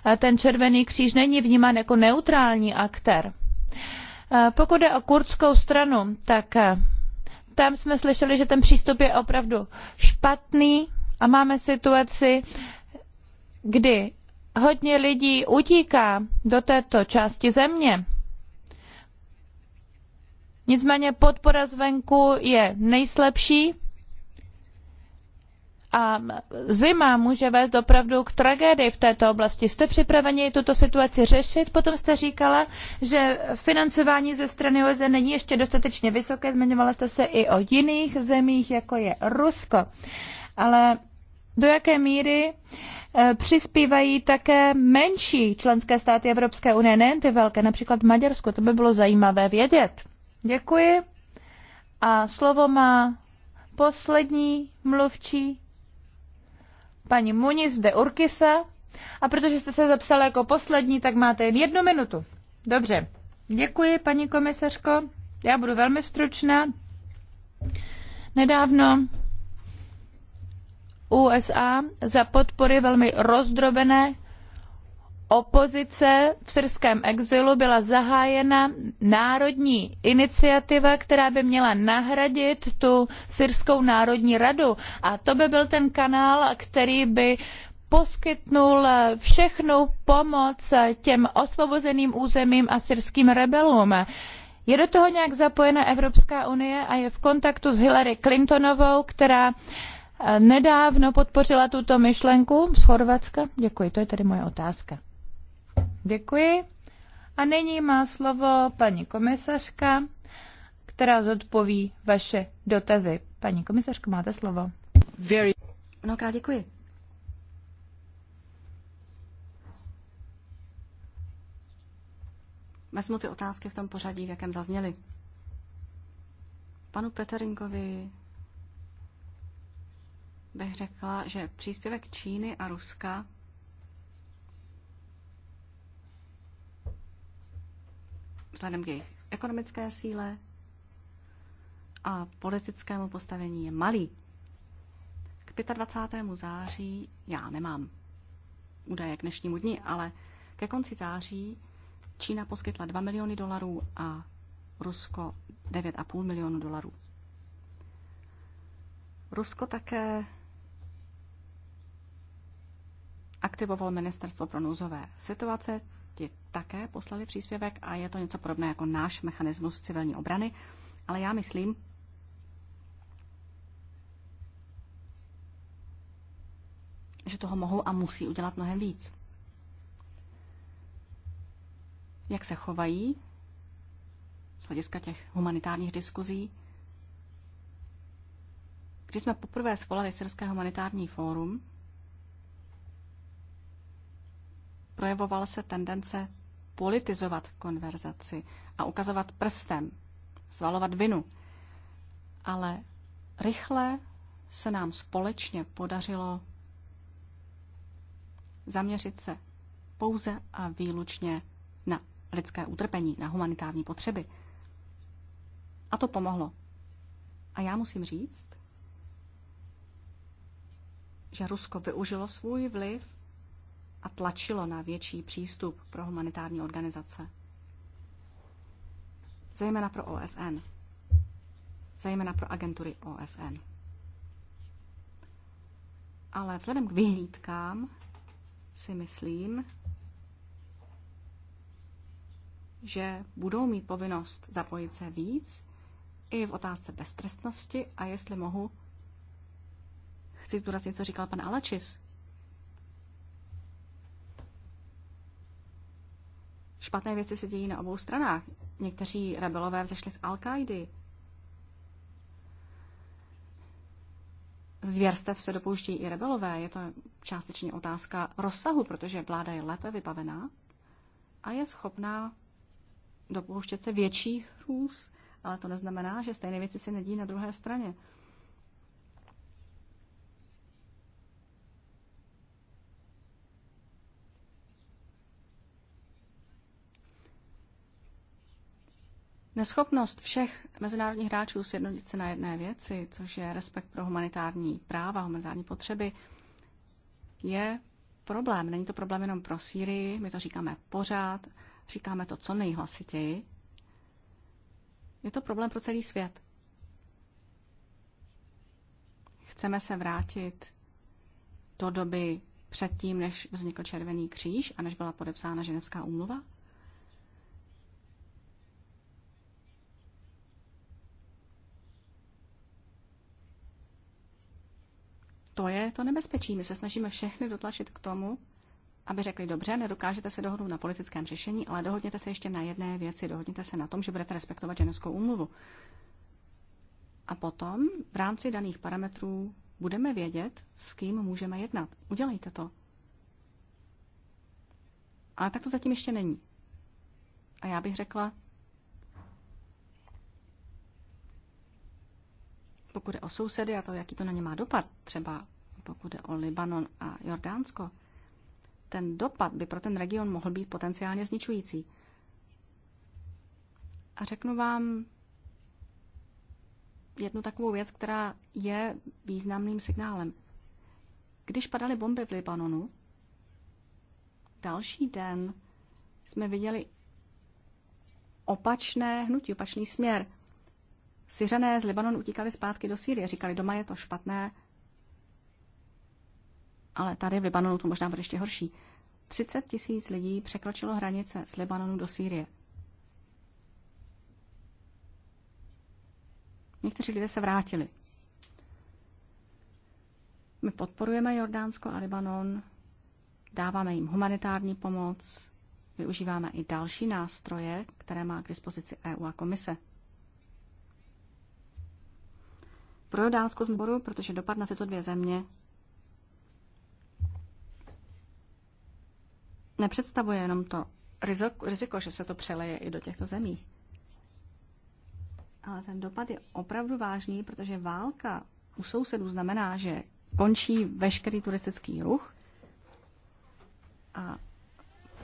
eh, ten Červený kříž není vnímán jako neutrální aktér. Eh, pokud je o kurdskou stranu, tak tam jsme slyšeli, že ten přístup je opravdu špatný a máme situaci, kdy hodně lidí utíká do této části země. Nicméně podpora zvenku je nejslabší a zima může vést opravdu k tragédii v této oblasti. Jste připraveni tuto situaci řešit? Potom jste říkala, že financování ze strany OSN není ještě dostatečně vysoké. Zmiňovala jste se i o jiných zemích, jako je Rusko. Ale do jaké míry uh, Eh, přispívají také menší členské státy Evropské unie, nejen ty velké, například Maďarsko. To by bylo zajímavé vědět. Děkuji. A slovo má poslední mluvčí, paní Muniz de Urkisa. A protože jste se zapsala jako poslední, tak máte jen jednu minutu. Dobře. Děkuji, paní komisařko. Já budu velmi stručná. Nedávno USA za podpory velmi rozdrobené opozice v syrském exilu byla zahájena národní iniciativa, která by měla nahradit tu syrskou národní radu. A to by byl ten kanál, který by poskytnul všechnu pomoc těm osvobozeným územím a syrským rebelům. Je do toho nějak zapojena Evropská unie a je v kontaktu s Hillary Clintonovou, která nedávno podpořila tuto myšlenku z Chorvatska? Děkuji, to je tedy moje otázka. Děkuji. A nyní má slovo paní komisařka, která zodpoví vaše dotazy. Paní komisařko, máte slovo. Very... No, krát děkuji. Vezmu ty otázky v tom pořadí, v jakém zazněly. Panu Peteringovi bych řekla, že příspěvek Číny a Ruska vzhledem k jejich ekonomické síle a politickému postavení je malý. K 25. září já nemám údaje k dnešnímu dni, ale ke konci září Čína poskytla 2 miliony dolarů a Rusko 9,5 milionů dolarů. Rusko také aktivoval Ministerstvo pro nouzové situace, ti také poslali příspěvek a je to něco podobné jako náš mechanismus civilní obrany, ale já myslím, že toho mohou a musí udělat mnohem víc. Jak se chovají z hlediska těch humanitárních diskuzí? Když jsme poprvé svolali Syrské humanitární fórum, projevovala se tendence politizovat konverzaci a ukazovat prstem, zvalovat vinu. Ale rychle se nám společně podařilo zaměřit se pouze a výlučně na lidské utrpení, na humanitární potřeby. A to pomohlo. A já musím říct, že Rusko využilo svůj vliv a tlačilo na větší přístup pro humanitární organizace. Zejména pro OSN. Zejména pro agentury OSN. Ale vzhledem k vyhlídkám si myslím, že budou mít povinnost zapojit se víc i v otázce beztrestnosti a jestli mohu, chci zdůraznit, co říkal pan Alačis, Špatné věci se dějí na obou stranách. Někteří rebelové vzešli z al kaidy Zvěrstev se dopouští i rebelové. Je to částečně otázka rozsahu, protože vláda je lépe vybavená a je schopná dopouštět se větších hrůz, ale to neznamená, že stejné věci se nedí na druhé straně. Neschopnost všech mezinárodních hráčů sjednotit se na jedné věci, což je respekt pro humanitární práva, humanitární potřeby, je problém. Není to problém jenom pro Sýrii, my to říkáme pořád, říkáme to co nejhlasitěji. Je to problém pro celý svět. Chceme se vrátit do doby předtím, než vznikl Červený kříž a než byla podepsána Ženevská úmluva? to je to nebezpečí. My se snažíme všechny dotlačit k tomu, aby řekli, dobře, nedokážete se dohodnout na politickém řešení, ale dohodněte se ještě na jedné věci, dohodněte se na tom, že budete respektovat ženskou úmluvu. A potom v rámci daných parametrů budeme vědět, s kým můžeme jednat. Udělejte to. Ale tak to zatím ještě není. A já bych řekla, pokud je o sousedy a to, jaký to na ně má dopad, třeba pokud je o Libanon a Jordánsko, ten dopad by pro ten region mohl být potenciálně zničující. A řeknu vám jednu takovou věc, která je významným signálem. Když padaly bomby v Libanonu, další den jsme viděli opačné hnutí, opačný směr. Syřané z Libanonu utíkali zpátky do Sýrie. Říkali, doma je to špatné, ale tady v Libanonu to možná bude ještě horší. 30 tisíc lidí překročilo hranice z Libanonu do Sýrie. Někteří lidé se vrátili. My podporujeme Jordánsko a Libanon, dáváme jim humanitární pomoc, využíváme i další nástroje, které má k dispozici EU a komise. pro Dánsko zboru, protože dopad na tyto dvě země nepředstavuje jenom to riziko, že se to přeleje i do těchto zemí. Ale ten dopad je opravdu vážný, protože válka u sousedů znamená, že končí veškerý turistický ruch a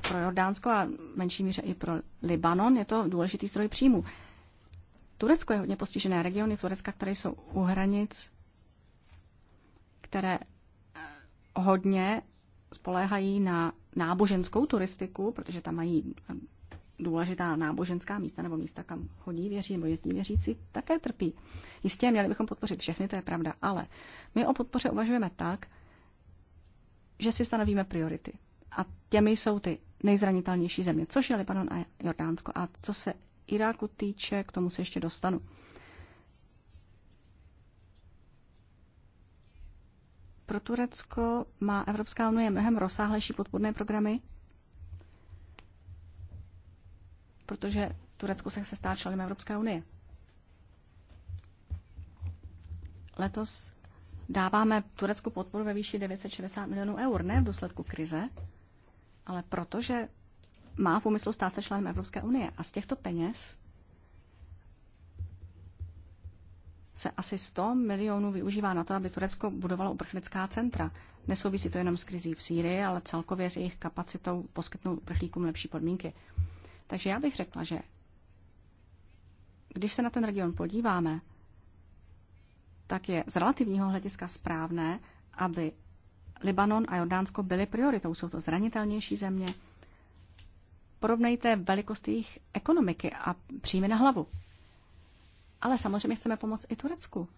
pro Jordánsko a menší míře i pro Libanon je to důležitý zdroj příjmu. Turecko je hodně postižené regiony Turecka, které jsou u hranic, které eh, hodně spoléhají na náboženskou turistiku, protože tam mají eh, důležitá náboženská místa nebo místa, kam chodí věří nebo jezdí věřící, také trpí. Jistě měli bychom podpořit všechny, to je pravda, ale my o podpoře uvažujeme tak, že si stanovíme priority. A těmi jsou ty nejzranitelnější země, což je Libanon a Jordánsko. A co se Iráku týče, k tomu se ještě dostanu. Pro Turecko má Evropská unie mnohem rozsáhlejší podpůrné programy, protože Turecko se chce stát členem Evropské unie. Letos dáváme Turecku podporu ve výši 960 milionů eur, ne v důsledku krize, ale protože má v úmyslu stát se členem Evropské unie. A z těchto peněz se asi 100 milionů využívá na to, aby Turecko budovalo uprchlická centra. Nesouvisí to jenom s krizí v Sýrii, ale celkově s jejich kapacitou poskytnout uprchlíkům lepší podmínky. Takže já bych řekla, že když se na ten region podíváme, tak je z relativního hlediska správné, aby Libanon a Jordánsko byly prioritou. Jsou to zranitelnější země, porovnejte velikost jejich ekonomiky a příjmy na hlavu. Ale samozřejmě chceme pomoct i Turecku.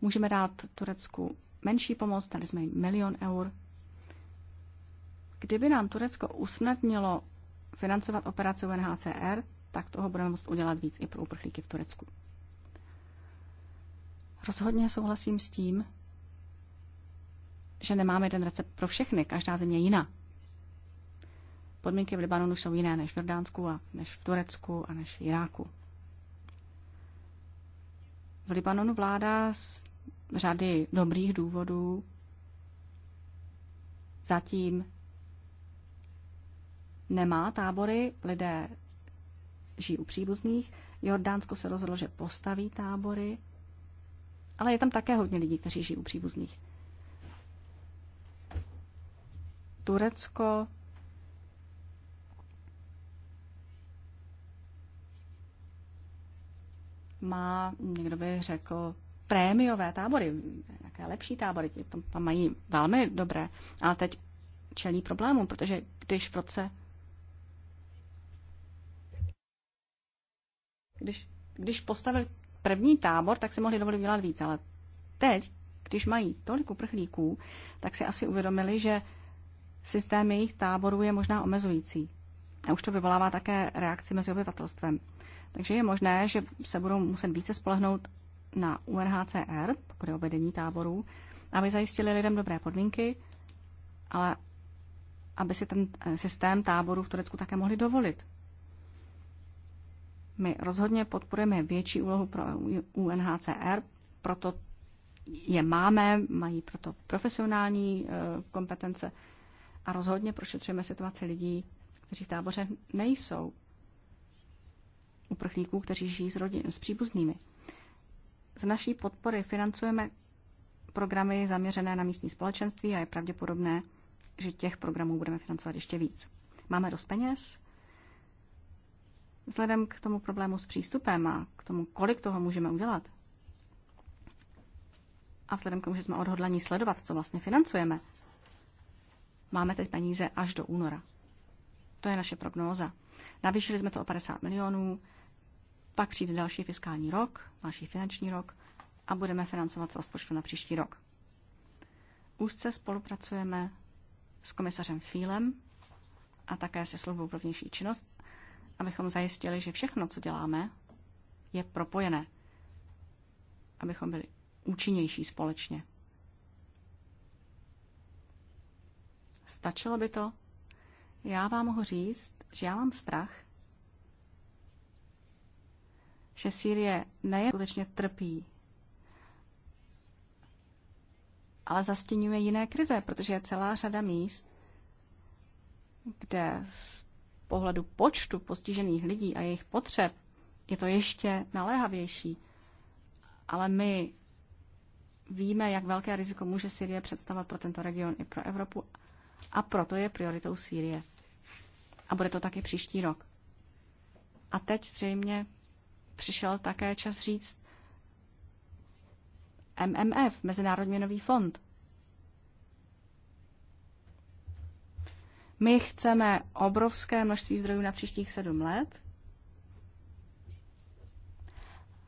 Můžeme dát Turecku menší pomoc, dali jsme jim milion eur. Kdyby nám Turecko usnadnilo financovat operaci UNHCR, tak toho budeme muset udělat víc i pro uprchlíky v Turecku. Rozhodně souhlasím s tím, že nemáme jeden recept pro všechny, každá země jiná. Podmínky v Libanonu jsou jiné než v Jordánsku a než v Turecku a než v Iráku. V Libanonu vláda z řady dobrých důvodů zatím nemá tábory, lidé žijí u příbuzných. Jordánsko se rozhodlo, že postaví tábory, ale je tam také hodně lidí, kteří žijí u příbuzných. Turecko má, někdo by řekl, prémiové tábory, nějaké lepší tábory, ti tam mají velmi dobré, ale teď čelí problémům, protože když v roce když, když postavil první tábor, tak si mohli dovolit dělat víc, ale teď, když mají tolik uprchlíků, tak si asi uvědomili, že systém jejich táborů je možná omezující. A už to vyvolává také reakci mezi obyvatelstvem. Takže je možné, že se budou muset více spolehnout na UNHCR, pokud je o vedení táborů, aby zajistili lidem dobré podmínky, ale aby si ten eh, systém táborů v Turecku také mohli dovolit. My rozhodně podporujeme větší úlohu pro UNHCR, proto je máme, mají proto profesionální eh, kompetence a rozhodně prošetřujeme situaci lidí, kteří v táboře nejsou uprchlíků, kteří žijí s, rodin, s příbuznými. Z naší podpory financujeme programy zaměřené na místní společenství a je pravděpodobné, že těch programů budeme financovat ještě víc. Máme dost peněz. Vzhledem k tomu problému s přístupem a k tomu, kolik toho můžeme udělat, a vzhledem k tomu, že jsme odhodlaní sledovat, co vlastně financujeme, máme teď peníze až do února. To je naše prognóza. Navýšili jsme to o 50 milionů, pak přijde další fiskální rok, další finanční rok a budeme financovat z rozpočtu na příští rok. Úzce spolupracujeme s komisařem Fílem a také se službou pro vnější činnost, abychom zajistili, že všechno, co děláme, je propojené, abychom byli účinnější společně. Stačilo by to? Já vám mohu říct, že já mám strach, že Sýrie nejen skutečně trpí, ale zastěňuje jiné krize, protože je celá řada míst, kde z pohledu počtu postižených lidí a jejich potřeb je to ještě naléhavější. Ale my víme, jak velké riziko může Syrie představovat pro tento region i pro Evropu a proto je prioritou Sýrie. A bude to taky příští rok. A teď zřejmě přišel také čas říct MMF, Mezinárodní měnový fond. My chceme obrovské množství zdrojů na příštích sedm let,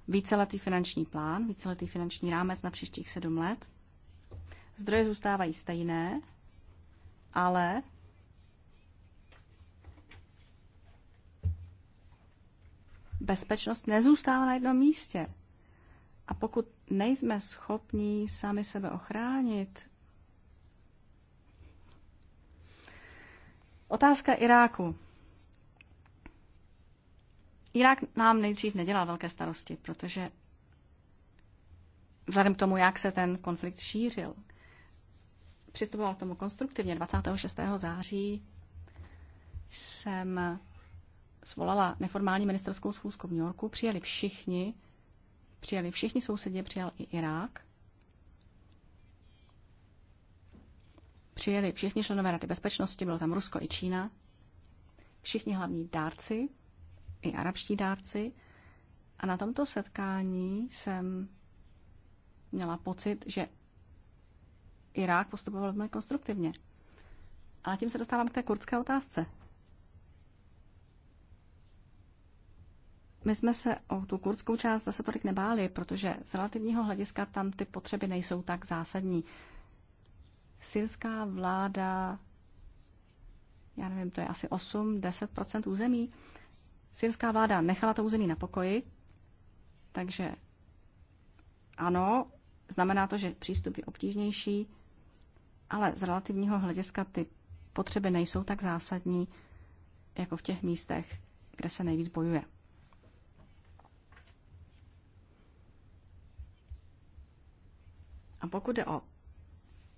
víceletý finanční plán, víceletý finanční rámec na příštích sedm let. Zdroje zůstávají stejné, ale bezpečnost nezůstává na jednom místě. A pokud nejsme schopní sami sebe ochránit, Otázka Iráku. Irák nám nejdřív nedělal velké starosti, protože vzhledem k tomu, jak se ten konflikt šířil, přistupoval k tomu konstruktivně. 26. září jsem svolala neformální ministerskou schůzku v New Yorku, přijeli všichni, přijeli všichni sousedě, přijel i Irák, přijeli všichni členové Rady bezpečnosti, bylo tam Rusko i Čína, všichni hlavní dárci, i arabští dárci. A na tomto setkání jsem měla pocit, že Irák postupoval velmi konstruktivně. A tím se dostávám k té kurdské otázce. My jsme se o tu kurdskou část zase tolik nebáli, protože z relativního hlediska tam ty potřeby nejsou tak zásadní. Syrská vláda, já nevím, to je asi 8-10 území, syrská vláda nechala to území na pokoji, takže ano, znamená to, že přístup je obtížnější, ale z relativního hlediska ty potřeby nejsou tak zásadní jako v těch místech, kde se nejvíc bojuje. A pokud jde o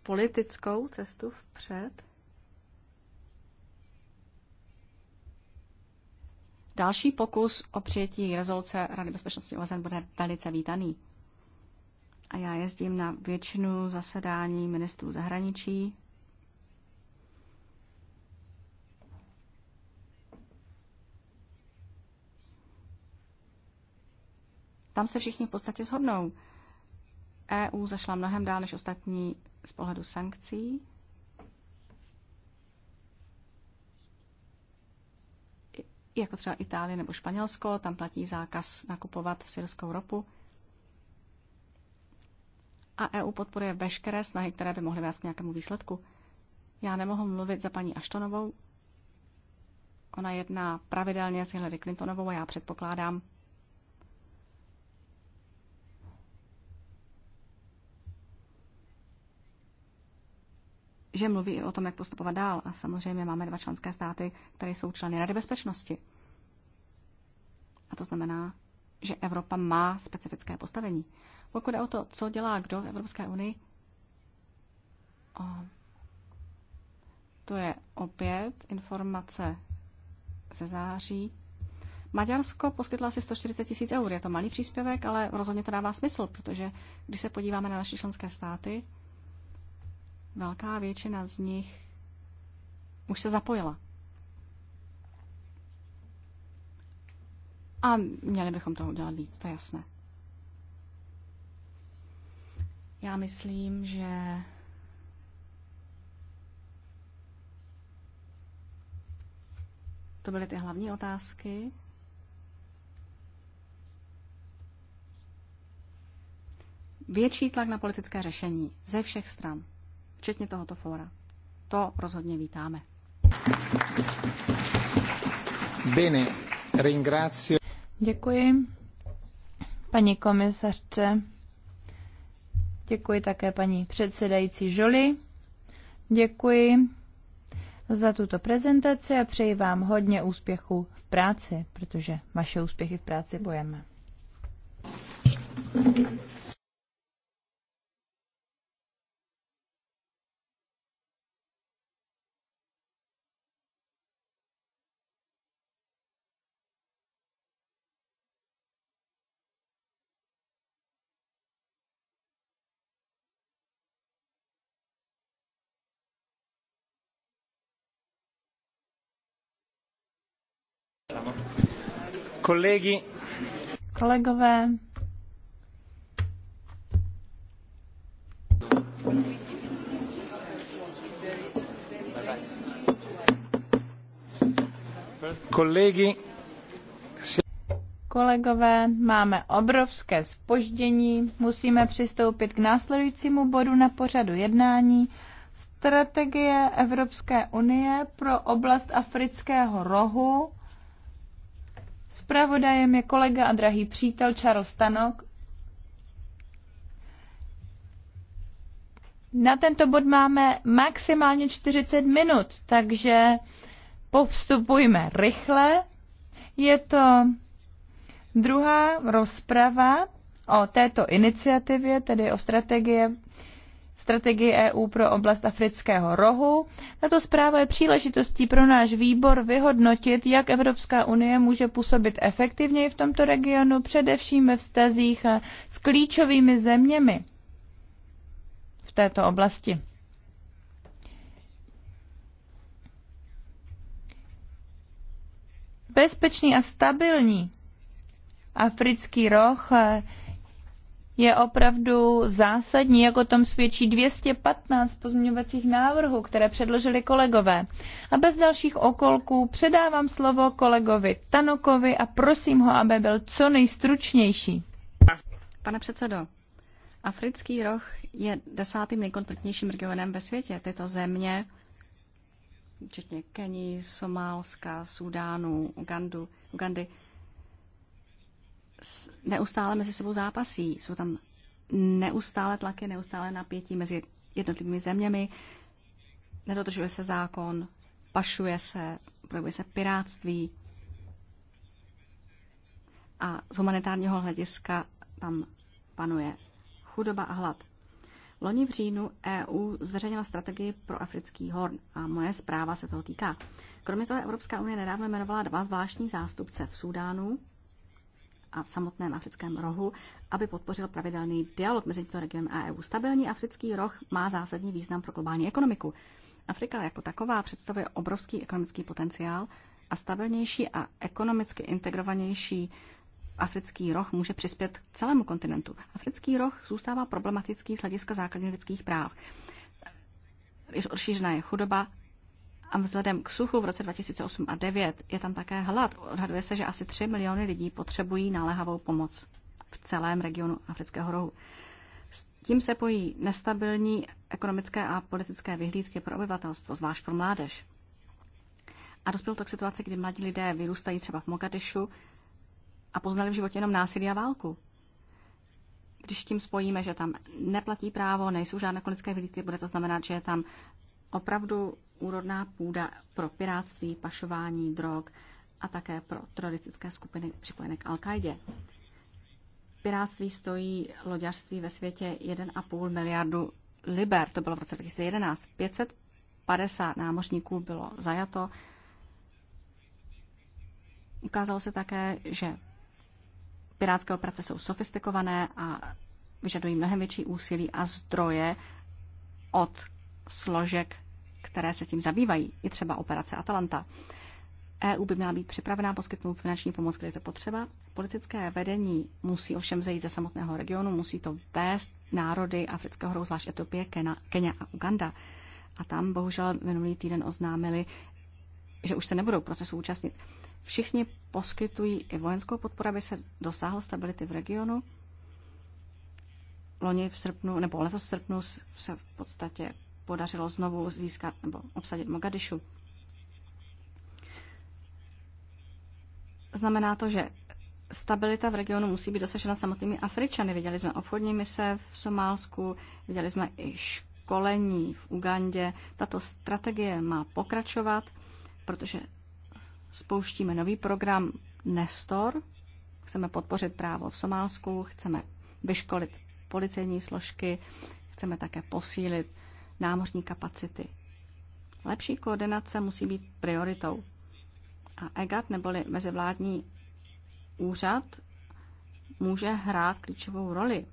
politickou cestu vpřed, další pokus o přijetí rezoluce Rady bezpečnosti OSN bude velice vítaný. A já jezdím na většinu zasedání ministrů zahraničí. Tam se všichni v podstatě shodnou. EU zašla mnohem dál než ostatní z pohledu sankcí. Jako třeba Itálie nebo Španělsko, tam platí zákaz nakupovat syrskou ropu. A EU podporuje veškeré snahy, které by mohly vést k nějakému výsledku. Já nemohu mluvit za paní Aštonovou. Ona jedná pravidelně s Hillary Clintonovou a já předpokládám, že mluví i o tom, jak postupovat dál. A samozřejmě máme dva členské státy, které jsou členy Rady bezpečnosti. A to znamená, že Evropa má specifické postavení. Pokud je o to, co dělá kdo v Evropské unii, to je opět informace ze září. Maďarsko poskytlo asi 140 tisíc eur. Je to malý příspěvek, ale rozhodně to dává smysl, protože když se podíváme na naše členské státy, velká většina z nich už se zapojila. A měli bychom toho udělat víc, to je jasné. Já myslím, že to byly ty hlavní otázky. Větší tlak na politické řešení ze všech stran včetně tohoto fóra. To rozhodně vítáme. Bene, ringrazio. Děkuji paní komisařce. Děkuji také paní předsedající Žoli. Děkuji za tuto prezentaci a přeji vám hodně úspěchu v práci, protože vaše úspěchy v práci bojeme. Kolegy. Kolegové. Kolegy. Kolegové, máme obrovské spoždění. Musíme přistoupit k následujícímu bodu na pořadu jednání. Strategie Evropské unie pro oblast afrického rohu Spravodajem je kolega a drahý přítel Charles Tanok. Na tento bod máme maximálně 40 minut, takže povstupujme rychle. Je to druhá rozprava o této iniciativě, tedy o strategie strategii EU pro oblast afrického rohu. Tato zpráva je příležitostí pro náš výbor vyhodnotit, jak Evropská unie může působit efektivněji v tomto regionu, především ve vztazích eh, s klíčovými zeměmi v této oblasti. Bezpečný a stabilní africký roh eh, je opravdu zásadní, jak o tom svědčí 215 pozměňovacích návrhů, které předložili kolegové. A bez dalších okolků předávám slovo kolegovi Tanokovi a prosím ho, aby byl co nejstručnější. Pane předsedo, Africký roh je desátým nejkonfliktnějším regionem ve světě. Tyto země, včetně Keni, Somálska, Sudánu, Ugandu, Ugandy, neustále mezi sebou zápasí. Jsou tam neustále tlaky, neustále napětí mezi jednotlivými zeměmi, nedodržuje se zákon, pašuje se, projevuje se piráctví a z humanitárního hlediska tam panuje chudoba a hlad. Loni v říjnu EU zveřejnila strategii pro africký horn a moje zpráva se toho týká. Kromě toho Evropská unie nedávno jmenovala dva zvláštní zástupce v Súdánu a v samotném africkém rohu, aby podpořil pravidelný dialog mezi tímto regionem a EU. Stabilní africký roh má zásadní význam pro globální ekonomiku. Afrika jako taková představuje obrovský ekonomický potenciál a stabilnější a ekonomicky integrovanější africký roh může přispět k celému kontinentu. Africký roh zůstává problematický z hlediska základních lidských práv. Rozšířená je chudoba a vzhledem k suchu v roce 2008 a 2009 je tam také hlad. Odhaduje se, že asi 3 miliony lidí potřebují náléhavou pomoc v celém regionu Afrického rohu. S tím se pojí nestabilní ekonomické a politické vyhlídky pro obyvatelstvo, zvlášť pro mládež. A dospěl to k situaci, kdy mladí lidé vyrůstají třeba v Mogadišu a poznali v životě jenom násilí a válku. Když tím spojíme, že tam neplatí právo, nejsou žádné politické vyhlídky, bude to znamenat, že je tam opravdu úrodná půda pro piráctví, pašování drog a také pro teroristické skupiny připojené k al qaidě Piráctví stojí loďařství ve světě 1,5 miliardu liber, to bylo v roce 2011. 550 námořníků bylo zajato. Ukázalo se také, že pirátské operace jsou sofistikované a vyžadují mnohem větší úsilí a zdroje od složek, které se tím zabývají, i třeba operace Atalanta. EU by měla být připravená poskytnout finanční pomoc, kde je to potřeba. Politické vedení musí ovšem zejít ze samotného regionu, musí to vést národy afrického rohu, zvlášť Etiopie, Kenya a Uganda. A tam bohužel minulý týden oznámili, že už se nebudou procesu účastnit. Všichni poskytují i vojenskou podporu, aby se dosáhlo stability v regionu. Loni v srpnu, nebo letos v srpnu se v podstatě podařilo znovu získat nebo obsadit Mogadišu. Znamená to, že stabilita v regionu musí být dosažena samotnými Afričany. Viděli jsme obchodní mise v Somálsku, viděli jsme i školení v Ugandě. Tato strategie má pokračovat, protože spouštíme nový program Nestor. Chceme podpořit právo v Somálsku, chceme vyškolit policejní složky, chceme také posílit námořní kapacity. Lepší koordinace musí být prioritou. A EGAT neboli mezivládní úřad může hrát klíčovou roli.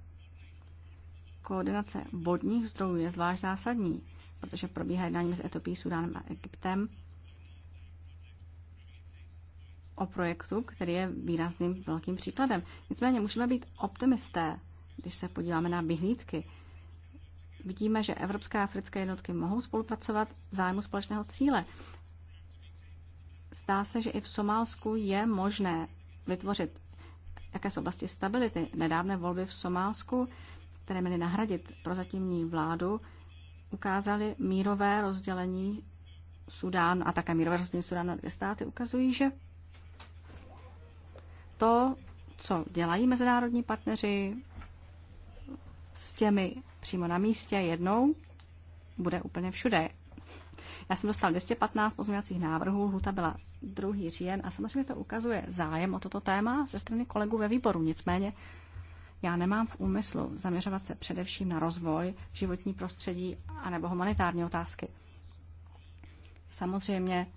Koordinace vodních zdrojů je zvlášť zásadní, protože probíhá jednání mezi Etopií, Sudánem a Egyptem o projektu, který je výrazným velkým příkladem. Nicméně musíme být optimisté, když se podíváme na vyhlídky. Vidíme, že evropské a africké jednotky mohou spolupracovat v zájmu společného cíle. Zdá se, že i v Somálsku je možné vytvořit jaké jsou oblasti stability. Nedávné volby v Somálsku, které měly nahradit prozatímní vládu, ukázaly mírové rozdělení Sudán a také mírové rozdělení Sudánu na dvě státy ukazují, že to, co dělají mezinárodní partneři s těmi přímo na místě jednou, bude úplně všude. Já jsem dostal 215 pozměňovacích návrhů, huta byla 2. říjen a samozřejmě to ukazuje zájem o toto téma ze strany kolegů ve výboru. Nicméně já nemám v úmyslu zaměřovat se především na rozvoj, životní prostředí a nebo humanitární otázky. Samozřejmě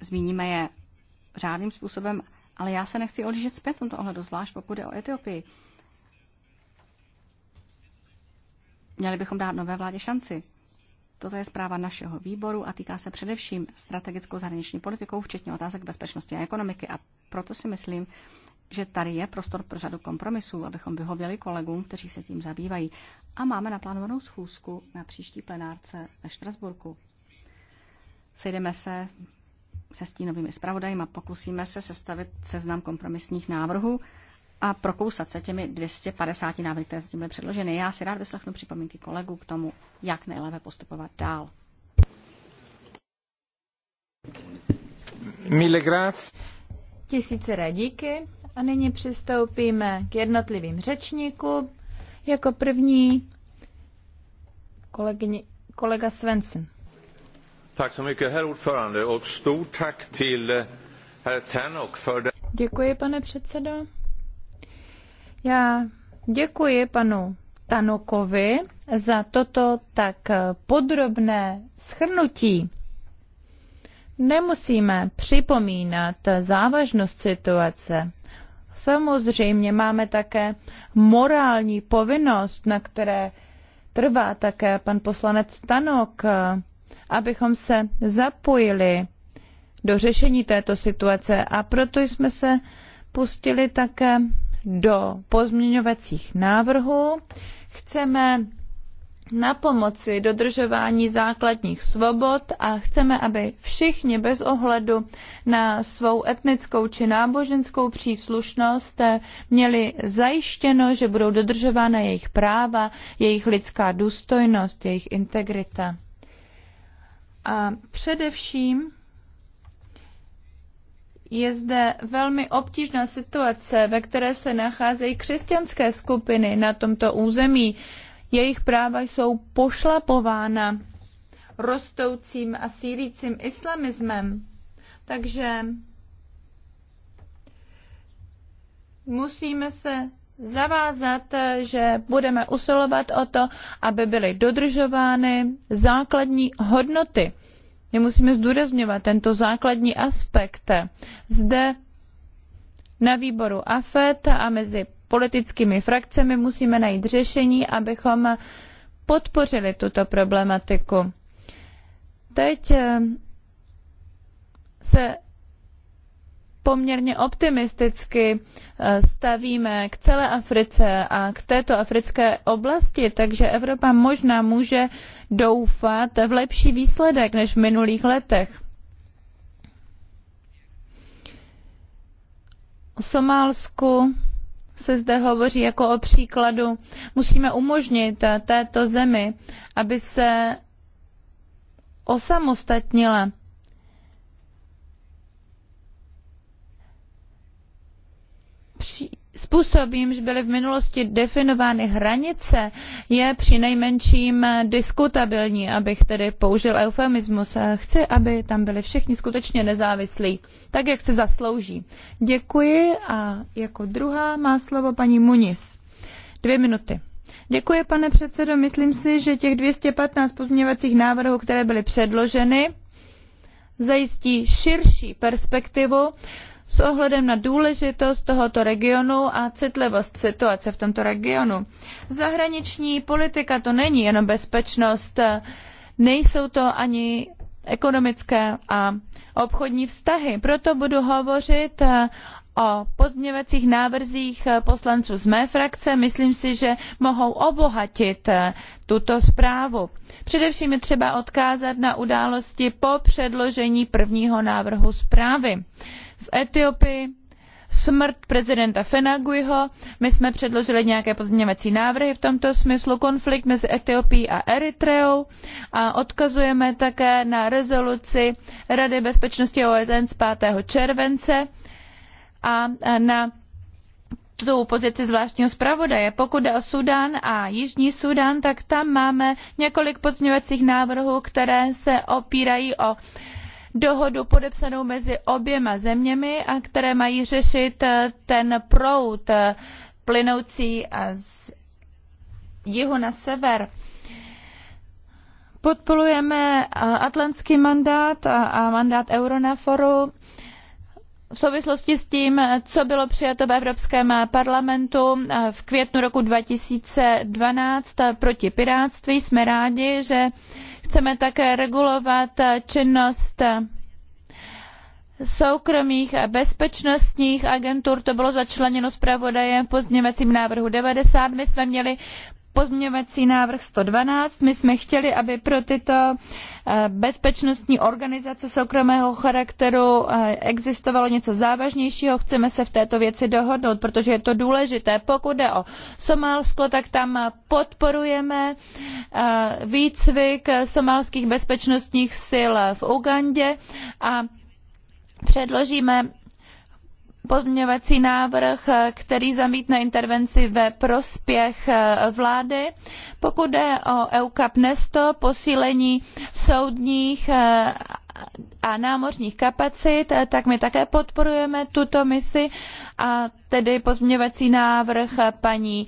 zmíníme je řádným způsobem, ale já se nechci odjíždět zpět v tomto ohledu, zvlášť pokud je o Etiopii. Měli bychom dát nové vládě šanci. Toto je zpráva našeho výboru a týká se především strategickou zahraniční politikou, včetně otázek bezpečnosti a ekonomiky. A proto si myslím, že tady je prostor pro řadu kompromisů, abychom vyhověli kolegům, kteří se tím zabývají. A máme naplánovanou schůzku na příští plenárce ve Štrasburku. Sejdeme se se stínovými zpravodajmi a pokusíme se sestavit seznam kompromisních návrhů, a prokousat se těmi 250 návrhy, které zatím byly předloženy. Já si rád vyslechnu připomínky kolegů k tomu, jak nejlépe postupovat dál. Mille grác. Tisíce radíky a nyní přistoupíme k jednotlivým řečníkům. Jako první kolegyni, kolega Svensson. Tack så mycket, herr ordförande, a stort tack eh, Děkuji, pane předsedo. Já děkuji panu Tanokovi za toto tak podrobné schrnutí. Nemusíme připomínat závažnost situace. Samozřejmě máme také morální povinnost, na které trvá také pan poslanec Tanok, abychom se zapojili do řešení této situace a proto jsme se pustili také do pozměňovacích návrhů. Chceme na pomoci dodržování základních svobod a chceme, aby všichni bez ohledu na svou etnickou či náboženskou příslušnost měli zajištěno, že budou dodržována jejich práva, jejich lidská důstojnost, jejich integrita. A především je zde velmi obtížná situace, ve které se nacházejí křesťanské skupiny na tomto území. Jejich práva jsou pošlapována rostoucím a sílícím islamismem. Takže musíme se zavázat, že budeme usilovat o to, aby byly dodržovány základní hodnoty. My musíme zdůrazňovat tento základní aspekt zde na výboru AFET a mezi politickými frakcemi musíme najít řešení, abychom podpořili tuto problematiku. Teď eh, se poměrně optimisticky eh, stavíme k celé Africe a k této africké oblasti, takže Evropa možná může doufat v lepší výsledek než v minulých letech. O Somálsku se zde hovoří jako o příkladu. Musíme umožnit této zemi, aby se osamostatnila způsob, jimž byly v minulosti definovány hranice, je přinejmenším eh, diskutabilní, abych tedy použil eufemismus. Eh, chci, aby tam byli všichni skutečně nezávislí, tak jak se zaslouží. Děkuji a jako druhá má slovo paní Muniz. Dvě minuty. Děkuji, pane předsedo. Myslím si, že těch 215 pozměňovacích návrhů, které byly předloženy, zajistí širší perspektivu s ohledem na důležitost tohoto regionu a citlivost situace v tomto regionu. Zahraniční politika to není jenom bezpečnost, nejsou to ani ekonomické a obchodní vztahy. Proto budu hovořit eh, o pozměňovacích návrzích eh, poslanců z mé frakce. Myslím si, že mohou obohatit eh, tuto zprávu. Především je třeba odkázat na události po předložení prvního návrhu zprávy v Etiopii, smrt prezidenta Fenaguiho. My jsme předložili nějaké pozměňovací návrhy v tomto smyslu, konflikt mezi Etiopií a Eritreou a odkazujeme také na rezoluci Rady bezpečnosti OSN z five července a na tu pozici zvláštního zpravodaje. Pokud jde o Súdán a Jižní Súdán, tak tam máme několik pozměňovacích návrhů, které se opírají o dohodu podepsanou mezi oběma zeměmi a které mají řešit eh, ten proud eh, plynoucí z jihu na sever. Podporujeme eh, atlantský mandát a mandát Euronaforu v souvislosti s tím, co bylo přijato v Evropském parlamentu v květnu roku 2012 proti pirátství. Jsme rádi, že Chceme také regulovat eh, činnost eh, soukromých a bezpečnostních agentur to bylo začleněno zpravodajem v pozměňovacím návrhu ninety my jsme měli pozměňovací návrh 112. My jsme chtěli, aby pro tyto eh, bezpečnostní organizace soukromého charakteru eh, existovalo něco závažnějšího. Chceme se v této věci dohodnout, protože je to důležité. Pokud jde o Somálsko, tak tam podporujeme eh, výcvik somálských bezpečnostních sil v Ugandě a předložíme pozměňovací návrh, který zamítne intervenci ve prospěch eh, vlády. Pokud jde o EUCAP Nesto, posílení soudních eh, a námořních kapacit, eh, tak my také podporujeme tuto misi a tedy pozměňovací návrh paní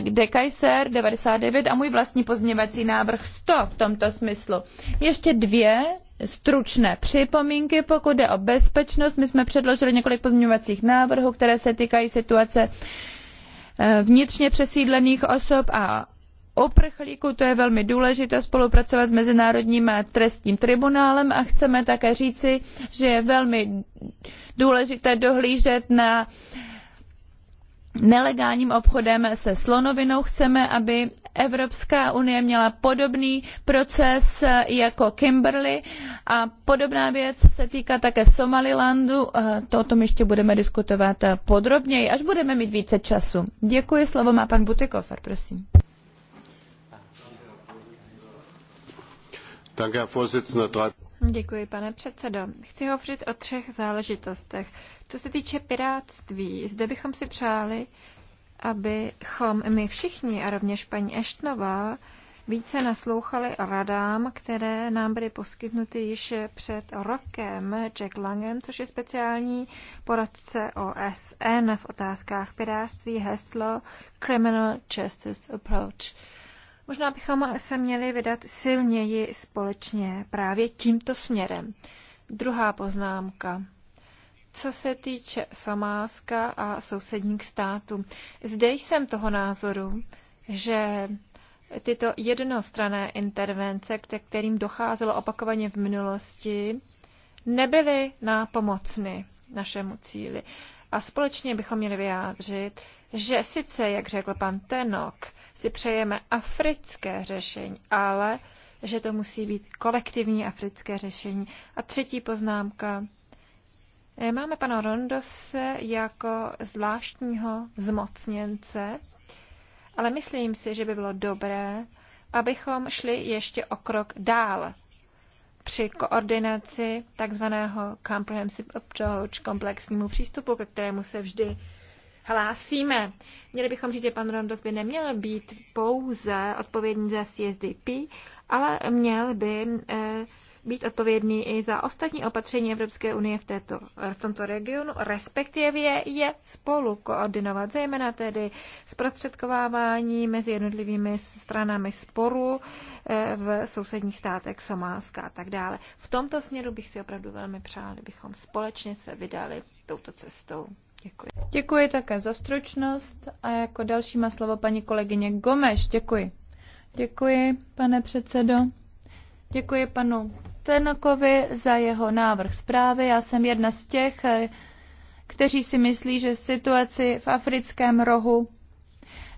De Kaiser 99 a můj vlastní pozměňovací návrh 100 v tomto smyslu. Ještě dvě stručné připomínky. Pokud jde o bezpečnost, my jsme předložili několik pozměňovacích návrhů, které se týkají situace eh, vnitřně přesídlených osob a uprchlíků. To je velmi důležité spolupracovat s Mezinárodním trestním tribunálem a chceme také říci, že je velmi důležité dohlížet na nelegálním obchodem se slonovinou. Chceme, aby Evropská unie měla podobný proces jako Kimberley a podobná věc se týká také Somalilandu. To o tom ještě budeme diskutovat podrobněji, až budeme mít více času. Děkuji, slovo má pan Butikofer, prosím. Děkuji, pane předsedo. Chci hovořit o třech záležitostech. Co se týče pirátství, zde bychom si přáli, abychom my všichni a rovněž paní Eštnová více naslouchali radám, které nám byly poskytnuty již před rokem Jack Langem, což je speciální poradce OSN v otázkách pirátství heslo Criminal Justice Approach. Možná bychom se měli vydat silněji společně právě tímto směrem. Druhá poznámka co se týče Somálska a sousedních států. Zde jsem toho názoru, že tyto jednostrané intervence, ke kterým docházelo opakovaně v minulosti, nebyly nápomocny našemu cíli. A společně bychom měli vyjádřit, že sice, jak řekl pan Tenok, si přejeme africké řešení, ale že to musí být kolektivní africké řešení. A třetí poznámka, Eh, máme pana Rondose jako zvláštního zmocněnce, ale myslím si, že by bylo dobré, abychom šli ještě o krok dál při koordinaci takzvaného comprehensive approach, komplexnímu přístupu, ke kterému se vždy hlásíme. Měli bychom říct, že pan Rondos by neměl být pouze odpovědný za CSDP, ale měl by eh, být odpovědný i za ostatní opatření Evropské unie v, této, v tomto regionu, respektive je spolu koordinovat, zejména tedy zprostředkovávání mezi jednotlivými stranami sporu eh, v sousedních státech Somálska a tak dále. V tomto směru bych si opravdu velmi přál, kdybychom společně se vydali touto cestou. Děkuji. Děkuji také za stručnost a jako další má slovo paní kolegyně Gomeš. Děkuji. Děkuji, pane předsedo. Děkuji panu Tenokovi za jeho návrh zprávy. Já jsem jedna z těch, eh, kteří si myslí, že situaci v africkém rohu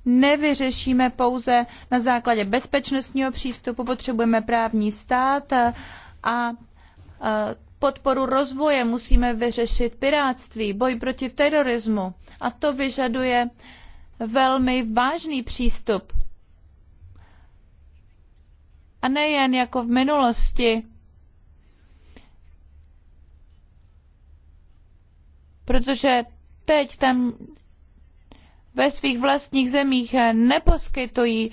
nevyřešíme pouze na základě bezpečnostního přístupu, potřebujeme právní stát eh, a eh, podporu rozvoje musíme vyřešit piráctví, boj proti terorismu a to vyžaduje velmi vážný přístup a nejen jako v minulosti, protože teď tam ve svých vlastních zemích neposkytují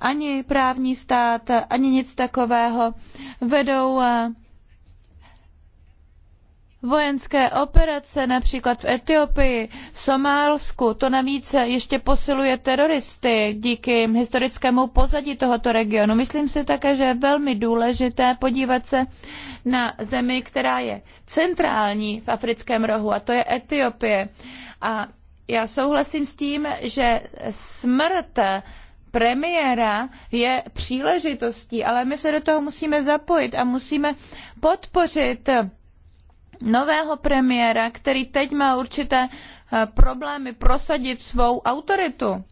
ani právní stát, ani nic takového. Vedou eh, vojenské operace například v Etiopii, v Somálsku. To navíc ještě posiluje teroristy díky historickému pozadí tohoto regionu. Myslím si také, že je velmi důležité podívat se na zemi, která je centrální v africkém rohu, a to je Etiopie. A já souhlasím s tím, že smrt premiéra je příležitostí, ale my se do toho musíme zapojit a musíme podpořit nového premiéra, který teď má určité eh, problémy prosadit svou autoritu.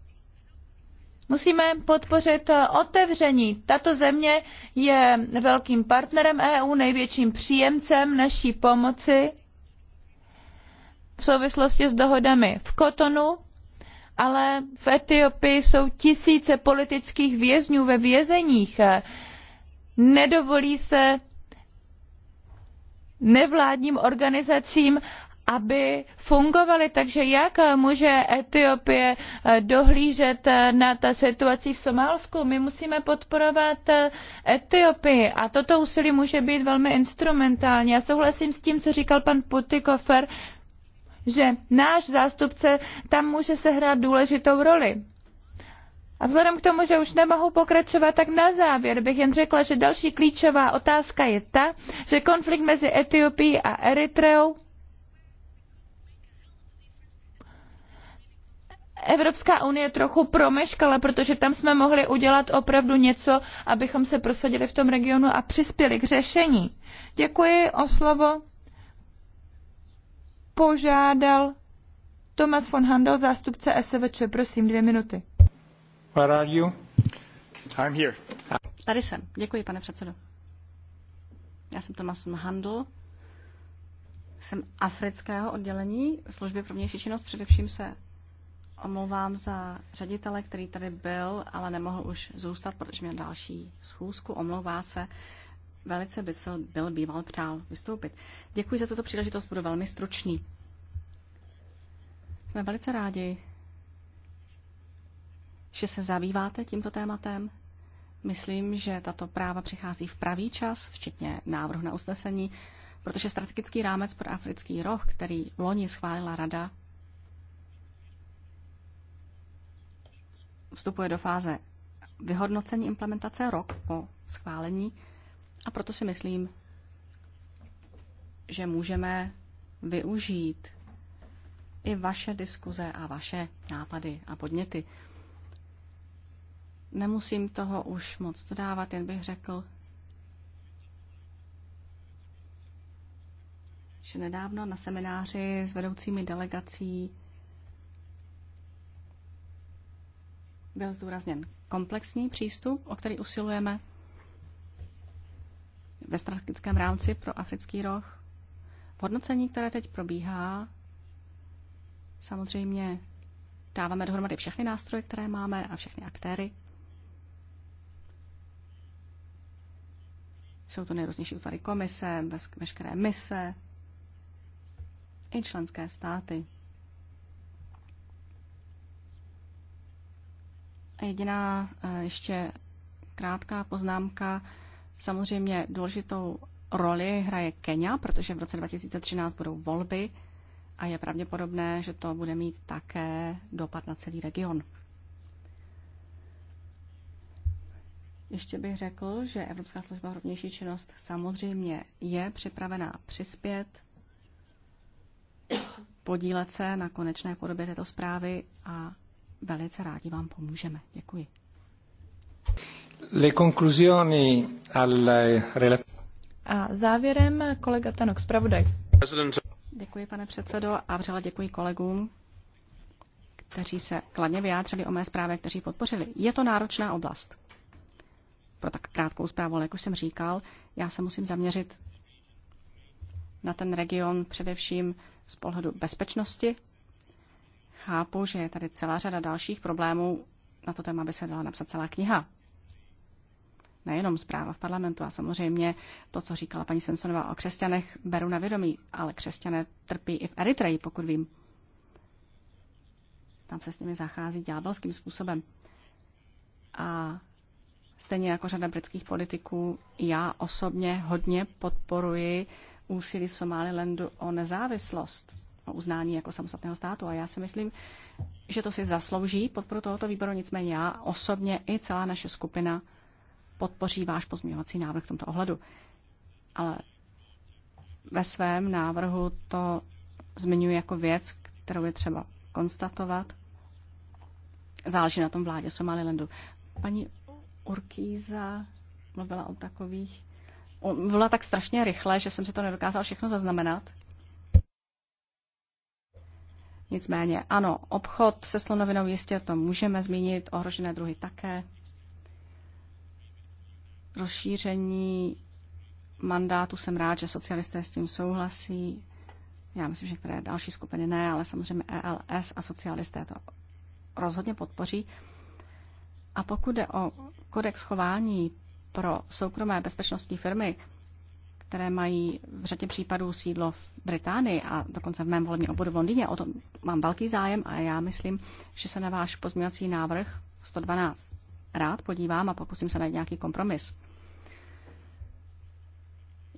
Musíme podpořit eh, otevření. Tato země je velkým partnerem EU, největším příjemcem naší pomoci v souvislosti s dohodami v Kotonu, ale v Etiopii jsou tisíce politických vězňů ve vězeních. Nedovolí se nevládním organizacím aby fungovaly. Takže jak může Etiopie eh, dohlížet eh, na ta situaci v Somálsku? My musíme podporovat eh, Etiopii a toto úsilí může být velmi instrumentální. Já souhlasím s tím, co říkal pan Putikofer, že náš zástupce tam může sehrát důležitou roli. A vzhledem k tomu, že už nemohu pokračovat, tak na závěr bych jen řekla, že další klíčová otázka je ta, že konflikt mezi Etiopií a Eritreou Evropská unie trochu promeškala, protože tam jsme mohli udělat opravdu něco, abychom se prosadili v tom regionu a přispěli k řešení. Děkuji o slovo. Požádal Thomas von Handel, zástupce SVČ. Prosím, dvě minuty. Where are you? I'm here. Tady jsem. Děkuji, pane předsedo. Já jsem Tomas Handl. Jsem afrického oddělení služby pro vnější činnost. Především se omlouvám za ředitele, který tady byl, ale nemohl už zůstat, protože měl další schůzku. Omlouvá se. Velice by se byl býval přál vystoupit. Děkuji za tuto příležitost, budu velmi stručný. Jsme velice rádi, že se zabýváte tímto tématem. Myslím, že tato práva přichází v pravý čas, včetně návrhu na usnesení, protože strategický rámec pro africký roh, který loni schválila Rada, vstupuje do fáze vyhodnocení implementace rok po schválení a proto si myslím, že můžeme využít i vaše diskuze a vaše nápady a podněty. Nemusím toho už moc dodávat, jen bych řekl, že nedávno na semináři s vedoucími delegací byl zdůrazněn komplexní přístup, o který usilujeme ve strategickém rámci pro africký roh. V hodnocení, které teď probíhá, samozřejmě dáváme dohromady všechny nástroje, které máme a všechny aktéry. Jsou to nejrůznější útvary komise, veškeré mise i členské státy. A jediná e, ještě krátká poznámka. Samozřejmě důležitou roli hraje Kenia, protože v roce 2013 budou volby a je pravděpodobné, že to bude mít také dopad na celý region. Ještě bych řekl, že Evropská služba rovnější činnost samozřejmě je připravená přispět, podílet se na konečné podobě této zprávy a velice rádi vám pomůžeme. Děkuji. Le conclusioni alle a závěrem kolega Tanok, zpravodaj. Děkuji, pane předsedo, a vřele děkuji kolegům, kteří se kladně vyjádřili o mé zprávě, kteří podpořili. Je to náročná oblast pro tak krátkou zprávu, ale jak už jsem říkal, já se musím zaměřit na ten region především z pohledu bezpečnosti. Chápu, že je tady celá řada dalších problémů, na to téma by se dala napsat celá kniha. Nejenom zpráva v parlamentu a samozřejmě to, co říkala paní Svensonová o křesťanech, beru na vědomí, ale křesťané trpí i v Eritreji, pokud vím. Tam se s nimi zachází ďábelským způsobem. A Stejně jako řada britských politiků, já osobně hodně podporuji úsilí Somalilandu o nezávislost, o uznání jako samostatného státu. A já si myslím, že to si zaslouží podporu tohoto výboru. Nicméně já osobně i celá naše skupina podpoří váš pozměňovací návrh v tomto ohledu. Ale ve svém návrhu to zmiňuji jako věc, kterou je třeba konstatovat. Záleží na tom vládě Somalilandu. Paní Urkýza mluvila o takových... Mluvila tak strašně rychle, že jsem si to nedokázal všechno zaznamenat. Nicméně ano, obchod se slonovinou jistě to můžeme zmínit, ohrožené druhy také. Rozšíření mandátu jsem rád, že socialisté s tím souhlasí. Já myslím, že některé další skupiny ne, ale samozřejmě ELS a socialisté to rozhodně podpoří. A pokud jde o kodex chování pro soukromé bezpečnostní firmy, které mají v řadě případů sídlo v Británii a dokonce v mém volebním obvodu v Londýně. O tom mám velký zájem a já myslím, že se na váš pozměňovací návrh 112 rád podívám a pokusím se najít nějaký kompromis.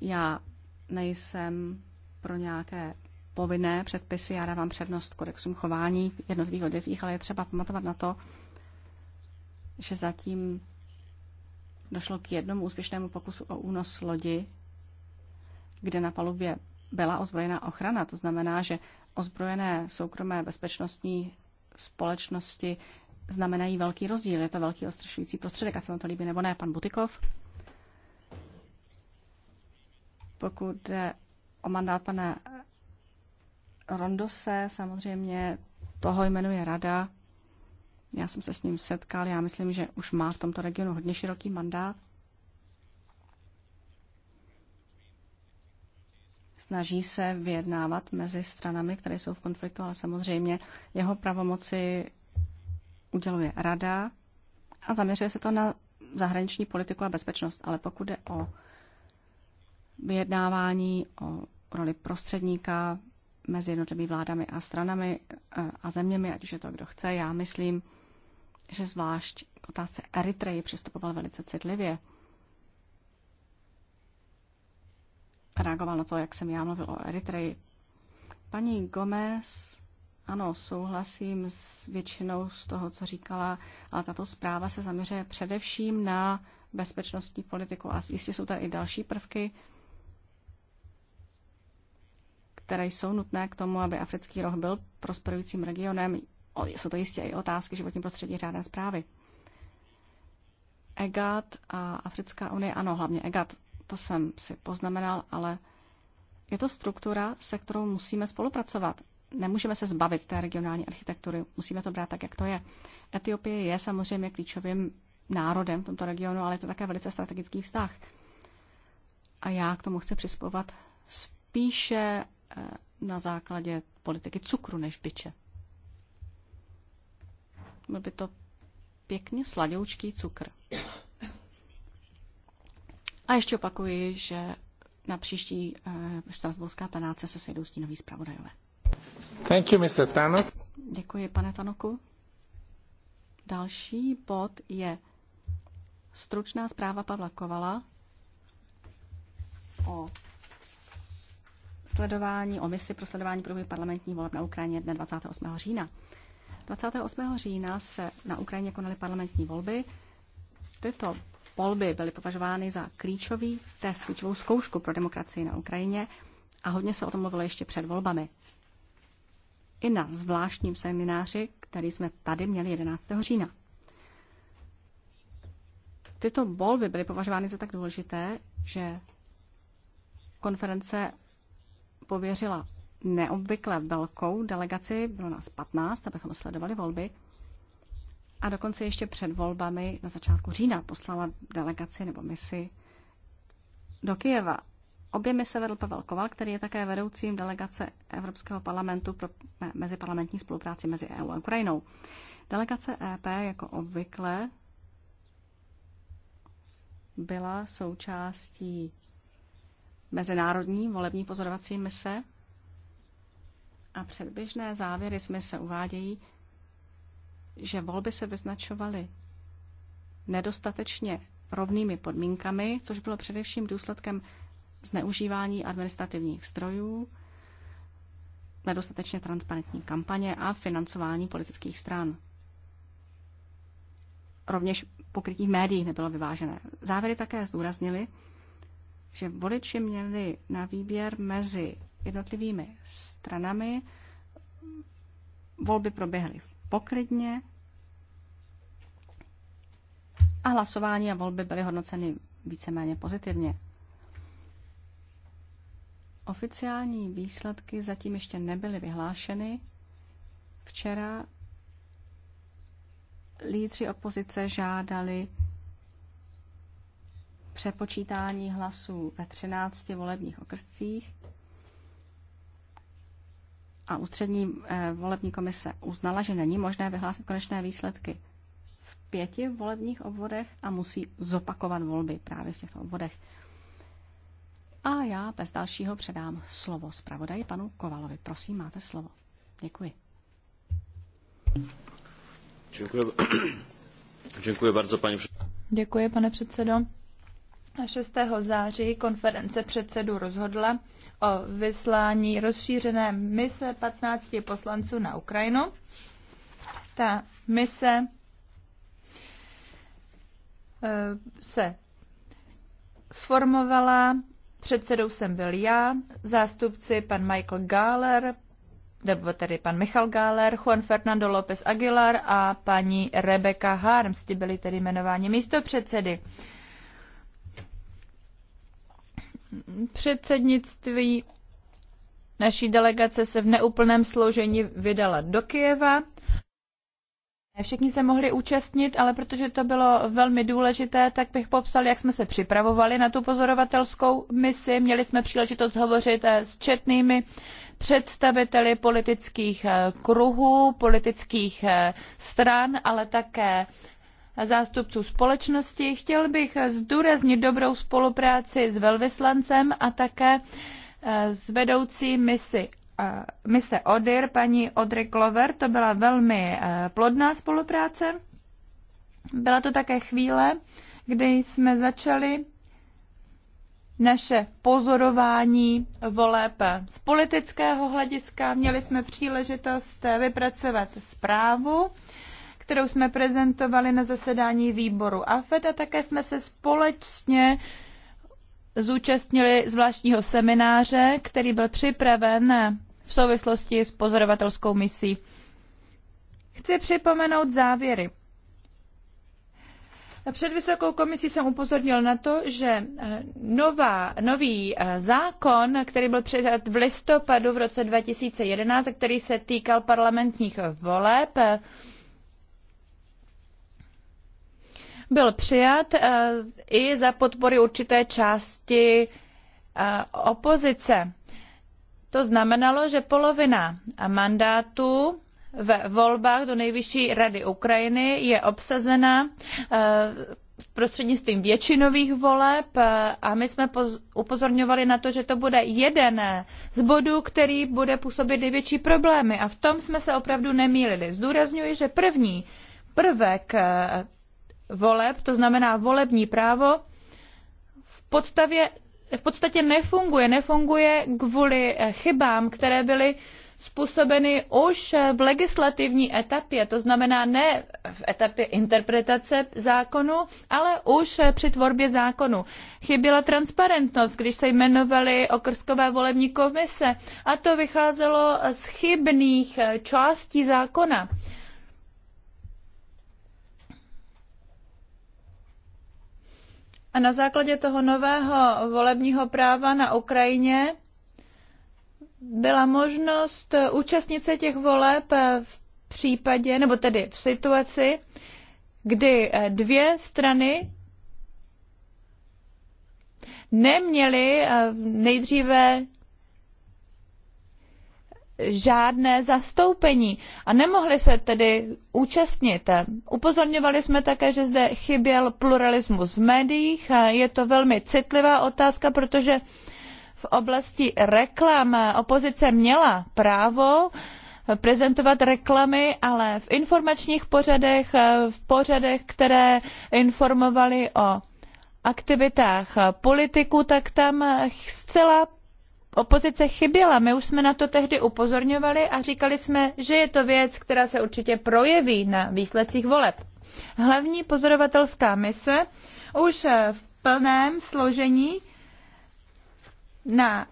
Já nejsem pro nějaké povinné předpisy, já dávám přednost kodexům chování jednotlivých odvětvích, ale je třeba pamatovat na to, že zatím došlo k jednomu úspěšnému pokusu o únos lodi, kde na palubě byla ozbrojená ochrana. To znamená, že ozbrojené soukromé bezpečnostní společnosti znamenají velký rozdíl. Je to velký ostrašující prostředek, a se vám to líbí nebo ne, pan Butikov. Pokud jde o mandát pana Rondose, samozřejmě toho jmenuje rada já jsem se s ním setkal, já myslím, že už má v tomto regionu hodně široký mandát. Snaží se vyjednávat mezi stranami, které jsou v konfliktu, ale samozřejmě jeho pravomoci uděluje rada a zaměřuje se to na zahraniční politiku a bezpečnost. Ale pokud jde o vyjednávání, o roli prostředníka mezi jednotlivými vládami a stranami eh, a zeměmi, ať už je to kdo chce, já myslím, že zvlášť k otázce Eritreji přistupoval velice citlivě. Reagoval na to, jak jsem já mluvil o Eritreji. Paní Gomez, ano, souhlasím s většinou z toho, co říkala, ale tato zpráva se zaměřuje především na bezpečnostní politiku a jistě jsou tady i další prvky, které jsou nutné k tomu, aby africký roh byl prosperujícím regionem jsou to jistě i otázky životní prostředí řádné zprávy. EGAT a Africká unie, ano, hlavně EGAT, to jsem si poznamenal, ale je to struktura, se kterou musíme spolupracovat. Nemůžeme se zbavit té regionální architektury, musíme to brát tak, jak to je. Etiopie je samozřejmě klíčovým národem v tomto regionu, ale je to také velice strategický vztah. A já k tomu chci přispovat spíše eh, na základě politiky cukru než byče. Byl by to pěkně sladoučký cukr. A ještě opakuji, že na příští e, Štrasburská panáce se sejdou stínoví zpravodajové. Thank you, Mr. Tanok. Děkuji, pane Tanoku. Další bod je stručná zpráva Pavla Kovala o sledování, o misi pro sledování průběhu parlamentní voleb na Ukrajině dne 28. října. 28. října se na Ukrajině konaly parlamentní volby. Tyto volby byly považovány za klíčový test, klíčovou zkoušku pro demokracii na Ukrajině a hodně se o tom mluvilo ještě před volbami. I na zvláštním semináři, který jsme tady měli 11. října. Tyto volby byly považovány za tak důležité, že konference pověřila neobvykle velkou delegaci, bylo nás 15, abychom sledovali volby. A dokonce ještě před volbami na začátku října poslala delegaci nebo misi do Kijeva. Obě mise vedl Pavel Koval, který je také vedoucím delegace Evropského parlamentu pro meziparlamentní spolupráci mezi EU a Ukrajinou. Delegace EP jako obvykle byla součástí mezinárodní volební pozorovací mise a předběžné závěry jsme se uvádějí, že volby se vyznačovaly nedostatečně rovnými podmínkami, což bylo především důsledkem zneužívání administrativních strojů, nedostatečně transparentní kampaně a financování politických stran. Rovněž pokrytí v médiích nebylo vyvážené. Závěry také zdůraznili, že voliči měli na výběr mezi jednotlivými stranami. Volby proběhly v poklidně a hlasování a volby byly hodnoceny víceméně pozitivně. Oficiální výsledky zatím ještě nebyly vyhlášeny. Včera lídři opozice žádali přepočítání hlasů ve 13 volebních okrscích a ústřední eh, volební komise uznala, že není možné vyhlásit konečné výsledky v pěti volebních obvodech a musí zopakovat volby právě v těchto obvodech. A já bez dalšího předám slovo zpravodaji panu Kovalovi. Prosím, máte slovo. Děkuji. Děkuji, Děkuji bardzo, paní Děkuji, pane předsedo. 6. září konference předsedů rozhodla o vyslání rozšířené mise 15 poslanců na Ukrajinu. Ta mise eh, se sformovala, předsedou jsem byl já, zástupci pan Michael Gáler, nebo tedy pan Michal Gáler, Juan Fernando López Aguilar a paní Rebecca Harms, ti byli tedy jmenováni místo předsedy. Předsednictví naší delegace se v neúplném složení vydala do Kyjeva. Všichni se mohli účastnit, ale protože to bylo velmi důležité, tak bych popsal, jak jsme se připravovali na tu pozorovatelskou misi. Měli jsme příležitost hovořit eh, s četnými představiteli politických eh, kruhů, politických eh, stran, ale také zástupců společnosti. Chtěl bych zdůraznit dobrou spolupráci s velvyslancem a také eh, s vedoucí misi eh, mise ODIR, paní Audrey Glover. to byla velmi eh, plodná spolupráce. Byla to také chvíle, kdy jsme začali naše pozorování voleb z politického hlediska. Měli jsme příležitost vypracovat zprávu kterou jsme prezentovali na zasedání výboru AFED a také jsme se společně zúčastnili zvláštního semináře, který byl připraven v souvislosti s pozorovatelskou misí. Chci připomenout závěry. Před Vysokou komisí jsem upozornil na to, že eh, nová, nový eh, zákon, který byl přijat v listopadu v roce 2011, který se týkal parlamentních voleb, eh, byl přijat eh, i za podpory určité části eh, opozice. To znamenalo, že polovina mandátů ve volbách do Nejvyšší rady Ukrajiny je obsazena eh, prostřednictvím většinových voleb a my jsme upozorňovali na to, že to bude jeden z bodů, který bude působit největší problémy a v tom jsme se opravdu nemýlili. Zdůrazňuji, že první prvek voleb, to znamená volební právo, v, podstavě, v podstatě nefunguje. Nefunguje kvůli eh, chybám, které byly způsobeny už v legislativní etapě, to znamená ne v etapě interpretace zákonu, ale už při tvorbě zákonu. Chyběla transparentnost, když se jmenovaly okrskové volební komise a to vycházelo z chybných eh, částí zákona. A na základě toho nového volebního práva na Ukrajině byla možnost účastnit se těch voleb v případě, nebo tedy v situaci, kdy eh, dvě strany neměly eh, nejdříve žádné zastoupení a nemohli se tedy účastnit. Upozorňovali jsme také, že zde chyběl pluralismus v médiích. A je to velmi citlivá otázka, protože v oblasti reklam opozice měla právo prezentovat reklamy, ale v informačních pořadech, v pořadech, které informovaly o aktivitách politiků, tak tam zcela opozice chyběla. My už jsme na to tehdy upozorňovali a říkali jsme, že je to věc, která se určitě projeví na výsledcích voleb. Hlavní pozorovatelská mise už v plném složení na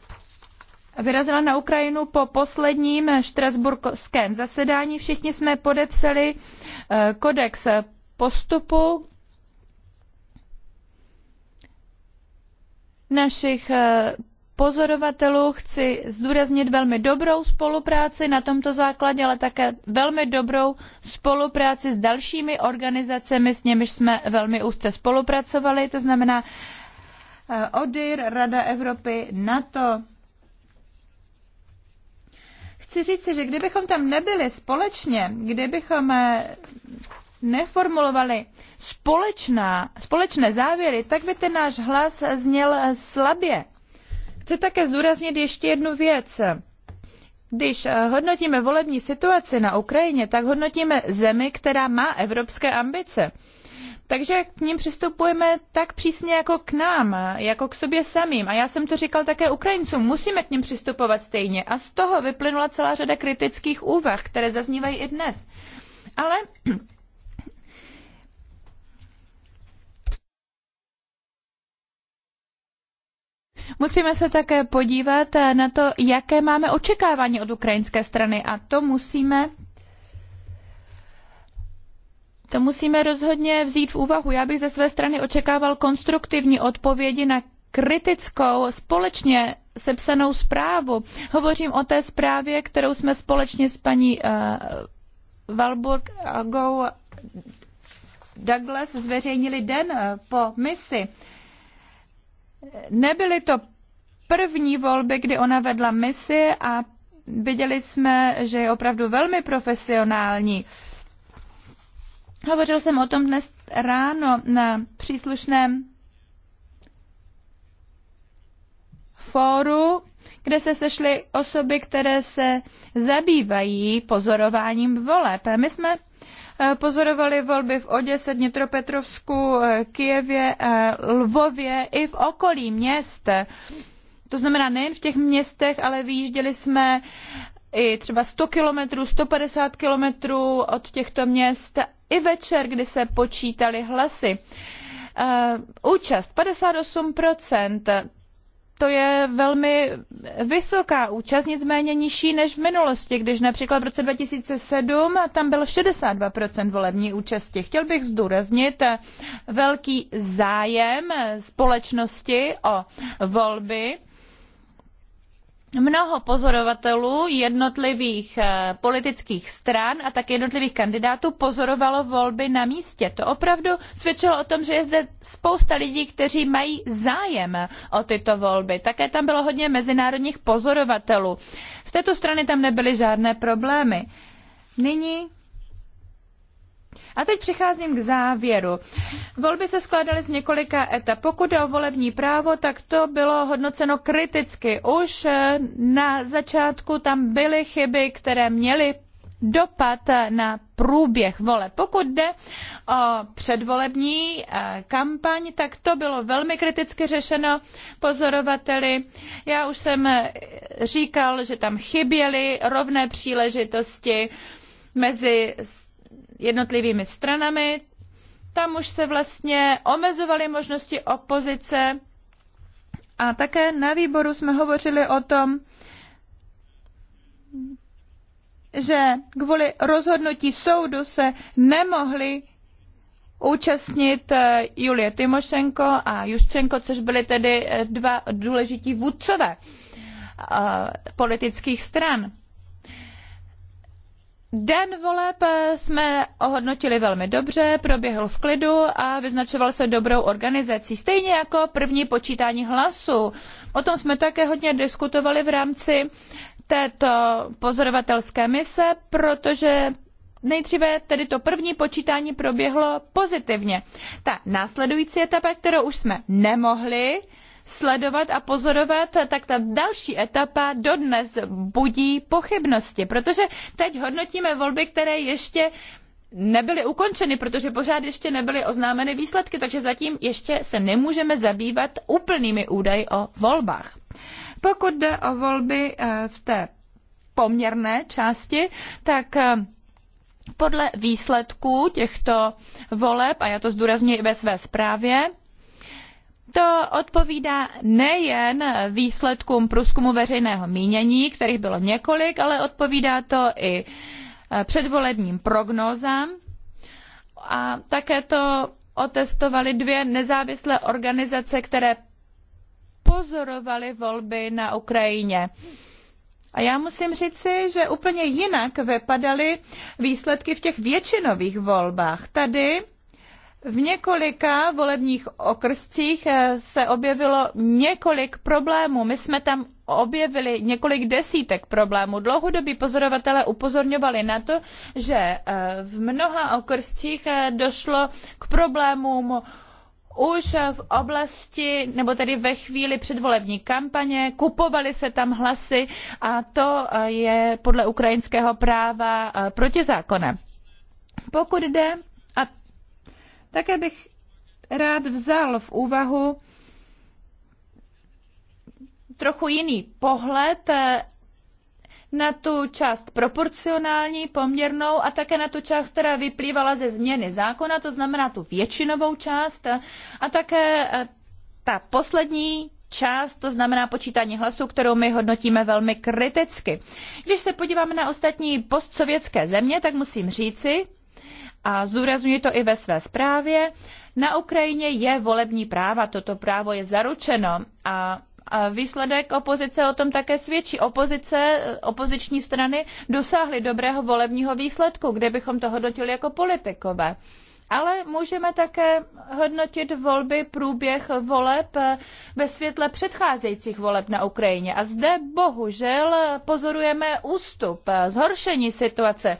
vyrazila na Ukrajinu po posledním štrasburském zasedání. Všichni jsme podepsali eh, kodex postupu našich eh, pozorovatelů chci zdůraznit velmi dobrou spolupráci na tomto základě, ale také velmi dobrou spolupráci s dalšími organizacemi, s nimiž jsme velmi úzce spolupracovali, to znamená eh, ODIR, Rada Evropy, NATO, chci říci, že kdybychom tam nebyli společně, kdybychom eh, neformulovali společná, společné závěry, tak by ten náš hlas zněl eh, slabě. Chci také zdůraznit ještě jednu věc. Když eh, hodnotíme volební situaci na Ukrajině, tak hodnotíme zemi, která má evropské ambice. Takže k ním přistupujeme tak přísně jako k nám, jako k sobě samým. A já jsem to říkal také Ukrajincům, musíme k ním přistupovat stejně. A z toho vyplynula celá řada kritických úvah, které zaznívají i dnes. Ale Musíme se také podívat eh, na to, jaké máme očekávání od ukrajinské strany a to musíme to musíme rozhodně vzít v úvahu. Já bych ze své strany očekával konstruktivní odpovědi na kritickou společně sepsanou zprávu. Hovořím o té zprávě, kterou jsme společně s paní uh, eh, Valburg Agou Douglas zveřejnili den uh, po misi. Uh, Nebyly to první volby, kdy ona vedla misi a viděli jsme, že je opravdu velmi profesionální. Hovořil jsem o tom dnes ráno na příslušném fóru, kde se sešly osoby, které se zabývají pozorováním voleb. My jsme Eh, pozorovali volby v Oděse, Dnitropetrovsku, eh, Kijevě, eh, Lvově i v okolí měst. To znamená nejen v těch městech, ale vyjížděli jsme i třeba 100 kilometrů, 150 kilometrů od těchto měst i večer, kdy se počítali hlasy. Účast 58%, to je velmi vysoká účast, nicméně nižší než v minulosti, když například v roce 2007 tam bylo 62% volební účasti. Chtěl bych zdůraznit velký zájem společnosti o volby mnoho pozorovatelů jednotlivých eh, politických stran a také jednotlivých kandidátů pozorovalo volby na místě. To opravdu svědčilo o tom, že je zde spousta lidí, kteří mají zájem o tyto volby. Také tam bylo hodně mezinárodních pozorovatelů. Z této strany tam nebyly žádné problémy. Nyní a teď přicházím k závěru. Volby se skládaly z několika etap. Pokud jde o volební právo, tak to bylo hodnoceno kriticky. Už eh, na začátku tam byly chyby, které měly dopad eh, na průběh vole. Pokud jde o předvolební eh, kampaň, tak to bylo velmi kriticky řešeno pozorovateli. Já už jsem říkal, že tam chyběly rovné příležitosti mezi jednotlivými stranami. Tam už se vlastně omezovaly možnosti opozice a také na výboru jsme hovořili o tom, že kvůli rozhodnutí soudu se nemohli účastnit eh, Julie Timošenko a Juščenko, což byli tedy eh, dva důležití vůdcové eh, politických stran. Den voleb jsme ohodnotili velmi dobře, proběhl v klidu a vyznačoval se dobrou organizací. Stejně jako první počítání hlasů. O tom jsme také hodně diskutovali v rámci této pozorovatelské mise, protože nejdříve tedy to první počítání proběhlo pozitivně. Ta následující etapa, kterou už jsme nemohli sledovat a pozorovat, tak ta další etapa dodnes budí pochybnosti, protože teď hodnotíme volby, které ještě nebyly ukončeny, protože pořád ještě nebyly oznámeny výsledky, takže zatím ještě se nemůžeme zabývat úplnými údaji o volbách. Pokud jde o volby eh, v té poměrné části, tak eh, podle výsledků těchto voleb, a já to zdůrazňuji i ve své zprávě, to odpovídá nejen výsledkům průzkumu veřejného mínění, kterých bylo několik, ale odpovídá to i e, předvolebním prognózám. A také to otestovali dvě nezávislé organizace, které pozorovaly volby na Ukrajině. A já musím říci, že úplně jinak vypadaly výsledky v těch většinových volbách. Tady v několika volebních okrscích eh, se objevilo několik problémů. My jsme tam objevili několik desítek problémů. Dlouhodobí pozorovatelé upozorňovali na to, že eh, v mnoha okrscích eh, došlo k problémům už v oblasti, nebo tedy ve chvíli předvolební kampaně, kupovaly se tam hlasy a to je podle ukrajinského práva protizákonné. Pokud jde také bych rád vzal v úvahu trochu jiný pohled eh, na tu část proporcionální, poměrnou a také na tu část, která vyplývala ze změny zákona, to znamená tu většinovou část a také eh, ta poslední část, to znamená počítání hlasů, kterou my hodnotíme velmi kriticky. Když se podíváme na ostatní postsovětské země, tak musím říci, a zdůrazňuje to i ve své zprávě, na Ukrajině je volební práva, toto právo je zaručeno a a výsledek opozice o tom také svědčí. Opozice, opoziční strany dosáhly dobrého volebního výsledku, kde bychom to hodnotili jako politikové. Ale můžeme také hodnotit volby, průběh voleb ve světle předcházejících voleb na Ukrajině. A zde bohužel pozorujeme ústup, zhoršení situace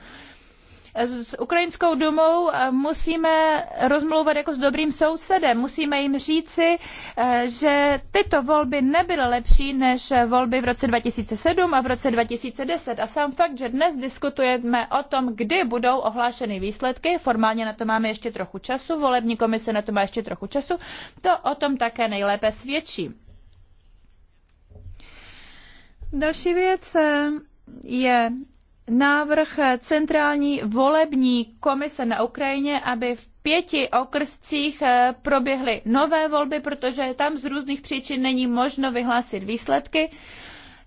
s ukrajinskou dumou eh, musíme rozmlouvat jako s dobrým sousedem. Musíme jim říci, eh, že tyto volby nebyly lepší než volby v roce 2007 a v roce 2010. A sám fakt, že dnes diskutujeme o tom, kdy budou ohlášeny výsledky, formálně na to máme ještě trochu času, volební komise na to má ještě trochu času, to o tom také nejlépe svědčí. Další věc eh, je návrh centrální volební komise na Ukrajině, aby v pěti okrscích eh, proběhly nové volby, protože tam z různých příčin není možno vyhlásit výsledky.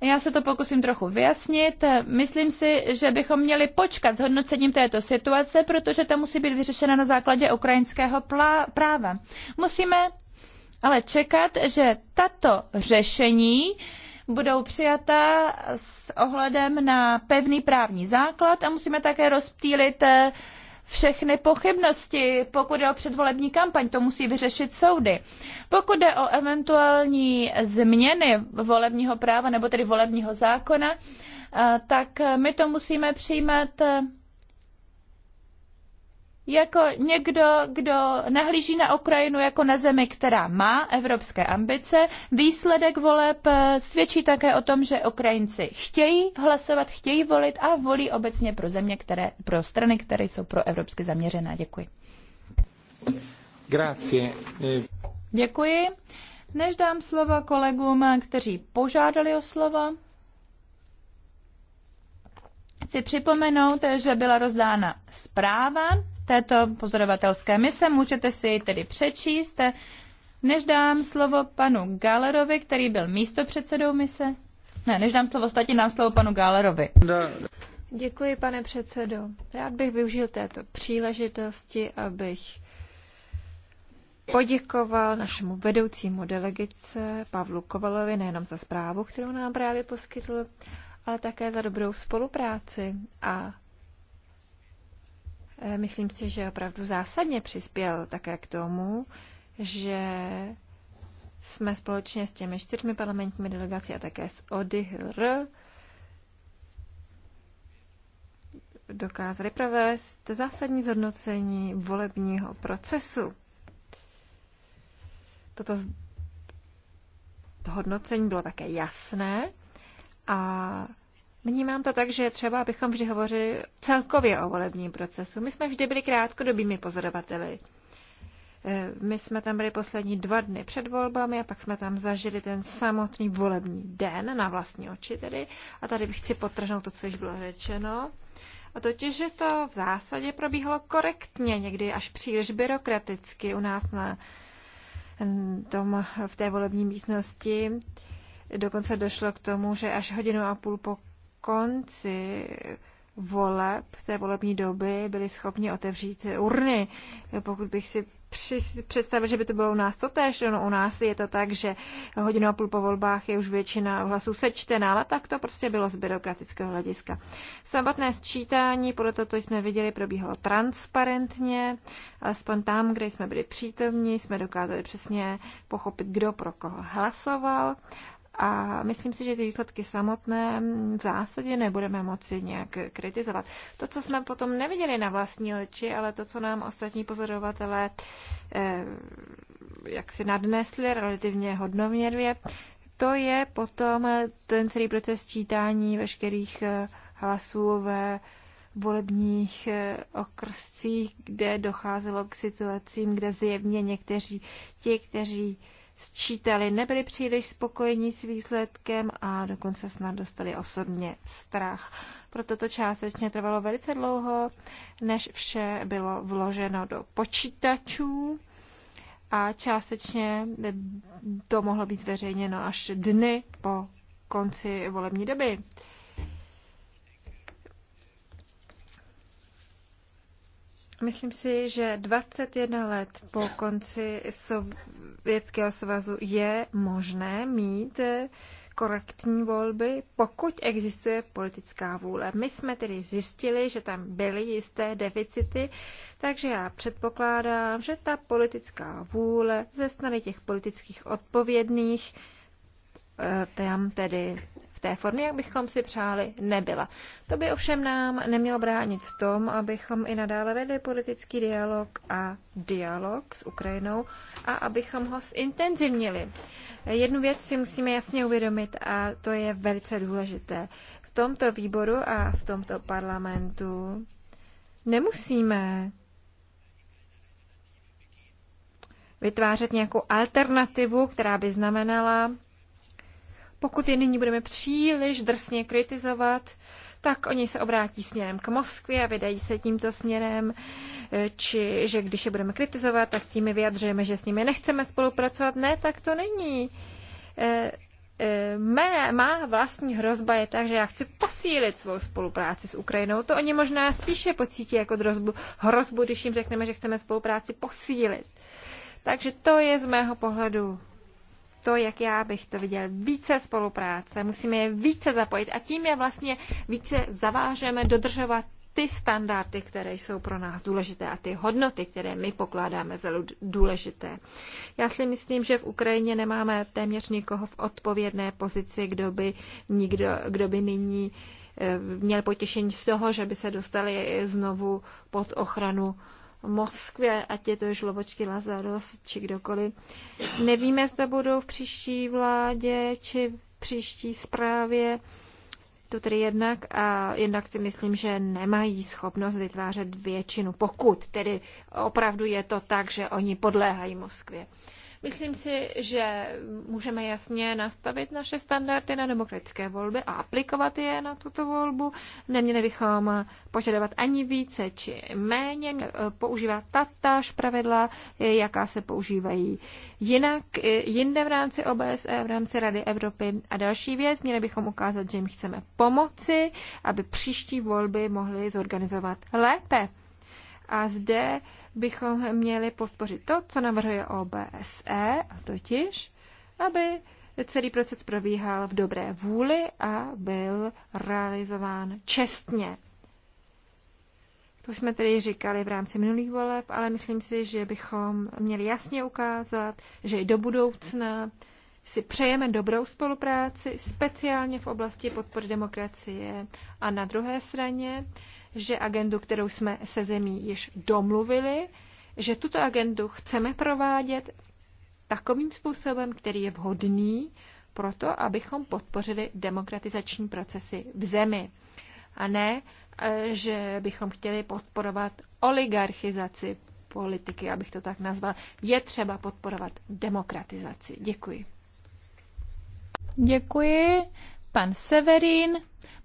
Já se to pokusím trochu vyjasnit. Myslím si, že bychom měli počkat s hodnocením této situace, protože ta musí být vyřešena na základě ukrajinského práva. Musíme ale čekat, že tato řešení budou přijata s ohledem na pevný právní základ a musíme také rozptýlit eh, všechny pochybnosti, pokud je o předvolební kampaň, to musí vyřešit soudy. Pokud jde o eventuální změny volebního práva nebo tedy volebního zákona, eh, tak my to musíme přijímat eh, jako někdo, kdo nahlíží na Ukrajinu jako na zemi, která má evropské ambice. Výsledek voleb eh, svědčí také o tom, že Ukrajinci chtějí hlasovat, chtějí volit a volí obecně pro země, které, pro strany, které jsou pro evropsky zaměřená. Děkuji. Grazie. Děkuji. Než dám slovo kolegům, kteří požádali o slovo, Chci připomenout, že byla rozdána zpráva této pozorovatelské mise. Můžete si ji tedy přečíst. Než dám slovo panu Galerovi, který byl místopředsedou mise. Ne, než dám slovo ostatním, dám slovo panu Galerovi. Děkuji, pane předsedo. Rád bych využil této příležitosti, abych poděkoval našemu vedoucímu delegice Pavlu Kovalovi nejenom za zprávu, kterou nám právě poskytl, ale také za dobrou spolupráci a Eh, myslím si, že opravdu zásadně přispěl také k tomu, že jsme společně s těmi čtyřmi parlamentními delegací a také s ODIHR dokázali provést zásadní zhodnocení volebního procesu. Toto hodnocení bylo také jasné a Vnímám to tak, že třeba, abychom vždy hovořili celkově o volebním procesu. My jsme vždy byli krátkodobými pozorovateli. Eh, my jsme tam byli poslední dva dny před volbami a pak jsme tam zažili ten samotný volební den na vlastní oči tedy. A tady bych chci potrhnout to, co již bylo řečeno. A totiž, že to v zásadě probíhalo korektně, někdy až příliš byrokraticky u nás na tom, v té volební místnosti. Dokonce došlo k tomu, že až hodinu a půl po konci voleb té volební doby byli schopni otevřít urny. Pokud bych si představit, že by to bylo u nás totéž. No, u nás je to tak, že hodinu a půl po volbách je už většina hlasů sečtená, ale tak to prostě bylo z byrokratického hlediska. Samotné sčítání, podle toho, co jsme viděli, probíhalo transparentně, alespoň tam, kde jsme byli přítomní, jsme dokázali přesně pochopit, kdo pro koho hlasoval a myslím si, že ty výsledky samotné v zásadě nebudeme moci nějak kritizovat. To, co jsme potom neviděli na vlastní oči, ale to, co nám ostatní pozorovatelé eh, jak si nadnesli relativně hodnoměrně, to je potom ten celý proces čítání veškerých eh, hlasů ve volebních eh, okrscích, kde docházelo k situacím, kde zjevně někteří ti, kteří sčítali, nebyli příliš spokojení s výsledkem a dokonce snad dostali osobně strach. Proto to částečně trvalo velice dlouho, než vše bylo vloženo do počítačů a částečně to mohlo být zveřejněno až dny po konci volební doby. Myslím si, že 21 let po konci Sovětského svazu je možné mít eh, korektní volby, pokud existuje politická vůle. My jsme tedy zjistili, že tam byly jisté deficity, takže já předpokládám, že ta politická vůle ze strany těch politických odpovědných eh, tam tedy té formy, jak bychom si přáli, nebyla. To by ovšem nám nemělo bránit v tom, abychom i nadále vedli politický dialog a dialog s Ukrajinou a abychom ho zintenzivnili. Jednu věc si musíme jasně uvědomit a to je velice důležité. V tomto výboru a v tomto parlamentu nemusíme vytvářet nějakou alternativu, která by znamenala, pokud je nyní budeme příliš drsně kritizovat, tak oni se obrátí směrem k Moskvě a vydají se tímto směrem, eh, či že když je budeme kritizovat, tak tím vyjadřujeme, že s nimi nechceme spolupracovat. Ne, tak to není. E, e, mé, má vlastní hrozba je tak, že já chci posílit svou spolupráci s Ukrajinou. To oni možná spíše pocítí jako hrozbu, hrozbu když jim řekneme, že chceme spolupráci posílit. Takže to je z mého pohledu to, jak já bych to viděl, více spolupráce, musíme je více zapojit a tím je vlastně více zavážeme dodržovat ty standardy, které jsou pro nás důležité a ty hodnoty, které my pokládáme za důležité. Já si myslím, že v Ukrajině nemáme téměř nikoho v odpovědné pozici, kdo by, nikdo, kdo by nyní eh, měl potěšení z toho, že by se dostali znovu pod ochranu Moskvě, ať je to Žlobočky, Lazarus, či kdokoliv. Nevíme, zda budou v příští vládě či v příští zprávě. To tedy jednak a jednak si myslím, že nemají schopnost vytvářet většinu, pokud tedy opravdu je to tak, že oni podléhají Moskvě. Myslím si, že můžeme jasně nastavit naše standardy na demokratické volby a aplikovat je na tuto volbu. Neměli bychom požadovat ani více či méně, eh, používat tatáž pravidla, eh, jaká se používají jinak, eh, jinde v rámci OBSE, v rámci Rady Evropy a další věc. Měli bychom ukázat, že jim chceme pomoci, aby příští volby mohly zorganizovat lépe. A zde bychom měli podpořit to, co navrhuje OBSE, a totiž, aby celý proces probíhal v dobré vůli a byl realizován čestně. To jsme tedy říkali v rámci minulých voleb, ale myslím si, že bychom měli jasně ukázat, že i do budoucna si přejeme dobrou spolupráci, speciálně v oblasti podpory demokracie. A na druhé straně že agendu, kterou jsme se zemí již domluvili, že tuto agendu chceme provádět takovým způsobem, který je vhodný pro to, abychom podpořili demokratizační procesy v zemi. A ne, e, že bychom chtěli podporovat oligarchizaci politiky, abych to tak nazval. Je třeba podporovat demokratizaci. Děkuji. Děkuji. Pan Severín,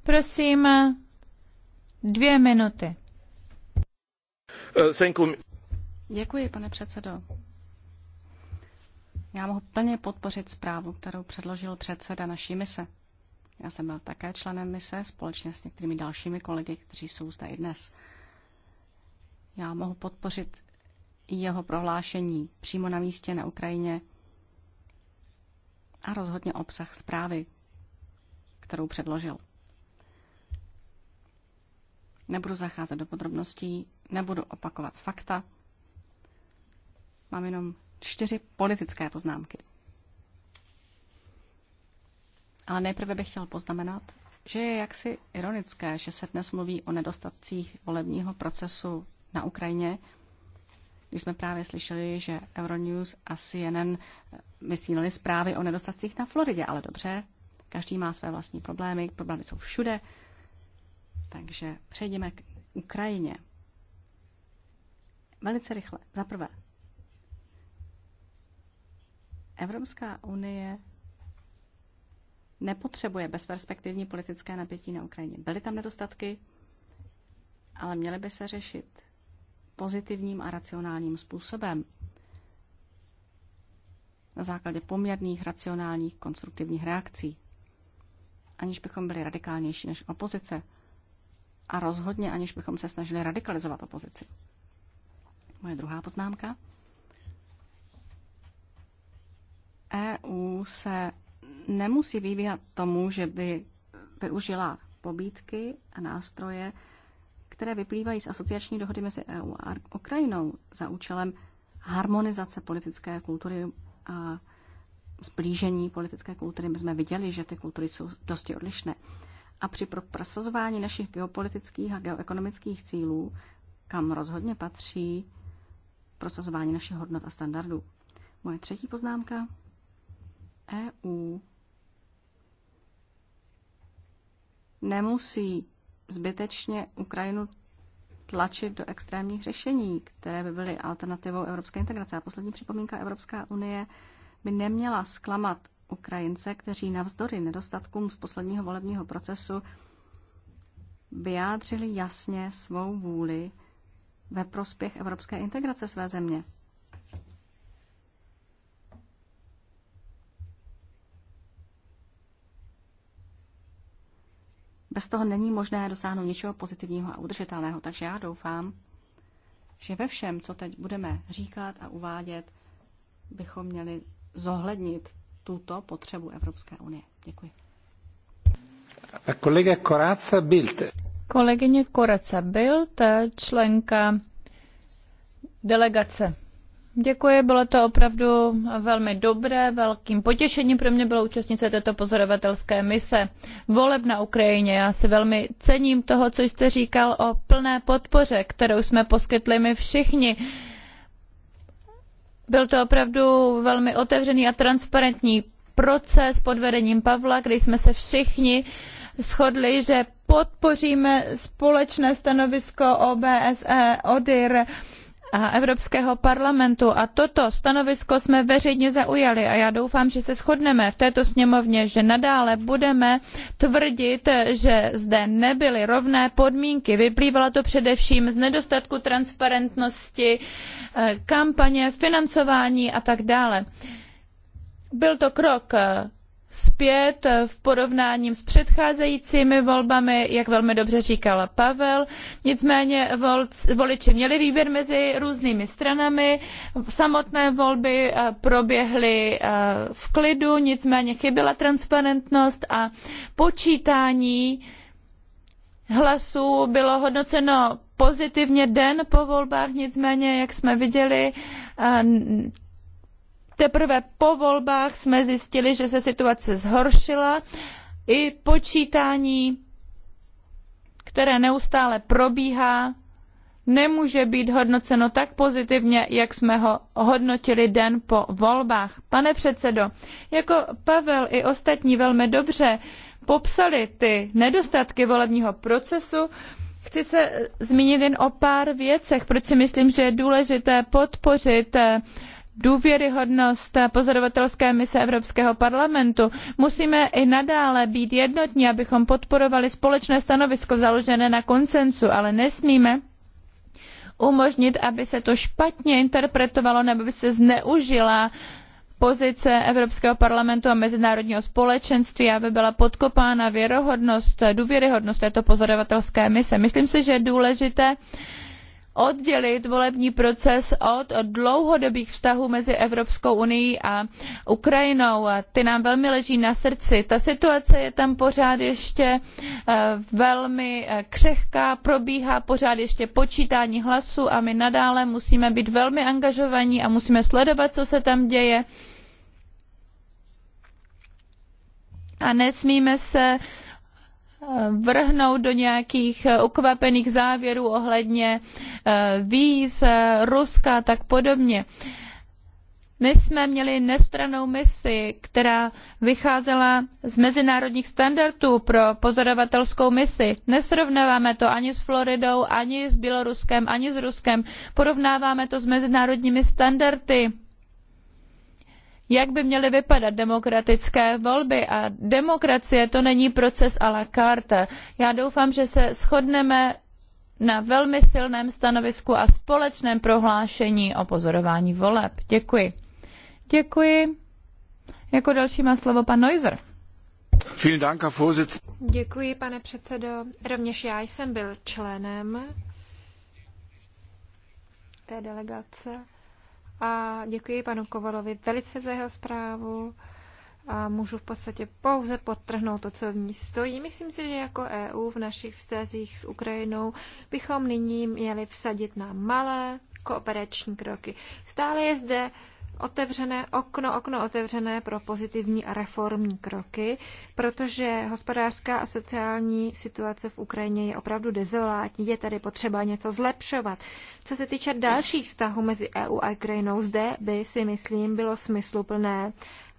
prosím, Dvě minuty. Eh, Děkuji, pane předsedající Já mohu plně podpořit zprávu, kterou předložil předseda naší mise. Já jsem byl také členem mise společně s některými dalšími kolegy, kteří jsou zde i dnes. Já mohu podpořit jeho prohlášení přímo na místě na Ukrajině a rozhodně obsah zprávy, kterou předložil. Nebudu zacházet do podrobností, nebudu opakovat fakta. Mám jenom čtyři politické poznámky. Ale nejprve bych chtěl poznamenat, že je jaksi ironické, že se dnes mluví o nedostatcích volebního procesu na Ukrajině, když jsme právě slyšeli, že Euronews a CNN vysílali zprávy o nedostatcích na Floridě, ale dobře, každý má své vlastní problémy, problémy jsou všude, takže přejdeme k Ukrajině. Velice rychle. Za prvé, Evropská unie nepotřebuje bezperspektivní politické napětí na Ukrajině. Byly tam nedostatky, ale měly by se řešit pozitivním a racionálním způsobem. Na základě poměrných, racionálních, konstruktivních reakcí. Aniž bychom byli radikálnější než opozice a rozhodně aniž bychom se snažili radikalizovat opozici. Moje druhá poznámka. EU se nemusí vyvíjat tomu, že by využila pobídky a nástroje, které vyplývají z asociační dohody mezi EU a Ukrajinou za účelem harmonizace politické kultury a zblížení politické kultury. My jsme viděli, že ty kultury jsou dosti odlišné a při prosazování našich geopolitických a geoekonomických cílů, kam rozhodně patří prosazování našich hodnot a standardů. Moje třetí poznámka. EU nemusí zbytečně Ukrajinu tlačit do extrémních řešení, které by byly alternativou evropské integrace. A poslední připomínka Evropská unie by neměla zklamat Ukrajince, kteří navzdory nedostatkům z posledního volebního procesu vyjádřili jasně svou vůli ve prospěch evropské integrace své země. Bez toho není možné dosáhnout ničeho pozitivního a udržitelného, takže já doufám, že ve všem, co teď budeme říkat a uvádět, bychom měli zohlednit tuto potřebu Evropské unie. Děkuji. Kolega Koráca Bild. Kolegyně Koraca Bild, členka delegace. Děkuji, bylo to opravdu velmi dobré. Velkým potěšením pro mě bylo účastnice této pozorovatelské mise voleb na Ukrajině. Já si velmi cením toho, co jste říkal o plné podpoře, kterou jsme poskytli my všichni byl to opravdu velmi otevřený a transparentní proces pod vedením Pavla, kdy jsme se všichni shodli, že podpoříme společné stanovisko OBSE, ODIR a Evropského parlamentu a toto stanovisko jsme veřejně zaujali a já doufám, že se shodneme v této sněmovně, že nadále budeme tvrdit, že zde nebyly rovné podmínky. Vyplývalo to především z nedostatku transparentnosti, eh, kampaně, financování a tak dále. Byl to krok eh, zpět v porovnání s předcházejícími volbami, jak velmi dobře říkal Pavel. Nicméně voliči měli výběr mezi různými stranami. Samotné volby eh, proběhly eh, v klidu, nicméně chyběla transparentnost a počítání hlasů bylo hodnoceno pozitivně den po volbách, nicméně, jak jsme viděli, eh, Teprve po volbách jsme zjistili, že se situace zhoršila. I počítání, které neustále probíhá, nemůže být hodnoceno tak pozitivně, jak jsme ho hodnotili den po volbách. Pane předsedo, jako Pavel i ostatní velmi dobře popsali ty nedostatky volebního procesu, chci se zmínit jen o pár věcech, proč si myslím, že je důležité podpořit důvěryhodnost pozorovatelské mise Evropského parlamentu. Musíme i nadále být jednotní, abychom podporovali společné stanovisko založené na konsensu, ale nesmíme umožnit, aby se to špatně interpretovalo nebo aby se zneužila pozice Evropského parlamentu a mezinárodního společenství, aby byla podkopána věrohodnost, důvěryhodnost této pozorovatelské mise. Myslím si, že je důležité, oddělit volební proces od dlouhodobých vztahů mezi Evropskou unii a Ukrajinou. Ty nám velmi leží na srdci. Ta situace je tam pořád ještě eh, velmi eh, křehká, probíhá pořád ještě počítání hlasů a my nadále musíme být velmi angažovaní a musíme sledovat, co se tam děje. A nesmíme se vrhnout do nějakých eh, ukvapených závěrů ohledně eh, víz, eh, Ruska a tak podobně. My jsme měli nestranou misi, která vycházela z mezinárodních standardů pro pozorovatelskou misi. Nesrovnáváme to ani s Floridou, ani s Běloruskem, ani s Ruskem. Porovnáváme to s mezinárodními standardy jak by měly vypadat demokratické volby a demokracie to není proces à la carte. Já doufám, že se shodneme na velmi silném stanovisku a společném prohlášení o pozorování voleb. Děkuji. Děkuji. Jako další má slovo pan Neuser. Děkuji, pane předsedo. Rovněž já jsem byl členem té delegace a děkuji panu Kovalovi velice za jeho zprávu a můžu v podstatě pouze podtrhnout to, co v ní stojí. Myslím si, že jako EU v našich vztazích s Ukrajinou bychom nyní měli vsadit na malé kooperační kroky. Stále je zde otevřené okno, okno otevřené pro pozitivní a reformní kroky, protože hospodářská a sociální situace v Ukrajině je opravdu dezolátní, je tady potřeba něco zlepšovat. Co se týče dalších vztahů mezi EU a Ukrajinou, zde by si myslím bylo smysluplné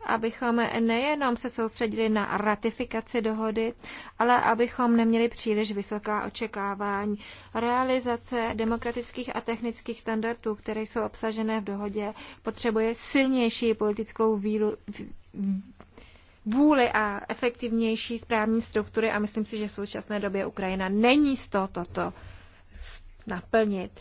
abychom nejenom se soustředili na ratifikaci dohody, ale abychom neměli příliš vysoká očekávání. Realizace demokratických a technických standardů, které jsou obsažené v dohodě, potřebuje silnější politickou vílu, vůli a efektivnější správní struktury a myslím si, že v současné době Ukrajina není z toho toto naplnit.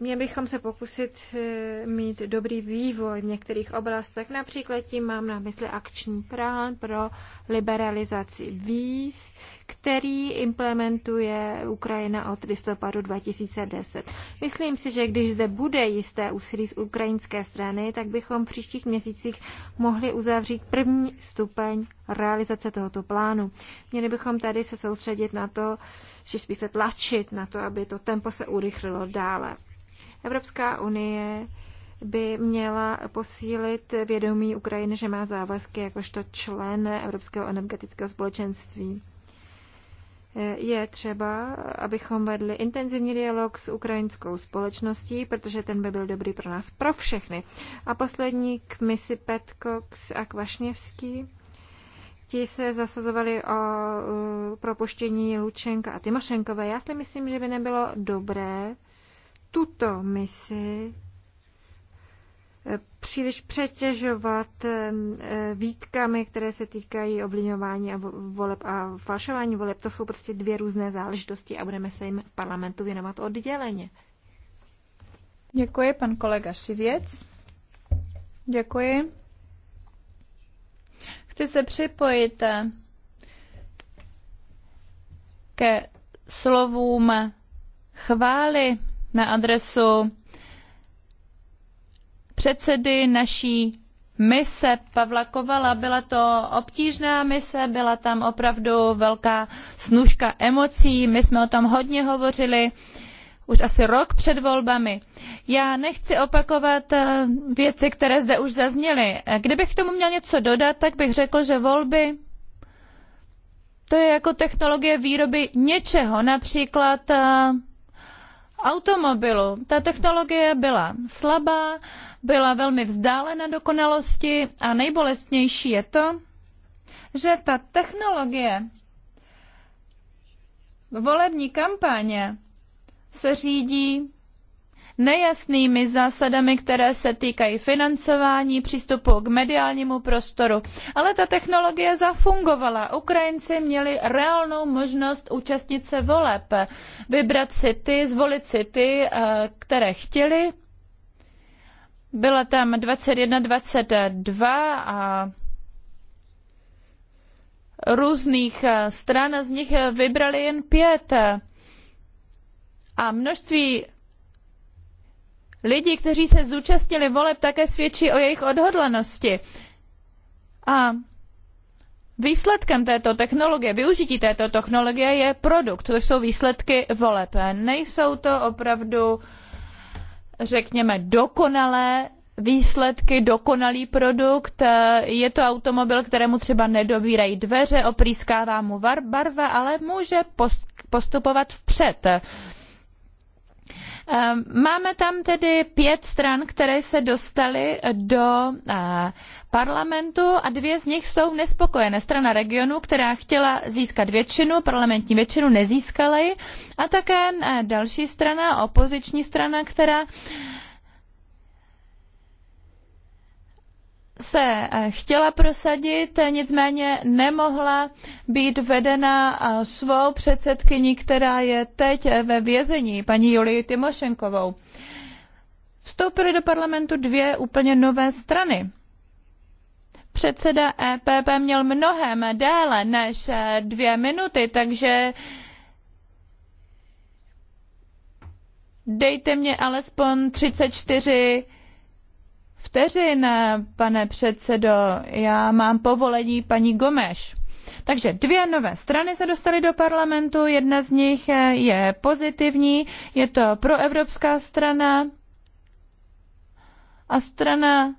Měli bychom se pokusit eh, mít dobrý vývoj v některých oblastech. Například tím mám na mysli akční plán pro liberalizaci víz, který implementuje Ukrajina od listopadu 2010. Myslím si, že když zde bude jisté úsilí z ukrajinské strany, tak bychom v příštích měsících mohli uzavřít první stupeň realizace tohoto plánu. Měli bychom tady se soustředit na to, že spíš se tlačit na to, aby to tempo se urychlilo dále. Evropská unie by měla posílit vědomí Ukrajiny, že má závazky jakožto člen Evropského energetického společenství. Je třeba, abychom vedli intenzivní dialog s ukrajinskou společností, protože ten by byl dobrý pro nás, pro všechny. A poslední k misi Petcox a Kvašněvský. Ti se zasazovali o uh, propuštění Lučenka a Timošenkové. Já si myslím, že by nebylo dobré tuto misi eh, příliš přetěžovat eh, eh, výtkami, které se týkají obliňování a voleb a falšování voleb. To jsou prostě dvě různé záležitosti a budeme se jim parlamentu věnovat odděleně. Děkuji, pan kolega Šivěc. Děkuji. Chci se připojit ke slovům chvály na adresu předsedy naší mise Pavla Kovala. Byla to obtížná mise, byla tam opravdu velká snužka emocí, my jsme o tom hodně hovořili už asi rok před volbami. Já nechci opakovat eh, věci, které zde už zazněly. Eh, kdybych k tomu měl něco dodat, tak bych řekl, že volby to je jako technologie výroby něčeho, například eh, automobilu. Ta technologie byla slabá, byla velmi vzdálena dokonalosti a nejbolestnější je to, že ta technologie volební kampaně se řídí nejasnými zásadami, které se týkají financování, přístupu k mediálnímu prostoru. Ale ta technologie zafungovala. Ukrajinci měli reálnou možnost účastnit se voleb, vybrat si ty, zvolit si ty, eh, které chtěli. Byla tam 21-22 a různých eh, stran, z nich eh, vybrali jen pět. A množství lidi, kteří se zúčastnili voleb, také svědčí o jejich odhodlanosti. A Výsledkem této technologie, využití této technologie je produkt, to jsou výsledky voleb. Nejsou to opravdu, řekněme, dokonalé výsledky, dokonalý produkt. Je to automobil, kterému třeba nedobírají dveře, oprýskává mu barva, ale může postupovat vpřed. Ehm, máme tam tedy pět stran, které se dostaly eh, do eh, parlamentu a dvě z nich jsou nespokojené. Strana regionu, která chtěla získat většinu, parlamentní většinu nezískala ji a také eh, další strana, opoziční strana, která se eh, chtěla prosadit, nicméně nemohla být vedena eh, svou předsedkyní, která je teď eh, ve vězení, paní Julii Timošenkovou. Vstoupily do parlamentu dvě úplně nové strany. Předseda EPP měl mnohem déle než dvě minuty, takže dejte mě alespoň 34 vteřin, pane předsedo. Já mám povolení paní Gomeš. Takže dvě nové strany se dostaly do parlamentu, jedna z nich je pozitivní, je to proevropská strana a strana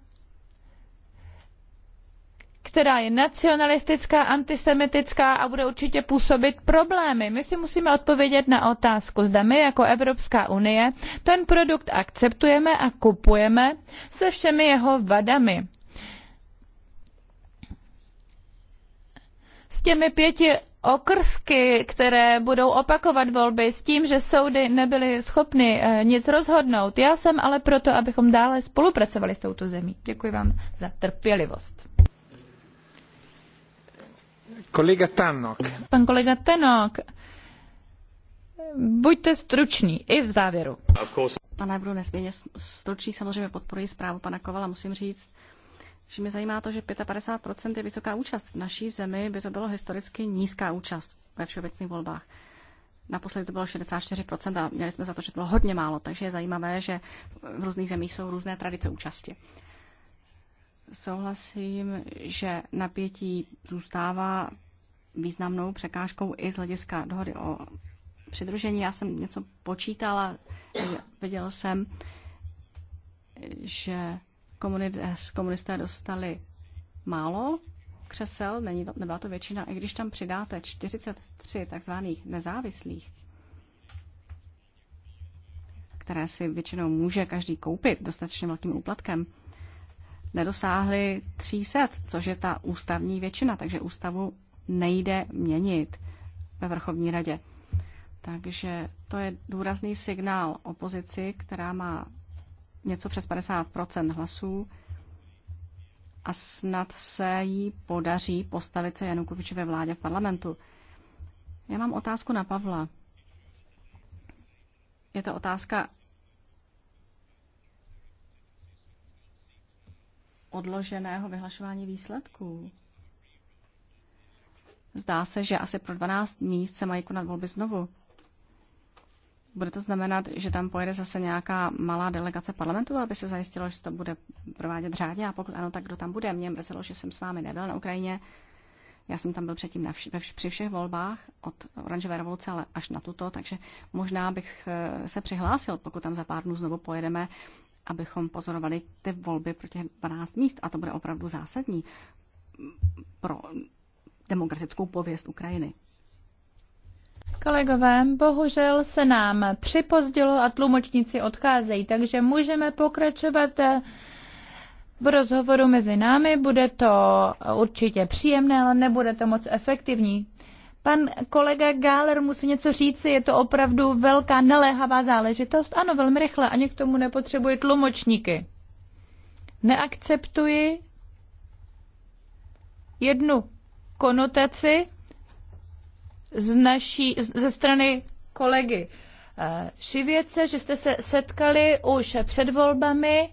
která je nacionalistická, antisemitická a bude určitě působit problémy. My si musíme odpovědět na otázku, zda my jako Evropská unie ten produkt akceptujeme a kupujeme se všemi jeho vadami. S těmi pěti okrsky, které budou opakovat volby s tím, že soudy nebyly schopny eh, nic rozhodnout. Já jsem ale proto, abychom dále spolupracovali s touto zemí. Děkuji vám za trpělivost. Kolega Tanok. Pan kolega Tannock, Buďte struční i v závěru. Pane, budu nesmírně stručný, samozřejmě podporuji zprávu pana Kovala, musím říct, že mě zajímá to, že 55% je vysoká účast. V naší zemi by to bylo historicky nízká účast ve všeobecných volbách. Naposledy to bylo 64% a měli jsme za to, že to bylo hodně málo, takže je zajímavé, že v různých zemích jsou různé tradice účasti. Souhlasím, že napětí zůstává významnou překážkou i z hlediska dohody o přidružení. Já jsem něco počítala, viděl jsem, že komunisté dostali málo křesel, není to, nebyla to většina, i když tam přidáte 43 takzvaných nezávislých, které si většinou může každý koupit dostatečně velkým úplatkem, nedosáhli 300, což je ta ústavní většina, takže ústavu nejde měnit ve Vrchovní radě. Takže to je důrazný signál opozici, která má něco přes 50 hlasů a snad se jí podaří postavit se Janukovičové vládě v parlamentu. Já mám otázku na Pavla. Je to otázka odloženého vyhlašování výsledků. Zdá se, že asi pro 12 míst se mají konat volby znovu. Bude to znamenat, že tam pojede zase nějaká malá delegace parlamentu, aby se zajistilo, že se to bude provádět řádně a pokud ano, tak kdo tam bude. Mě mrzelo, že jsem s vámi nebyl na Ukrajině. Já jsem tam byl předtím na vš- ve vš- při všech volbách od Oranžové revoluce ale až na tuto, takže možná bych eh, se přihlásil, pokud tam za pár dnů znovu pojedeme, abychom pozorovali ty volby pro těch 12 míst. A to bude opravdu zásadní pro demokratickou pověst Ukrajiny. Kolegové, bohužel se nám připozdilo a tlumočníci odcházejí, takže můžeme pokračovat v rozhovoru mezi námi. Bude to určitě příjemné, ale nebude to moc efektivní. Pan kolega Gáler musí něco říci, je to opravdu velká naléhavá záležitost. Ano, velmi rychle, ani k tomu nepotřebuje tlumočníky. Neakceptuji jednu konotaci z naší, ze strany kolegy eh, Šivěce, že jste se setkali už před volbami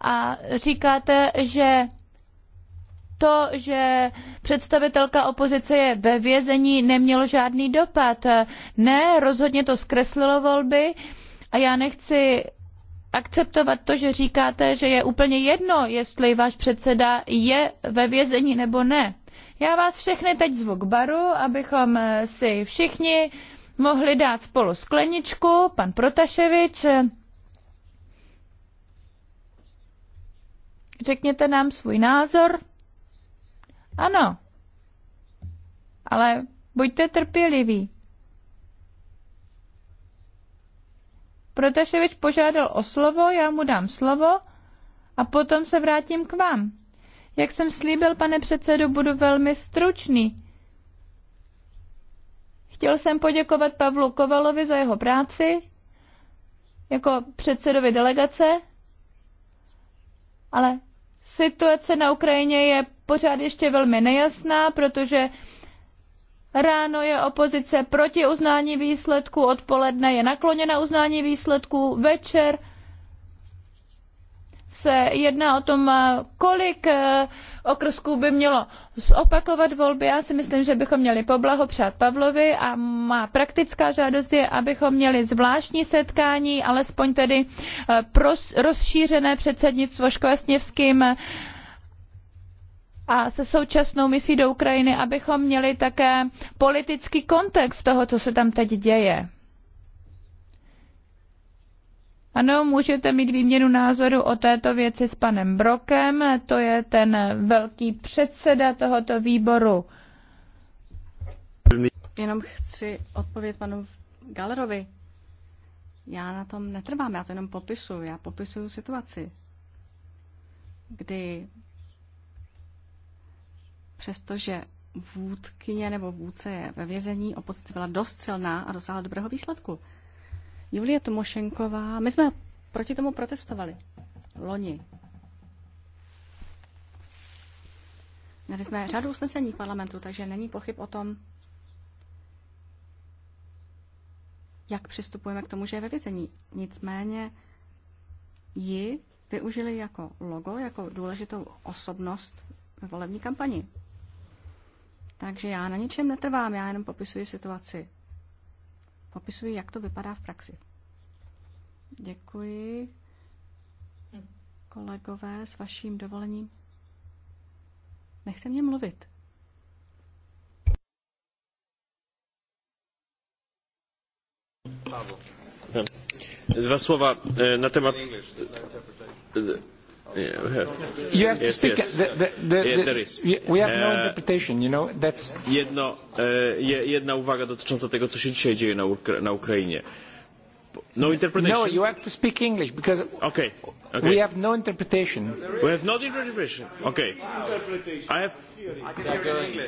a říkáte, že to, že představitelka opozice je ve vězení, nemělo žádný dopad. Ne, rozhodně to zkreslilo volby a já nechci akceptovat to, že říkáte, že je úplně jedno, jestli váš předseda je ve vězení nebo ne. Já vás všechny teď zvu k baru, abychom eh, si všichni mohli dát spolu skleničku, pan Protaševič. Řekněte nám svůj názor. Ano, ale buďte trpěliví. Protaševič požádal o slovo, já mu dám slovo a potom se vrátím k vám. Jak jsem slíbil, pane předsedo, budu velmi stručný. Chtěl jsem poděkovat Pavlu Kovalovi za jeho práci jako předsedovi delegace, ale situace na Ukrajině je pořád ještě velmi nejasná, protože Ráno je opozice proti uznání výsledků, odpoledne je nakloněna uznání výsledků, večer se jedná o tom, eh, kolik eh, okrsků by mělo zopakovat volby. Já si myslím, že bychom měli poblahopřát Pavlovi a má praktická žádost je, abychom měli zvláštní setkání, alespoň tedy eh, rozšířené předsednictvo škvasněvským a se současnou misí do Ukrajiny, abychom měli také politický kontext toho, co se tam teď děje. Ano, můžete mít výměnu názoru o této věci s panem Brokem, to je ten velký předseda tohoto výboru. Jenom chci odpovědět panu Galerovi. Já na tom netrvám, já to jenom popisuju, já popisuju situaci, kdy přestože vůdkyně nebo vůdce je ve vězení, opozice byla dost silná a dosáhla dobrého výsledku. Julie Tomošenková, my jsme proti tomu protestovali. Loni. Měli jsme řadu usnesení v parlamentu, takže není pochyb o tom, jak přistupujeme k tomu, že je ve vězení. Nicméně ji využili jako logo, jako důležitou osobnost ve volební kampani. Takže já na ničem netrvám, já jenom popisuji situaci. Popisuji, jak to vypadá v praxi. Děkuji. Kolegové, s vaším dovolením. Nechte mě mluvit. Dva slova eh, na temat You have yes, to speak. Yes. The, the, the, yes, there is. We have no eh, interpretation, you know. That's. Jedno, eh, jedna uwaga dotycząca tego, co się dzisiaj dzieje na, Ukra na Ukrainie. No interpretation. No, you have to speak English because. Okay. okay. We have no interpretation. We have no interpretation. Okay. I have. I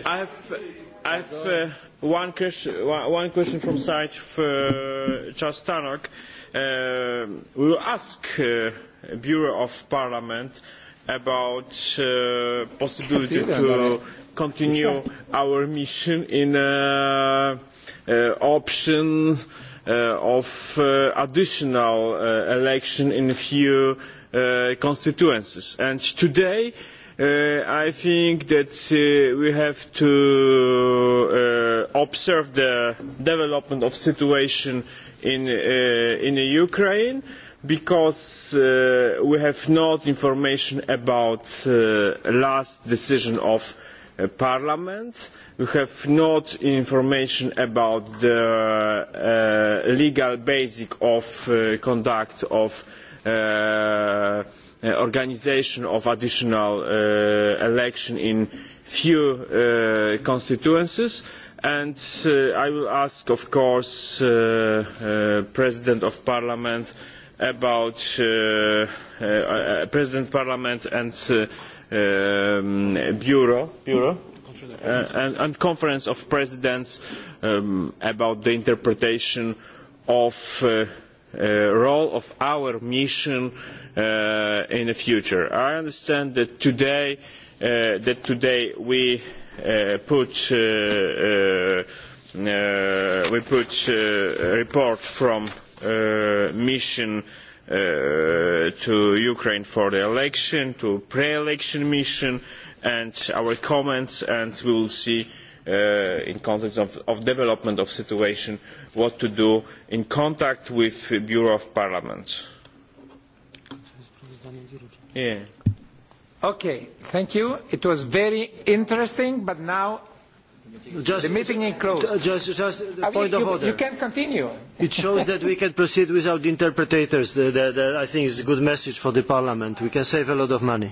have. I have uh, one question. One question from side for Charles Tannock uh, we will ask uh, Bureau of Parliament about uh, possibility to continue our mission in uh, uh, option uh, of uh, additional uh, election in a few uh, constituencies. And today, Uh, I think that uh, we have to uh, observe the development of situation in, uh, in Ukraine because uh, we have not information about uh, last decision of parliament. We have not information about the uh, legal basis of uh, conduct of uh, organisation of additional election in few constituencies and uh, I will ask, of course, uh, uh, President of Parliament about uh, uh, uh, President Parliament and um, Bureau, Bureau? And, and, Conference of Presidents um, about the interpretation of uh, role of our mission in the future. I understand that today, that today we uh, put uh, uh, uh we put uh, a report from mission to Ukraine for the election, to pre-election mission, and our comments, and we will see Uh, in context of, of development of situation what to do in contact with the Bureau of Parliament. Yeah. Okay, thank you. It was very interesting, but now the meeting is closed. Just, just a point of you, order. You can continue. it shows that we can proceed without interpreters. That the, the, I think is a good message for the Parliament. We can save a lot of money.